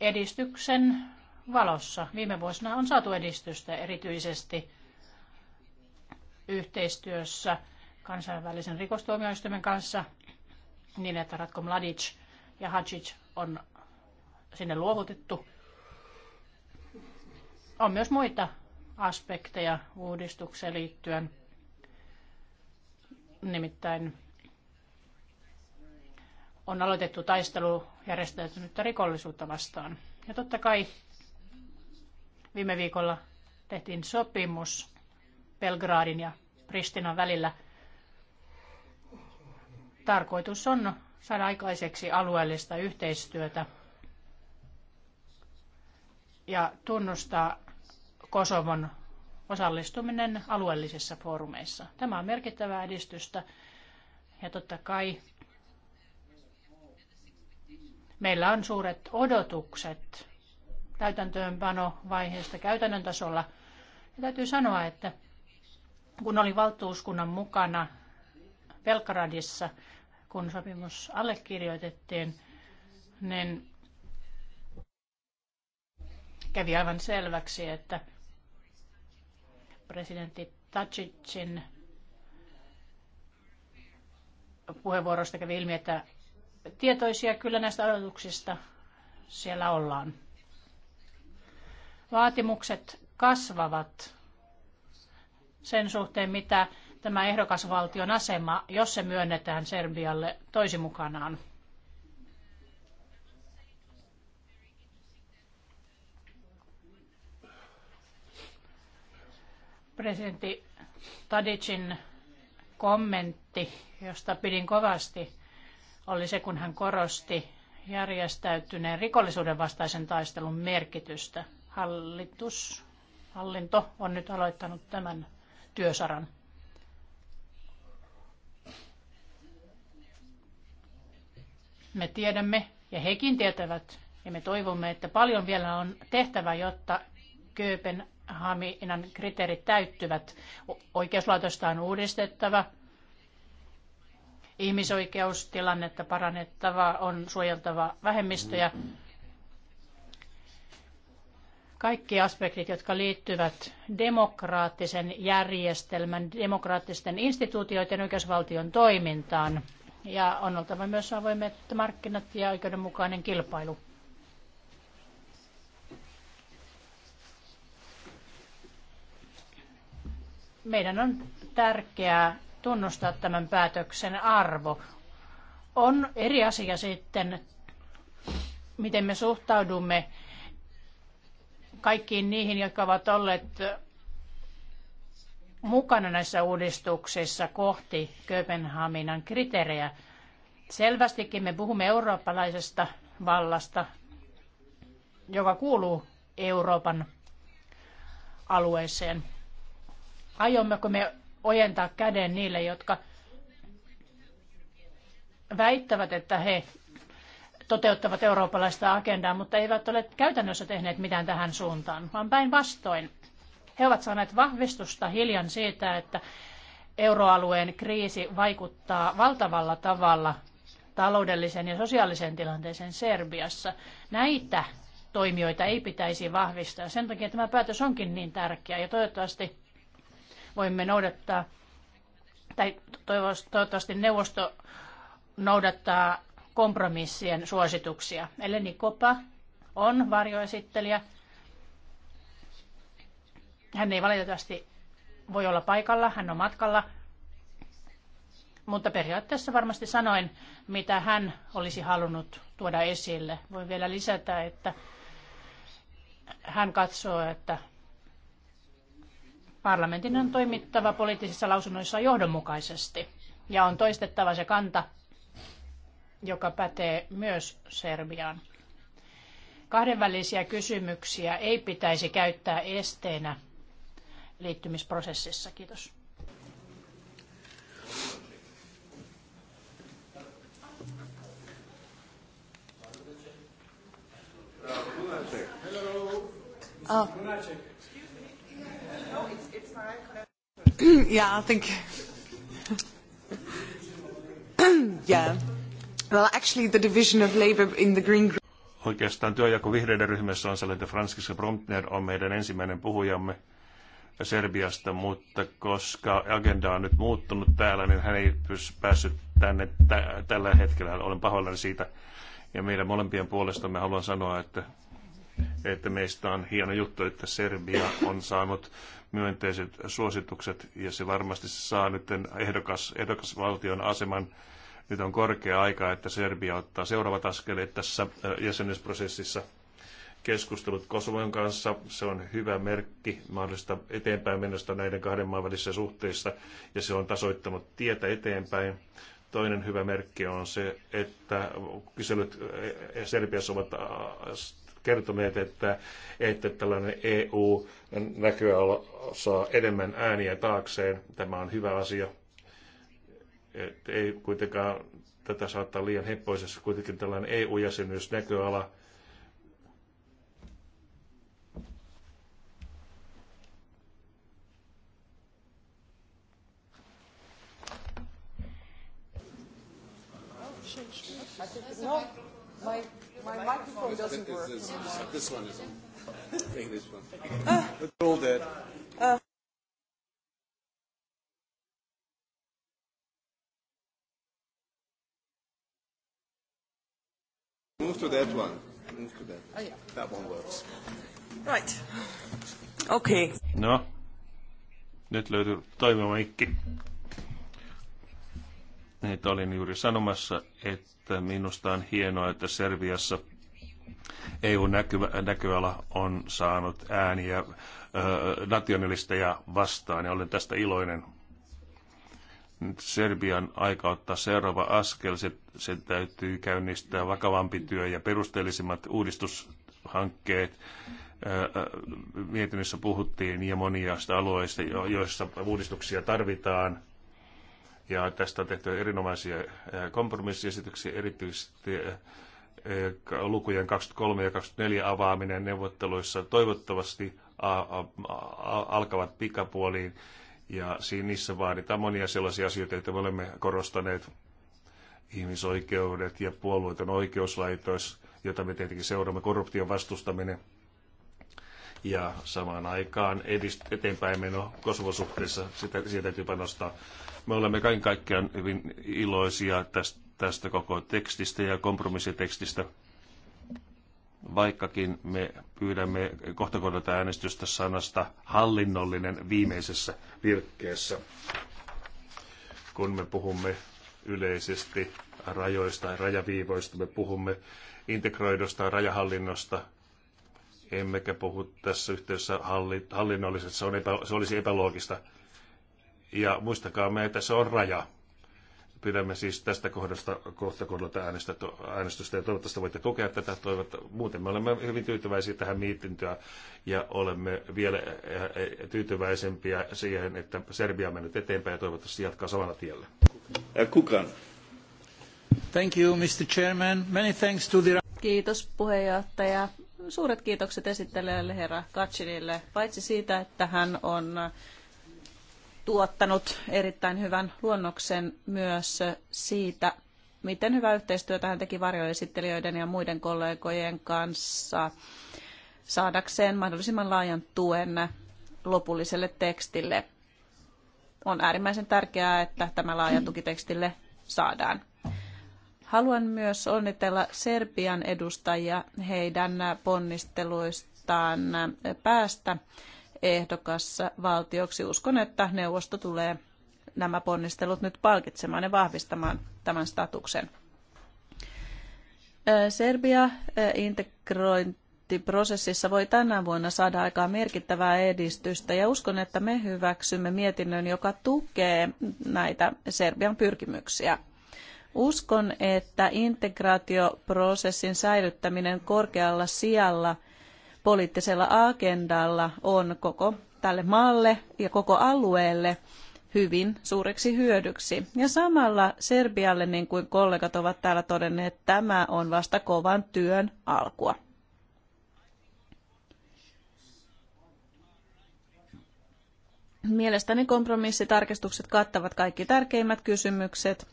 Edistyksen valossa viime vuosina on saatu edistystä erityisesti yhteistyössä kansainvälisen rikostuomioistuimen kanssa niin, että Ratko Mladic ja Hadžić on sinne luovutettu. On myös muita aspekteja uudistukseen liittyen, nimittäin on aloitettu taistelu järjestäytynyttä rikollisuutta vastaan. Ja totta kai viime viikolla tehtiin sopimus Belgradin ja Pristinan välillä – Tarkoitus on saada aikaiseksi alueellista yhteistyötä ja tunnustaa Kosovon osallistuminen alueellisissa foorumeissa. Tämä on merkittävää edistystä ja totta kai meillä on suuret odotukset täytäntöönpanovaiheesta käytännön tasolla. Ja täytyy sanoa, että kun olin valtuuskunnan mukana Pelkaradissa, kun sopimus allekirjoitettiin, niin kävi aivan selväksi, että presidentti Tajicin puheenvuorosta kävi ilmi, että tietoisia kyllä näistä odotuksista siellä ollaan. Vaatimukset kasvavat sen suhteen, mitä tämä ehdokasvaltion asema, jos se myönnetään Serbialle, toisi mukanaan? Presidentti Tadicin kommentti, josta pidin kovasti, oli se, kun hän korosti järjestäytyneen rikollisuuden vastaisen taistelun merkitystä. Hallitus, hallinto on nyt aloittanut tämän työsaran. Me tiedämme ja hekin tietävät ja me toivomme, että paljon vielä on tehtävä, jotta Kööpenhaminan kriteerit täyttyvät. Oikeuslaitosta on uudistettava, ihmisoikeustilannetta parannettava, on suojeltava vähemmistöjä. Kaikki aspektit, jotka liittyvät demokraattisen järjestelmän, demokraattisten instituutioiden oikeusvaltion toimintaan, ja on oltava myös avoimet markkinat ja oikeudenmukainen kilpailu. Meidän on tärkeää tunnustaa tämän päätöksen arvo. On eri asia sitten, miten me suhtaudumme kaikkiin niihin, jotka ovat olleet mukana näissä uudistuksissa kohti Kööpenhaminan kriteerejä. Selvästikin me puhumme eurooppalaisesta vallasta, joka kuuluu Euroopan alueeseen. Aiommeko me ojentaa käden niille, jotka väittävät, että he toteuttavat eurooppalaista agendaa, mutta eivät ole käytännössä tehneet mitään tähän suuntaan, vaan päinvastoin. He ovat saaneet vahvistusta hiljan siitä, että euroalueen kriisi vaikuttaa valtavalla tavalla taloudelliseen ja sosiaaliseen tilanteeseen Serbiassa. Näitä toimijoita ei pitäisi vahvistaa. Sen takia tämä päätös onkin niin tärkeä ja toivottavasti voimme noudattaa, tai toivottavasti neuvosto noudattaa kompromissien suosituksia. Eleni Kopa on varjoesittelijä hän ei valitettavasti voi olla paikalla, hän on matkalla. Mutta periaatteessa varmasti sanoin, mitä hän olisi halunnut tuoda esille. Voin vielä lisätä, että hän katsoo, että parlamentin on toimittava poliittisissa lausunnoissa johdonmukaisesti ja on toistettava se kanta, joka pätee myös Serbiaan. Kahdenvälisiä kysymyksiä ei pitäisi käyttää esteenä liittymisprosessissa. Kiitos. Oh. yeah, I think. yeah. Well, actually, the division of labor in the Green Group. Oikeastaan työjako vihreiden ryhmässä on sellainen, että Francis Bromtner on meidän ensimmäinen puhujamme. Serbiasta, mutta koska agenda on nyt muuttunut täällä, niin hän ei päässyt tänne t- tällä hetkellä. Olen pahoillani siitä. Ja meidän molempien puolesta me haluan sanoa, että, että meistä on hieno juttu, että Serbia on saanut myönteiset suositukset ja se varmasti saa nyt ehdokas, ehdokasvaltion aseman. Nyt on korkea aika, että Serbia ottaa seuraavat askeleet tässä äh, jäsenyysprosessissa – keskustelut Kosovon kanssa. Se on hyvä merkki mahdollista eteenpäin menosta näiden kahden maan välisissä suhteissa ja se on tasoittanut tietä eteenpäin. Toinen hyvä merkki on se, että kyselyt Serbiassa ovat äh, kertoneet, että, että tällainen EU näköala saa enemmän ääniä taakseen. Tämä on hyvä asia. Et ei kuitenkaan tätä saattaa liian heppoisessa. Kuitenkin tällainen eu jäsenyys näköala. My microphone doesn't work. This, this one is on. Take this one. Uh, but all dead. Uh, Move to that one. Move to that. Oh, yeah. That one works. Right. Okay. No. Nyt löytyy toimiva mikki. Nyt olin juuri sanomassa, että minusta on hienoa, että Serviassa EU-näköala on saanut ääniä nationalisteja vastaan ja olen tästä iloinen. Nyt Serbian aika ottaa seuraava askel. Sen, sen täytyy käynnistää vakavampi työ ja perusteellisimmat uudistushankkeet. Mietinnössä puhuttiin ja monia alueista, joissa uudistuksia tarvitaan ja tästä on tehty erinomaisia kompromissiesityksiä, erityisesti lukujen 23 ja 24 avaaminen neuvotteluissa toivottavasti alkavat pikapuoliin. Ja siinä niissä vaaditaan monia sellaisia asioita, joita me olemme korostaneet, ihmisoikeudet ja puolueiden oikeuslaitos, jota me tietenkin seuraamme, korruption vastustaminen – ja samaan aikaan edist- eteenpäin meno Kosovo-suhteessa, sitä, siihen täytyy panostaa. Me olemme kaiken kaikkiaan hyvin iloisia tästä, tästä koko tekstistä ja kompromissitekstistä, vaikkakin me pyydämme kohta äänestystä sanasta hallinnollinen viimeisessä virkkeessä, kun me puhumme yleisesti rajoista ja rajaviivoista, me puhumme integroidusta rajahallinnosta – emmekä puhu tässä yhteydessä halli, hallinnollisesti, se, on epä, se olisi epäloogista. Ja muistakaa me, että se on raja. Pidämme siis tästä kohdasta kohta kohdalta äänestystä ja toivottavasti voitte tukea tätä. Toivottavasti. muuten me olemme hyvin tyytyväisiä tähän mietintöön ja olemme vielä tyytyväisempiä siihen, että Serbia on mennyt eteenpäin ja toivottavasti jatkaa samalla tiellä. Thank you, Mr. Chairman. Many thanks to the... Kiitos puheenjohtaja suuret kiitokset esittelijälle herra Katsinille, paitsi siitä, että hän on tuottanut erittäin hyvän luonnoksen myös siitä, miten hyvä yhteistyötä hän teki varjoesittelijöiden ja muiden kollegojen kanssa saadakseen mahdollisimman laajan tuen lopulliselle tekstille. On äärimmäisen tärkeää, että tämä laaja tuki tekstille saadaan. Haluan myös onnitella Serbian edustajia heidän ponnisteluistaan päästä ehdokassa valtioksi. Uskon, että neuvosto tulee nämä ponnistelut nyt palkitsemaan ja vahvistamaan tämän statuksen. Serbia integrointiprosessissa voi tänä vuonna saada aikaan merkittävää edistystä ja uskon, että me hyväksymme mietinnön, joka tukee näitä Serbian pyrkimyksiä. Uskon, että integraatioprosessin säilyttäminen korkealla sijalla poliittisella agendalla on koko tälle maalle ja koko alueelle hyvin suureksi hyödyksi. Ja samalla Serbialle, niin kuin kollegat ovat täällä todenneet, tämä on vasta kovan työn alkua. Mielestäni kompromissitarkistukset kattavat kaikki tärkeimmät kysymykset,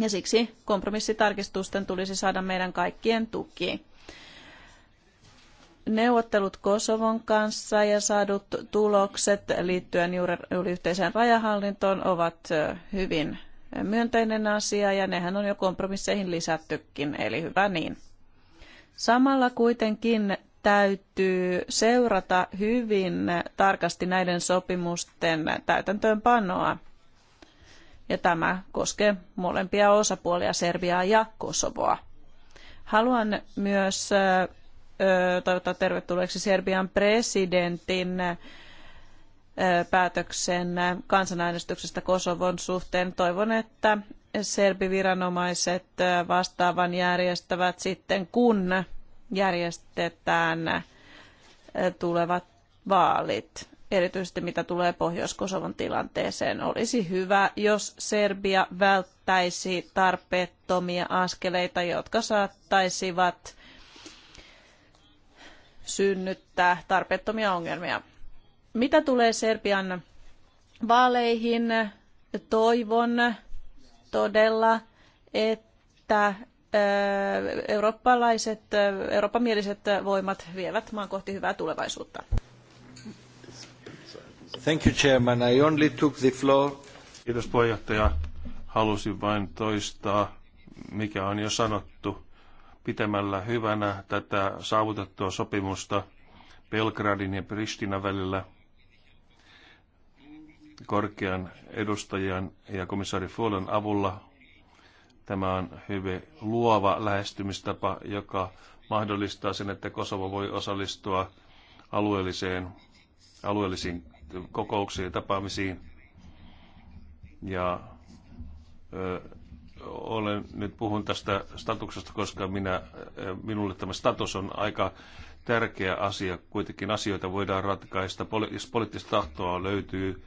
ja siksi kompromissitarkistusten tulisi saada meidän kaikkien tuki. Neuvottelut Kosovon kanssa ja saadut tulokset liittyen juuri yhteiseen rajahallintoon ovat hyvin myönteinen asia ja nehän on jo kompromisseihin lisättykin, eli hyvä niin. Samalla kuitenkin täytyy seurata hyvin tarkasti näiden sopimusten täytäntöönpanoa ja tämä koskee molempia osapuolia, Serbiaa ja Kosovoa. Haluan myös toivottaa tervetulleeksi Serbian presidentin päätöksen kansanäänestyksestä Kosovon suhteen. Toivon, että serbiviranomaiset vastaavan järjestävät sitten, kun järjestetään tulevat vaalit erityisesti mitä tulee Pohjois-Kosovon tilanteeseen. Olisi hyvä, jos Serbia välttäisi tarpeettomia askeleita, jotka saattaisivat synnyttää tarpeettomia ongelmia. Mitä tulee Serbian vaaleihin, toivon todella, että äh, eurooppalaiset, äh, eurooppamieliset voimat vievät maan kohti hyvää tulevaisuutta. Thank you, Chairman. I only took the floor. Kiitos puheenjohtaja. Halusin vain toistaa, mikä on jo sanottu, pitämällä hyvänä tätä saavutettua sopimusta Belgradin ja Pristinan välillä korkean edustajan ja komissaari Fuolen avulla. Tämä on hyvin luova lähestymistapa, joka mahdollistaa sen, että Kosovo voi osallistua alueelliseen, alueellisiin kokouksiin ja tapaamisiin. Ja ö, olen, nyt puhun tästä statuksesta, koska minä, minulle tämä status on aika tärkeä asia. Kuitenkin asioita voidaan ratkaista, jos poliittista tahtoa löytyy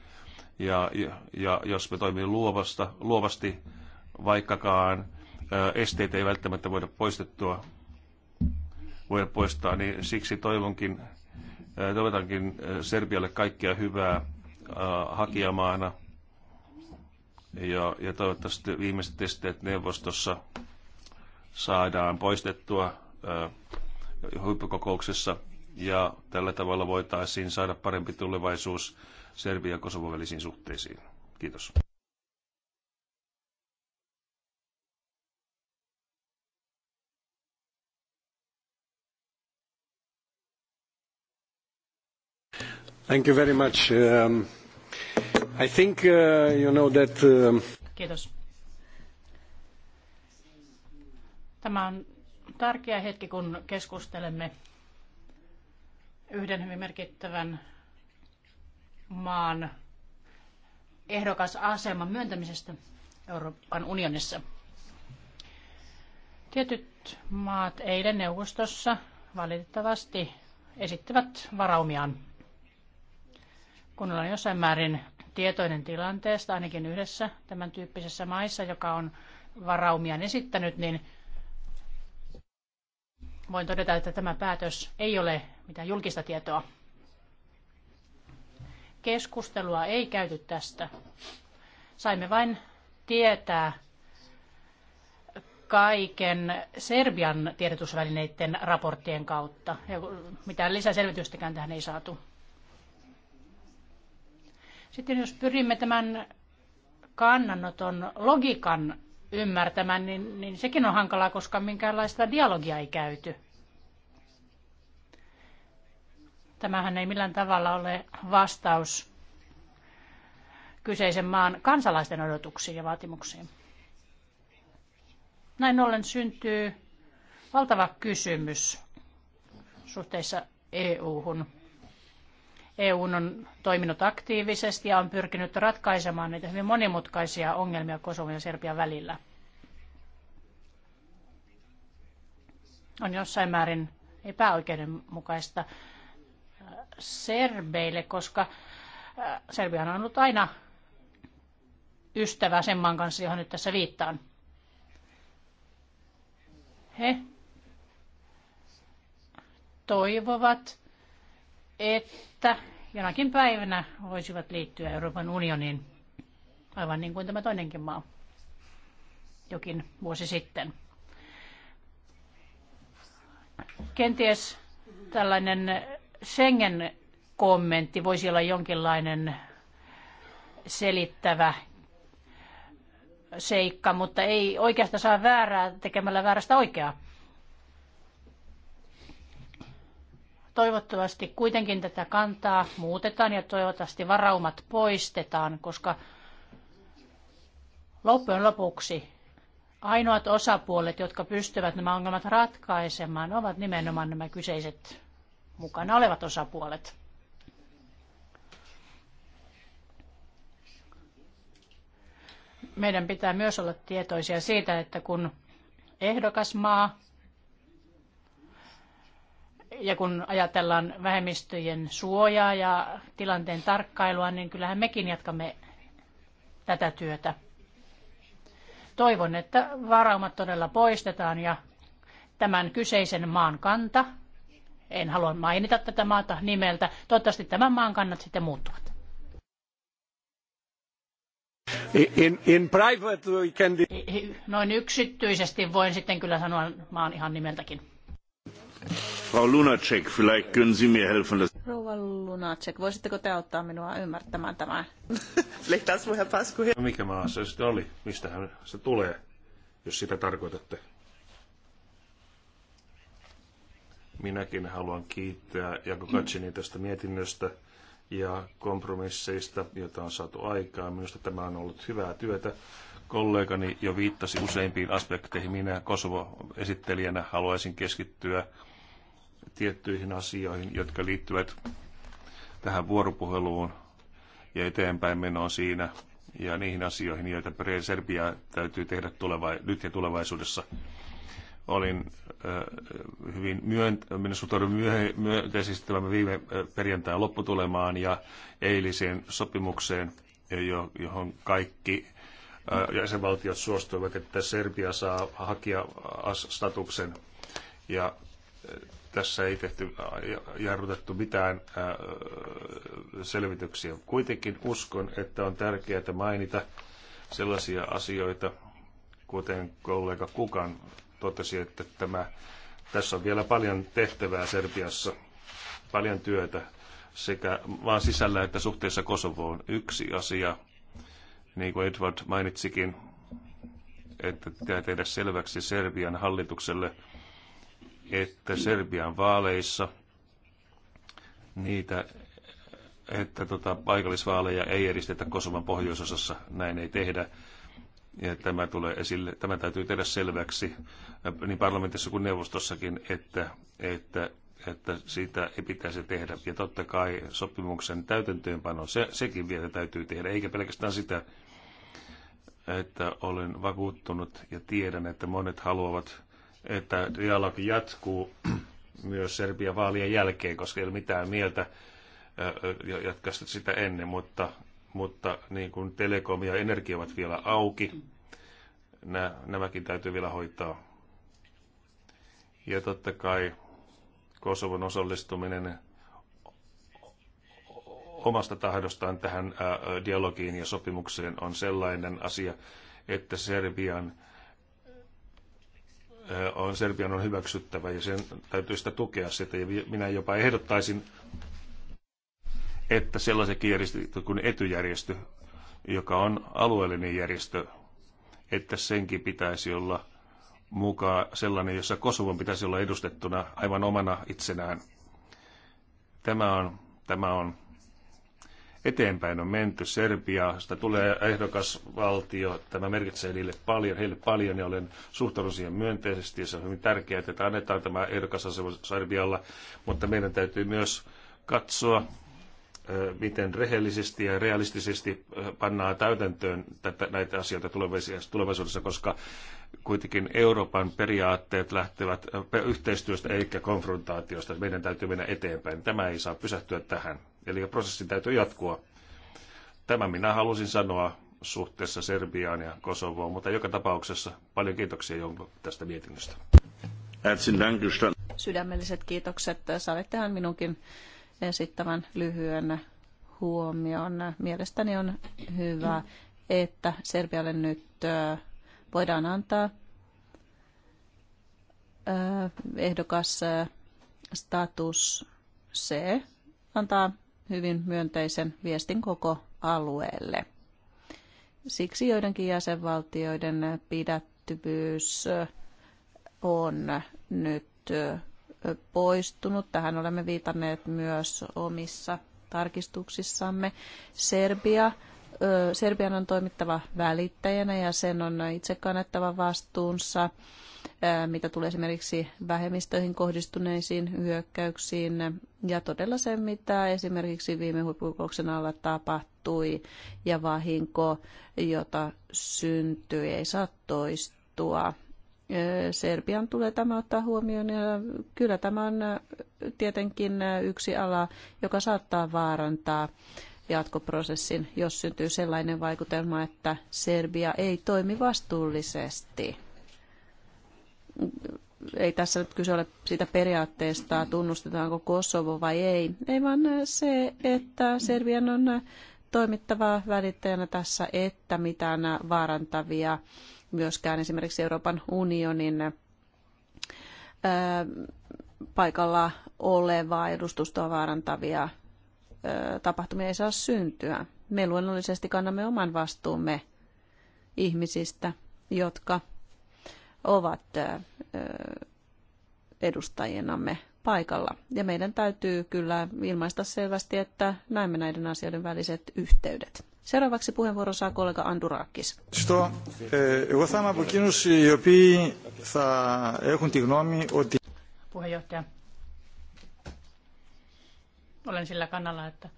ja, ja, ja jos me toimii luovasta, luovasti, vaikkakaan esteitä ei välttämättä voida poistettua, voida poistaa, niin siksi toivonkin, Toivotankin Serbialle kaikkea hyvää hakijamaana ja, ja toivottavasti viimeiset testit neuvostossa saadaan poistettua huippukokouksessa ja tällä tavalla voitaisiin saada parempi tulevaisuus Serbia ja Kosovo välisiin suhteisiin. Kiitos. Thank you very much. Um, I think uh, you know that... Um, Kiitos. Tämä on tärkeä hetki, kun keskustelemme yhden hyvin merkittävän maan ehdokasaseman myöntämisestä Euroopan unionissa. Tietyt maat eilen neuvostossa valitettavasti esittivät varaumiaan kun olen jossain määrin tietoinen tilanteesta, ainakin yhdessä tämän tyyppisessä maissa, joka on varaumiaan esittänyt, niin voin todeta, että tämä päätös ei ole mitään julkista tietoa. Keskustelua ei käyty tästä. Saimme vain tietää kaiken Serbian tiedotusvälineiden raporttien kautta. Mitään lisäselvitystäkään tähän ei saatu. Sitten jos pyrimme tämän kannanoton logiikan ymmärtämään, niin, niin sekin on hankalaa, koska minkäänlaista dialogia ei käyty. Tämähän ei millään tavalla ole vastaus kyseisen maan kansalaisten odotuksiin ja vaatimuksiin. Näin ollen syntyy valtava kysymys suhteessa EU-hun EU on toiminut aktiivisesti ja on pyrkinyt ratkaisemaan näitä hyvin monimutkaisia ongelmia Kosovon ja Serbian välillä. On jossain määrin epäoikeudenmukaista äh, serbeille, koska äh, Serbia on ollut aina ystävä sen maan kanssa, johon nyt tässä viittaan. He toivovat että jonakin päivänä voisivat liittyä Euroopan unioniin, aivan niin kuin tämä toinenkin maa jokin vuosi sitten. Kenties tällainen Schengen-kommentti voisi olla jonkinlainen selittävä seikka, mutta ei oikeastaan saa väärää tekemällä väärästä oikeaa. Toivottavasti kuitenkin tätä kantaa muutetaan ja toivottavasti varaumat poistetaan, koska loppujen lopuksi ainoat osapuolet, jotka pystyvät nämä ongelmat ratkaisemaan, ovat nimenomaan nämä kyseiset mukana olevat osapuolet. Meidän pitää myös olla tietoisia siitä, että kun ehdokasmaa ja kun ajatellaan vähemmistöjen suojaa ja tilanteen tarkkailua, niin kyllähän mekin jatkamme tätä työtä. Toivon, että varaumat todella poistetaan ja tämän kyseisen maan kanta, en halua mainita tätä maata nimeltä, toivottavasti tämän maan kannat sitten muuttuvat. In, in private we can... Noin yksityisesti voin sitten kyllä sanoa maan ihan nimeltäkin. Frau Lunacek, Rouva Lunacek, voisitteko te auttaa minua ymmärtämään tämän? Pasku no, Mikä maa se sitten oli? Mistähän se tulee, jos sitä tarkoitatte? Minäkin haluan kiittää Jako Katsini tästä mietinnöstä ja kompromisseista, joita on saatu aikaan. Minusta tämä on ollut hyvää työtä kollegani jo viittasi useimpiin aspekteihin. Minä Kosovo-esittelijänä haluaisin keskittyä tiettyihin asioihin, jotka liittyvät tähän vuoropuheluun ja eteenpäin menoon siinä ja niihin asioihin, joita Serbia täytyy tehdä tuleva- nyt ja tulevaisuudessa. Olin äh, hyvin myönt- suhtaudun myönteisesti tämän viime äh, perjantain lopputulemaan ja eiliseen sopimukseen, johon kaikki äh, jäsenvaltiot suostuivat, että Serbia saa hakea äh, statuksen ja tässä ei tehty, äh, jarrutettu mitään äh, selvityksiä. Kuitenkin uskon, että on tärkeää mainita sellaisia asioita, kuten kollega Kukan totesi, että tämä, tässä on vielä paljon tehtävää Serbiassa, paljon työtä sekä maan sisällä että suhteessa Kosovoon. Yksi asia, niin kuin Edward mainitsikin, että pitää tehdä selväksi Serbian hallitukselle – että Serbian vaaleissa niitä, että tota, paikallisvaaleja ei edistetä Kosovan pohjoisosassa, näin ei tehdä. Ja tämä, tulee esille, tämä täytyy tehdä selväksi äh, niin parlamentissa kuin neuvostossakin, että, että, että siitä ei pitäisi tehdä. Ja totta kai sopimuksen täytäntöönpano, se, sekin vielä täytyy tehdä, eikä pelkästään sitä, että olen vakuuttunut ja tiedän, että monet haluavat että dialogi jatkuu myös Serbian vaalien jälkeen, koska ei ole mitään mieltä jatkaa sitä ennen, mutta, mutta niin kuin telekom ja energia ovat vielä auki, nämä, nämäkin täytyy vielä hoitaa. Ja totta kai Kosovon osallistuminen omasta tahdostaan tähän dialogiin ja sopimukseen on sellainen asia, että Serbian on Serbian on hyväksyttävä ja sen täytyy sitä tukea sitä. Ja minä jopa ehdottaisin, että sellaisen järjestö kuin etujärjestö, joka on alueellinen järjestö, että senkin pitäisi olla mukaan sellainen, jossa Kosovon pitäisi olla edustettuna aivan omana itsenään. Tämä on, tämä on eteenpäin on menty. Serbiasta tulee ehdokasvaltio. Tämä merkitsee niille paljon, heille paljon ja olen suhtautunut siihen myönteisesti. Ja se on hyvin tärkeää, että annetaan tämä ehdokasasema Serbialla, mutta meidän täytyy myös katsoa, miten rehellisesti ja realistisesti pannaan täytäntöön tätä, näitä asioita tulevaisuudessa, koska kuitenkin Euroopan periaatteet lähtevät yhteistyöstä eikä konfrontaatiosta. Meidän täytyy mennä eteenpäin. Tämä ei saa pysähtyä tähän. Eli prosessin täytyy jatkua. Tämä minä halusin sanoa suhteessa Serbiaan ja Kosovoon, mutta joka tapauksessa paljon kiitoksia Jouko tästä mietinnöstä. Sydämelliset kiitokset. Saittehan minunkin esittävän lyhyen huomion. Mielestäni on hyvä, että Serbialle nyt voidaan antaa ehdokas status C antaa hyvin myönteisen viestin koko alueelle. Siksi joidenkin jäsenvaltioiden pidättyvyys on nyt poistunut. Tähän olemme viitanneet myös omissa tarkistuksissamme. Serbia Serbian on toimittava välittäjänä ja sen on itse kannettava vastuunsa, mitä tulee esimerkiksi vähemmistöihin kohdistuneisiin hyökkäyksiin ja todella sen, mitä esimerkiksi viime huippukokouksen alla tapahtui ja vahinko, jota syntyi, ei saa toistua. Serbian tulee tämä ottaa huomioon ja kyllä tämä on tietenkin yksi ala, joka saattaa vaarantaa jatkoprosessin, jos syntyy sellainen vaikutelma, että Serbia ei toimi vastuullisesti. Ei tässä nyt kyse ole siitä periaatteesta, tunnustetaanko Kosovo vai ei, ei vaan se, että Serbian on toimittava välittäjänä tässä, että mitään vaarantavia myöskään esimerkiksi Euroopan unionin paikalla olevaa edustustoa vaarantavia tapahtumia ei saa syntyä. Me luonnollisesti kannamme oman vastuumme ihmisistä, jotka ovat edustajinamme paikalla. Ja meidän täytyy kyllä ilmaista selvästi, että näemme näiden asioiden väliset yhteydet. Seuraavaksi puheenvuoro saa kollega Andurakis. Puheenjohtaja. Olen sillä kannalla, että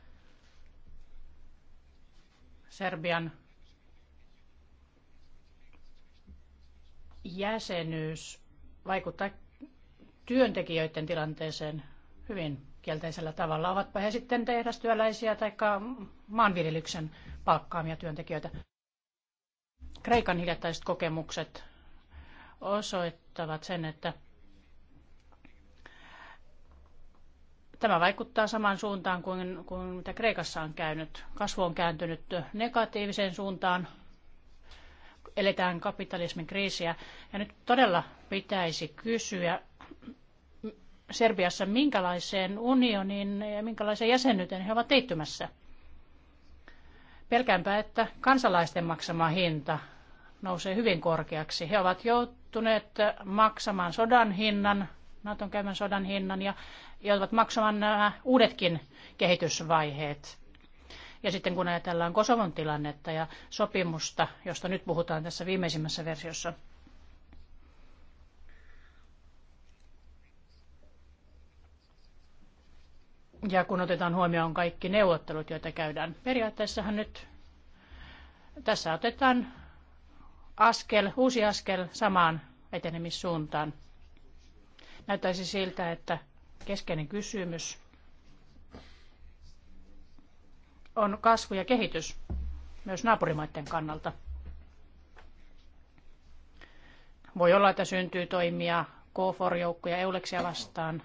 Serbian jäsenyys vaikuttaa työntekijöiden tilanteeseen hyvin kielteisellä tavalla, ovatpa he sitten tehdastyöläisiä tai maanviljelyksen palkkaamia työntekijöitä. Kreikan hiljattaiset kokemukset osoittavat sen, että Tämä vaikuttaa samaan suuntaan kuin, kuin mitä Kreikassa on käynyt. Kasvu on kääntynyt negatiiviseen suuntaan. Eletään kapitalismin kriisiä. Ja nyt todella pitäisi kysyä Serbiassa, minkälaiseen unioniin ja minkälaiseen jäsenyyteen he ovat liittymässä. Pelkäänpä, että kansalaisten maksama hinta nousee hyvin korkeaksi. He ovat joutuneet maksamaan sodan hinnan, Naton käymän sodan hinnan ja joutuvat maksamaan nämä uudetkin kehitysvaiheet. Ja sitten kun ajatellaan Kosovon tilannetta ja sopimusta, josta nyt puhutaan tässä viimeisimmässä versiossa, Ja kun otetaan huomioon kaikki neuvottelut, joita käydään, periaatteessahan nyt tässä otetaan askel, uusi askel samaan etenemissuuntaan. Näyttäisi siltä, että keskeinen kysymys on kasvu ja kehitys myös naapurimaiden kannalta. Voi olla, että syntyy toimia KFOR-joukkoja Euleksia vastaan.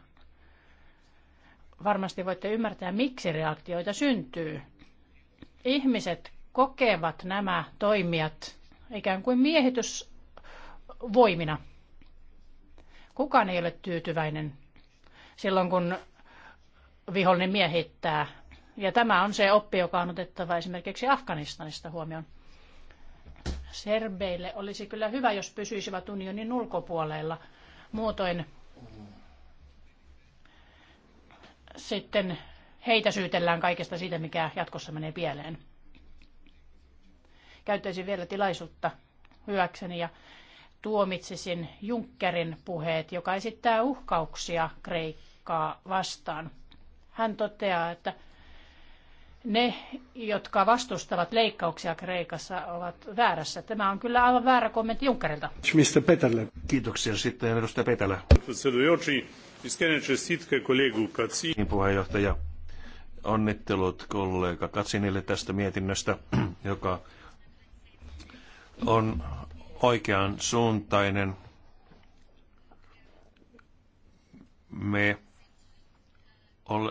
Varmasti voitte ymmärtää, miksi reaktioita syntyy. Ihmiset kokevat nämä toimijat ikään kuin miehitysvoimina. Kukaan ei ole tyytyväinen silloin, kun vihollinen miehittää. Ja tämä on se oppi, joka on otettava esimerkiksi Afganistanista huomioon. Serbeille olisi kyllä hyvä, jos pysyisivät unionin ulkopuolella. Muutoin sitten heitä syytellään kaikesta siitä, mikä jatkossa menee pieleen. Käyttäisin vielä tilaisuutta hyväkseni ja tuomitsisin Junckerin puheet, joka esittää uhkauksia Kreikkaan uhkaa vastaan. Hän toteaa, että ne, jotka vastustavat leikkauksia Kreikassa, ovat väärässä. Tämä on kyllä aivan väärä kommentti Junckerilta. Kiitoksia sitten edustaja Petälä. Niin, puheenjohtaja, onnittelut kollega Katsinille tästä mietinnöstä, joka on oikean suuntainen. Me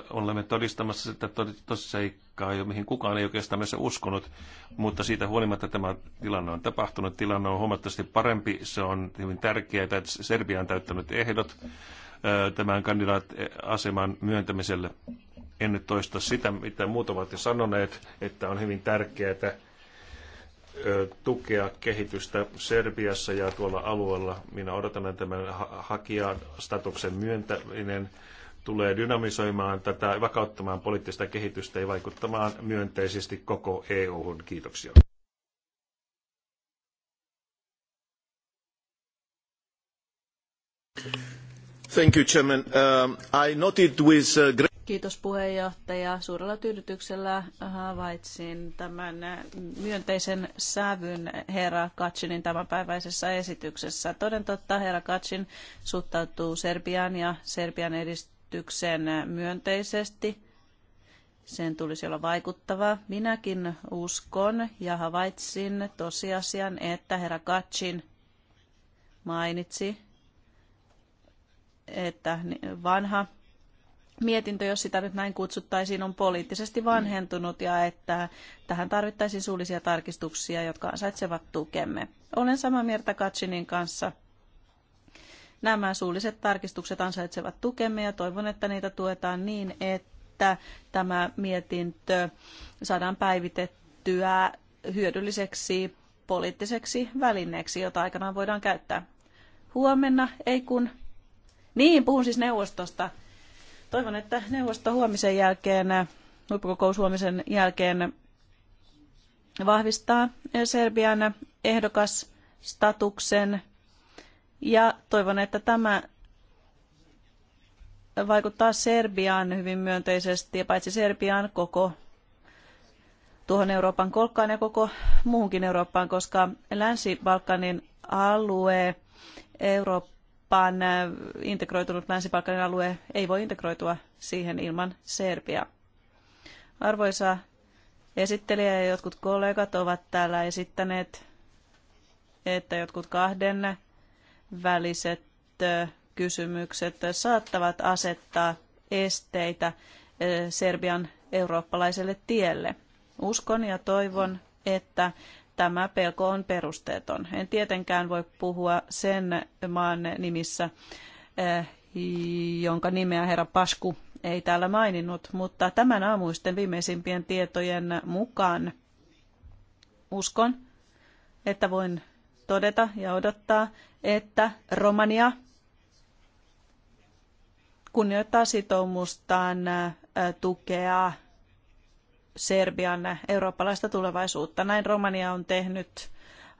olemme todistamassa sitä tosiseikkaa, mihin kukaan ei oikeastaan meissä uskonut, mutta siitä huolimatta tämä tilanne on tapahtunut. Tilanne on huomattavasti parempi, se on hyvin tärkeää, että Serbia on täyttänyt ehdot tämän kandidaat-aseman myöntämiselle. En nyt toista sitä, mitä muut ovat jo sanoneet, että on hyvin tärkeää tukea kehitystä Serbiassa ja tuolla alueella. Minä odotan tämän hakijan statuksen myöntäminen tulee dynamisoimaan tätä, vakauttamaan poliittista kehitystä ja vaikuttamaan myönteisesti koko EU-hun. Kiitoksia. Thank you, Chairman. Uh, I noted with uh, great... Kiitos puheenjohtaja. Suurella tyydytyksellä havaitsin tämän myönteisen sävyn herra Katsinin tämänpäiväisessä esityksessä. Toden totta herra Katsin suhtautuu Serbiaan ja Serbian edist- kehityksen myönteisesti. Sen tulisi olla vaikuttavaa. Minäkin uskon ja havaitsin tosiasian, että herra Katsin mainitsi, että vanha mietintö, jos sitä nyt näin kutsuttaisiin, on poliittisesti vanhentunut ja että tähän tarvittaisiin suullisia tarkistuksia, jotka ansaitsevat tukemme. Olen samaa mieltä Katsinin kanssa Nämä suulliset tarkistukset ansaitsevat tukemme ja toivon, että niitä tuetaan niin, että tämä mietintö saadaan päivitettyä hyödylliseksi poliittiseksi välineeksi, jota aikanaan voidaan käyttää. Huomenna, ei kun... Niin, puhun siis neuvostosta. Toivon, että neuvosto huomisen jälkeen, huippukokous huomisen jälkeen vahvistaa Serbian statuksen ja toivon, että tämä vaikuttaa Serbiaan hyvin myönteisesti ja paitsi Serbiaan koko tuohon Euroopan kolkkaan ja koko muuhunkin Eurooppaan, koska Länsi-Balkanin alue, Euroopan äh, integroitunut Länsi-Balkanin alue ei voi integroitua siihen ilman Serbiaa. Arvoisa esittelijä ja jotkut kollegat ovat täällä esittäneet, että jotkut kahden väliset kysymykset saattavat asettaa esteitä Serbian eurooppalaiselle tielle. Uskon ja toivon, että tämä pelko on perusteeton. En tietenkään voi puhua sen maan nimissä, jonka nimeä herra Pasku ei täällä maininnut, mutta tämän aamuisten viimeisimpien tietojen mukaan uskon, että voin todeta ja odottaa, että Romania kunnioittaa sitoumustaan tukea Serbian eurooppalaista tulevaisuutta. Näin Romania on tehnyt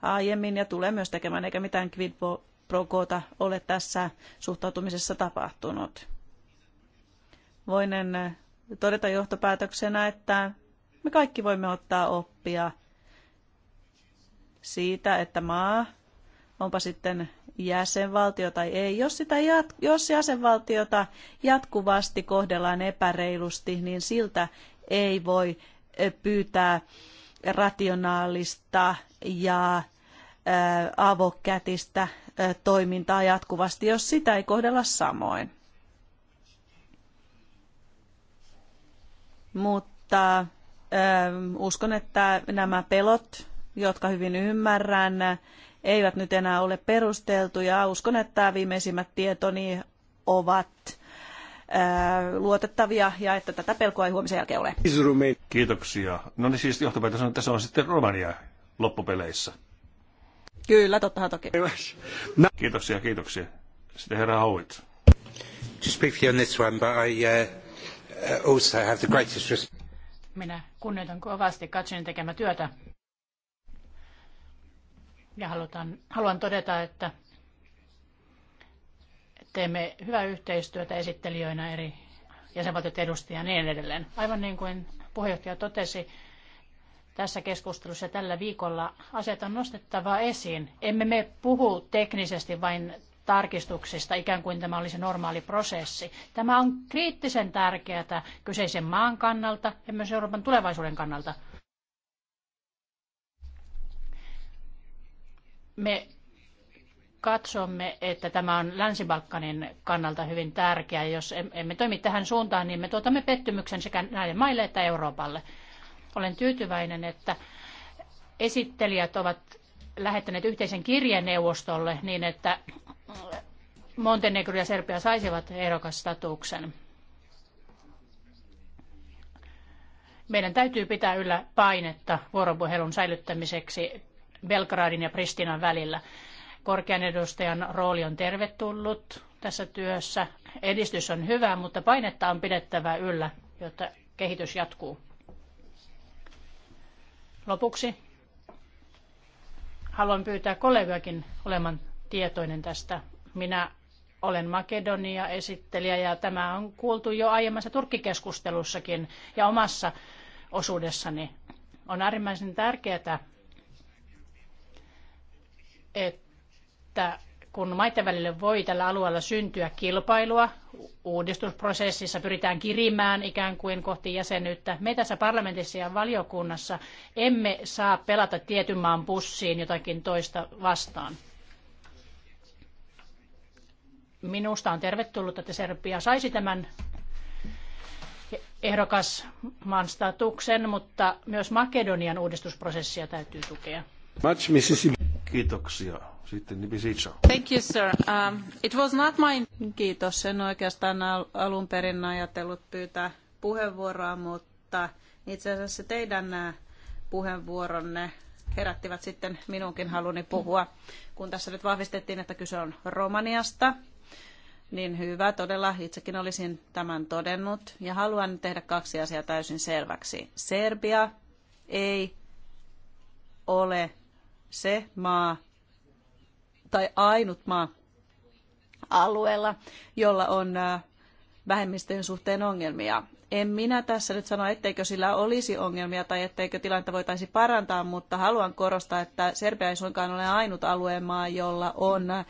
aiemmin ja tulee myös tekemään, eikä mitään quid pro quota ole tässä suhtautumisessa tapahtunut. Voinen todeta johtopäätöksenä, että me kaikki voimme ottaa oppia siitä, että maa, onpa sitten jäsenvaltio tai ei. Jos, sitä jat- jos jäsenvaltiota jatkuvasti kohdellaan epäreilusti, niin siltä ei voi pyytää rationaalista ja avokätistä toimintaa jatkuvasti, jos sitä ei kohdella samoin. Mutta uskon, että nämä pelot, jotka hyvin ymmärrän, eivät nyt enää ole perusteltuja. Uskon, että viimeisimmät tietoni ovat äh, luotettavia ja että tätä pelkoa ei huomisen jälkeen ole. Kiitoksia. No niin siis johtopäätös on, että se on sitten Romania loppupeleissä. Kyllä, tottahan toki. Kiitoksia, kiitoksia. Sitten herra Howitz. on this one, but I uh, also have the greatest respect. Minä kunnioitan kovasti Katsonin tekemä työtä ja halutaan, haluan todeta, että teemme hyvää yhteistyötä esittelijöinä eri jäsenvaltiot edustajia ja niin edelleen. Aivan niin kuin puheenjohtaja totesi, tässä keskustelussa tällä viikolla asiat on nostettava esiin. Emme me puhu teknisesti vain tarkistuksista, ikään kuin tämä olisi normaali prosessi. Tämä on kriittisen tärkeää kyseisen maan kannalta ja myös Euroopan tulevaisuuden kannalta – Me katsomme, että tämä on Länsi-Balkanin kannalta hyvin tärkeä. Jos emme toimi tähän suuntaan, niin me tuotamme pettymyksen sekä näille maille että Euroopalle. Olen tyytyväinen, että esittelijät ovat lähettäneet yhteisen kirjeen neuvostolle niin, että Montenegro ja Serbia saisivat ehdokasstatuksen. Meidän täytyy pitää yllä painetta vuoropuhelun säilyttämiseksi Belgradin ja Pristinan välillä. Korkean edustajan rooli on tervetullut tässä työssä. Edistys on hyvä, mutta painetta on pidettävä yllä, jotta kehitys jatkuu. Lopuksi haluan pyytää kollegakin olemaan tietoinen tästä. Minä olen Makedonia esittelijä ja tämä on kuultu jo aiemmassa turkkikeskustelussakin ja omassa osuudessani. On äärimmäisen tärkeää, että kun maiden välille voi tällä alueella syntyä kilpailua, uudistusprosessissa pyritään kirimään ikään kuin kohti jäsenyyttä. Me tässä parlamentissa ja valiokunnassa emme saa pelata tietyn maan pussiin jotakin toista vastaan. Minusta on tervetullut, että Serbia saisi tämän ehdokasmaan statuksen, mutta myös Makedonian uudistusprosessia täytyy tukea. Much, Kiitoksia. Sitten Nibisica. Thank you, sir. Um, it was not my... Kiitos. En oikeastaan alun perin ajatellut pyytää puheenvuoroa, mutta itse asiassa teidän puheenvuoronne herättivät sitten minunkin haluni puhua. Kun tässä nyt vahvistettiin, että kyse on Romaniasta, niin hyvä, todella itsekin olisin tämän todennut. Ja haluan tehdä kaksi asiaa täysin selväksi. Serbia ei ole se maa tai ainut maa alueella, jolla on äh, vähemmistöjen suhteen ongelmia. En minä tässä nyt sano, etteikö sillä olisi ongelmia tai etteikö tilannetta voitaisi parantaa, mutta haluan korostaa, että Serbia ei suinkaan ole ainut alueen maa, jolla on äh,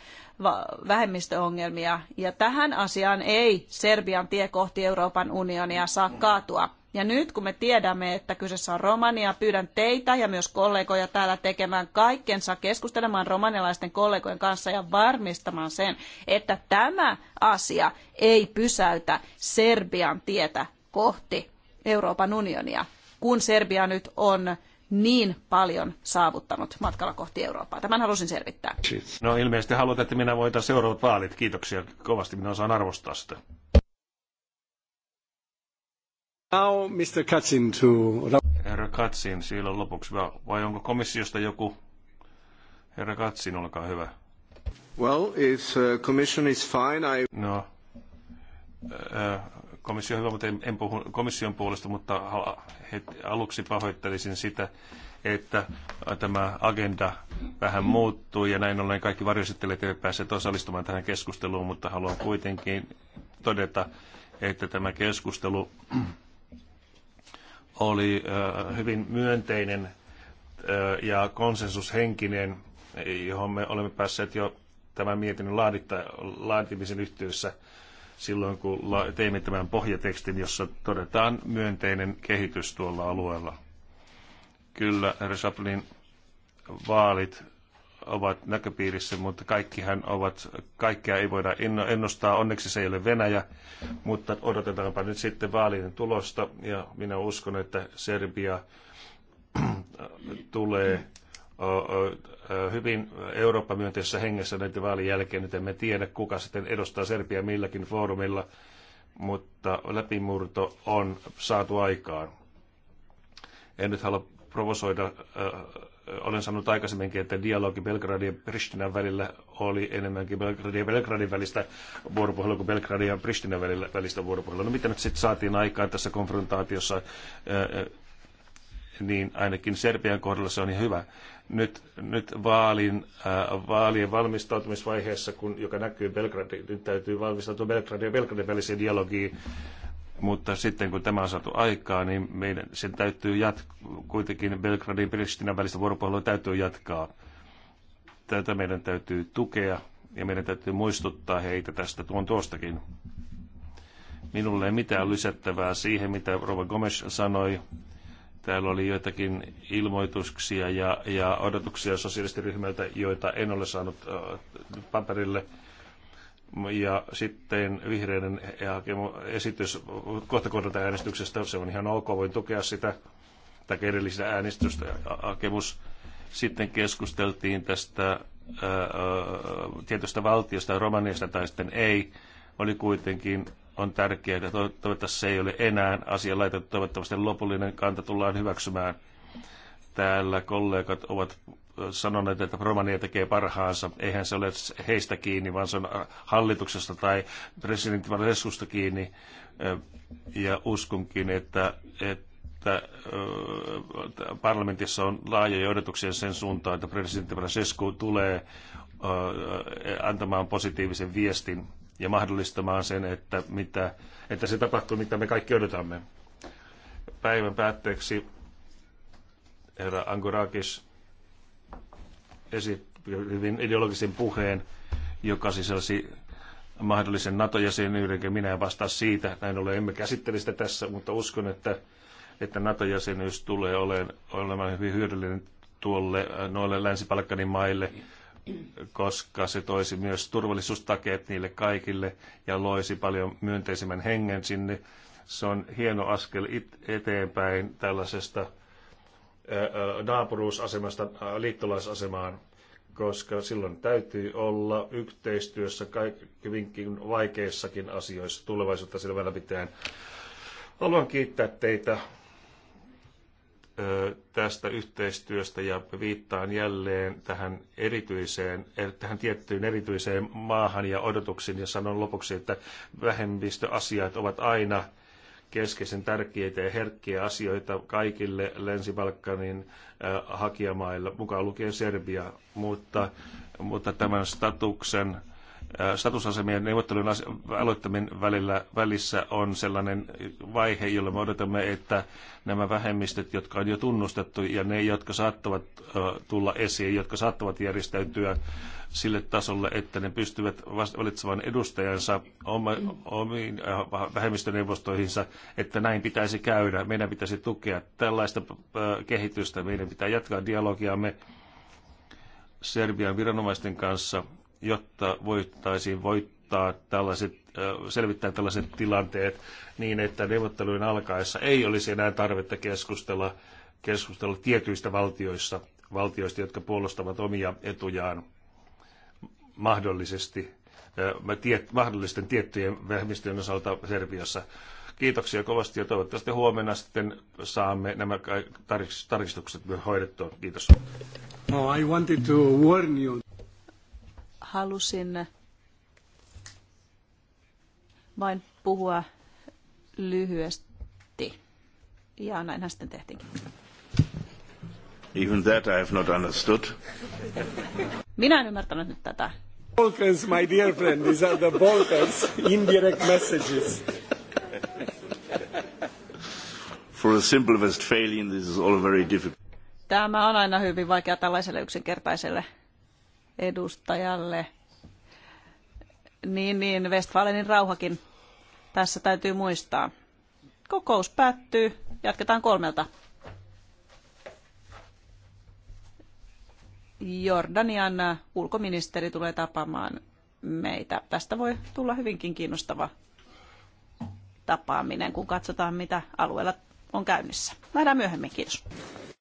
vähemmistöongelmia. Ja tähän asiaan ei Serbian tie kohti Euroopan unionia saa kaatua. Ja nyt kun me tiedämme, että kyseessä on Romania, pyydän teitä ja myös kollegoja täällä tekemään kaikkensa keskustelemaan romanialaisten kollegojen kanssa ja varmistamaan sen, että tämä asia ei pysäytä Serbian tietä kohti Euroopan unionia, kun Serbia nyt on niin paljon saavuttanut matkalla kohti Eurooppaa. Tämän halusin selvittää. No ilmeisesti haluat, että minä voitaisiin seuraavat vaalit. Kiitoksia kovasti, minä osaan arvostaa sitä. Now, Mr. Katsin to... Herra Katsin, siellä lopuksi. Vai onko komissiosta joku? Herra Katsin, olkaa hyvä. Well, if uh, commission is fine, I... No, äh, komissio on hyvä, mutta en, en puhu komission puolesta, mutta heti aluksi pahoittelisin sitä, että äh, tämä agenda vähän muuttuu ja näin ollen kaikki varjoesittelijät eivät päässeet osallistumaan tähän keskusteluun, mutta haluan kuitenkin todeta, että tämä keskustelu oli hyvin myönteinen ja konsensushenkinen, johon me olemme päässeet jo tämän mietinnön laaditta, laatimisen yhteydessä silloin, kun teimme tämän pohjatekstin, jossa todetaan myönteinen kehitys tuolla alueella. Kyllä, Resaplin vaalit ovat näköpiirissä, mutta kaikkihan ovat, kaikkea ei voida ennustaa. Onneksi se ei ole Venäjä, mutta odotetaanpa nyt sitten vaalien tulosta ja minä uskon, että Serbia tulee hyvin Eurooppa-myönteisessä hengessä näiden vaalien jälkeen. Nyt emme tiedä, kuka sitten edustaa Serbia milläkin foorumilla, mutta läpimurto on saatu aikaan. En nyt halua provosoida olen sanonut aikaisemminkin, että dialogi Belgradin ja Pristinan välillä oli enemmänkin Belgradin ja Belgradin välistä vuoropuhelua kuin Belgradin ja Pristinan välillä, välistä vuoropuhelua. No mitä nyt sitten saatiin aikaan tässä konfrontaatiossa, niin ainakin Serbian kohdalla se on ihan hyvä. Nyt, nyt vaalin, vaalien valmistautumisvaiheessa, kun, joka näkyy Belgradin, nyt täytyy valmistautua Belgradin ja Belgradin väliseen dialogiin mutta sitten kun tämä on saatu aikaa, niin meidän, sen täytyy jatkaa, kuitenkin Belgradin ja Pristinan välistä vuoropuhelua täytyy jatkaa. Tätä meidän täytyy tukea ja meidän täytyy muistuttaa heitä tästä tuon tuostakin. Minulle ei mitään lisättävää siihen, mitä Rova Gomes sanoi. Täällä oli joitakin ilmoituksia ja, ja odotuksia sosiaalistiryhmältä, joita en ole saanut äh, paperille – ja sitten vihreiden esitys kohta kohdalta äänestyksestä, se on ihan ok, voin tukea sitä, tai edellistä äänestystä hakemus. Sitten keskusteltiin tästä tietystä valtiosta, Romaniasta tai sitten ei, oli kuitenkin on tärkeää, että toivottavasti se ei ole enää asia laitettu, toivottavasti lopullinen kanta tullaan hyväksymään. Täällä kollegat ovat sanoneet, että Romania tekee parhaansa. Eihän se ole heistä kiinni, vaan se on hallituksesta tai presidentti Valessusta kiinni. Ja uskonkin, että, että parlamentissa on laajoja odotuksia sen suuntaan, että presidentti Valessu tulee antamaan positiivisen viestin ja mahdollistamaan sen, että, mitä, että se tapahtuu, mitä me kaikki odotamme. Päivän päätteeksi herra Angurakis esi hyvin ideologisen puheen, joka sisälsi mahdollisen NATO-jäsenyyden, minä en vastaa siitä. Näin ollen emme käsittele sitä tässä, mutta uskon, että, että NATO-jäsenyys tulee olemaan hyvin hyödyllinen tuolle äh, noille länsi maille, koska se toisi myös turvallisuustakeet niille kaikille ja loisi paljon myönteisemmän hengen sinne. Se on hieno askel eteenpäin tällaisesta Eh, naapuruusasemasta eh, liittolaisasemaan, koska silloin täytyy olla yhteistyössä hyvinkin vaikeissakin asioissa tulevaisuutta silmällä pitäen. Haluan kiittää teitä eh, tästä yhteistyöstä ja viittaan jälleen tähän, erityiseen, tähän tiettyyn erityiseen maahan ja odotuksiin ja sanon lopuksi, että vähemmistöasiat ovat aina keskeisen tärkeitä ja herkkiä asioita kaikille Länsi-Balkanin äh, hakijamaille, mukaan lukien Serbia, mutta, mutta tämän statuksen statusasemien neuvottelujen aloittaminen välillä, välissä on sellainen vaihe, jolla me odotamme, että nämä vähemmistöt, jotka on jo tunnustettu ja ne, jotka saattavat tulla esiin, jotka saattavat järjestäytyä sille tasolle, että ne pystyvät valitsemaan edustajansa omiin vähemmistöneuvostoihinsa, että näin pitäisi käydä. Meidän pitäisi tukea tällaista kehitystä. Meidän pitää jatkaa dialogiamme Serbian viranomaisten kanssa – jotta voittaisiin voittaa tällaiset, selvittää tällaiset tilanteet niin, että neuvottelujen alkaessa ei olisi enää tarvetta keskustella, keskustella tietyistä valtioista, valtioista, jotka puolustavat omia etujaan mahdollisesti tiet, mahdollisten tiettyjen vähemmistöjen osalta Serbiassa. Kiitoksia kovasti ja toivottavasti huomenna sitten saamme nämä tarkistukset hoidettua. Kiitos. Oh, I wanted to warn you halusin vain puhua lyhyesti. Ja näinhän sitten tehtiinkin. Even that I have not understood. Minä en ymmärtänyt nyt tätä. Balkans, my dear friend, these are the Balkans indirect messages. For a simple Westphalian this is all very difficult. Tämä on aina hyvin vaikea tällaiselle yksinkertaiselle edustajalle. Niin, niin, Westfalenin rauhakin tässä täytyy muistaa. Kokous päättyy. Jatketaan kolmelta. Jordanian ulkoministeri tulee tapaamaan meitä. Tästä voi tulla hyvinkin kiinnostava tapaaminen, kun katsotaan, mitä alueella on käynnissä. Nähdään myöhemmin. Kiitos.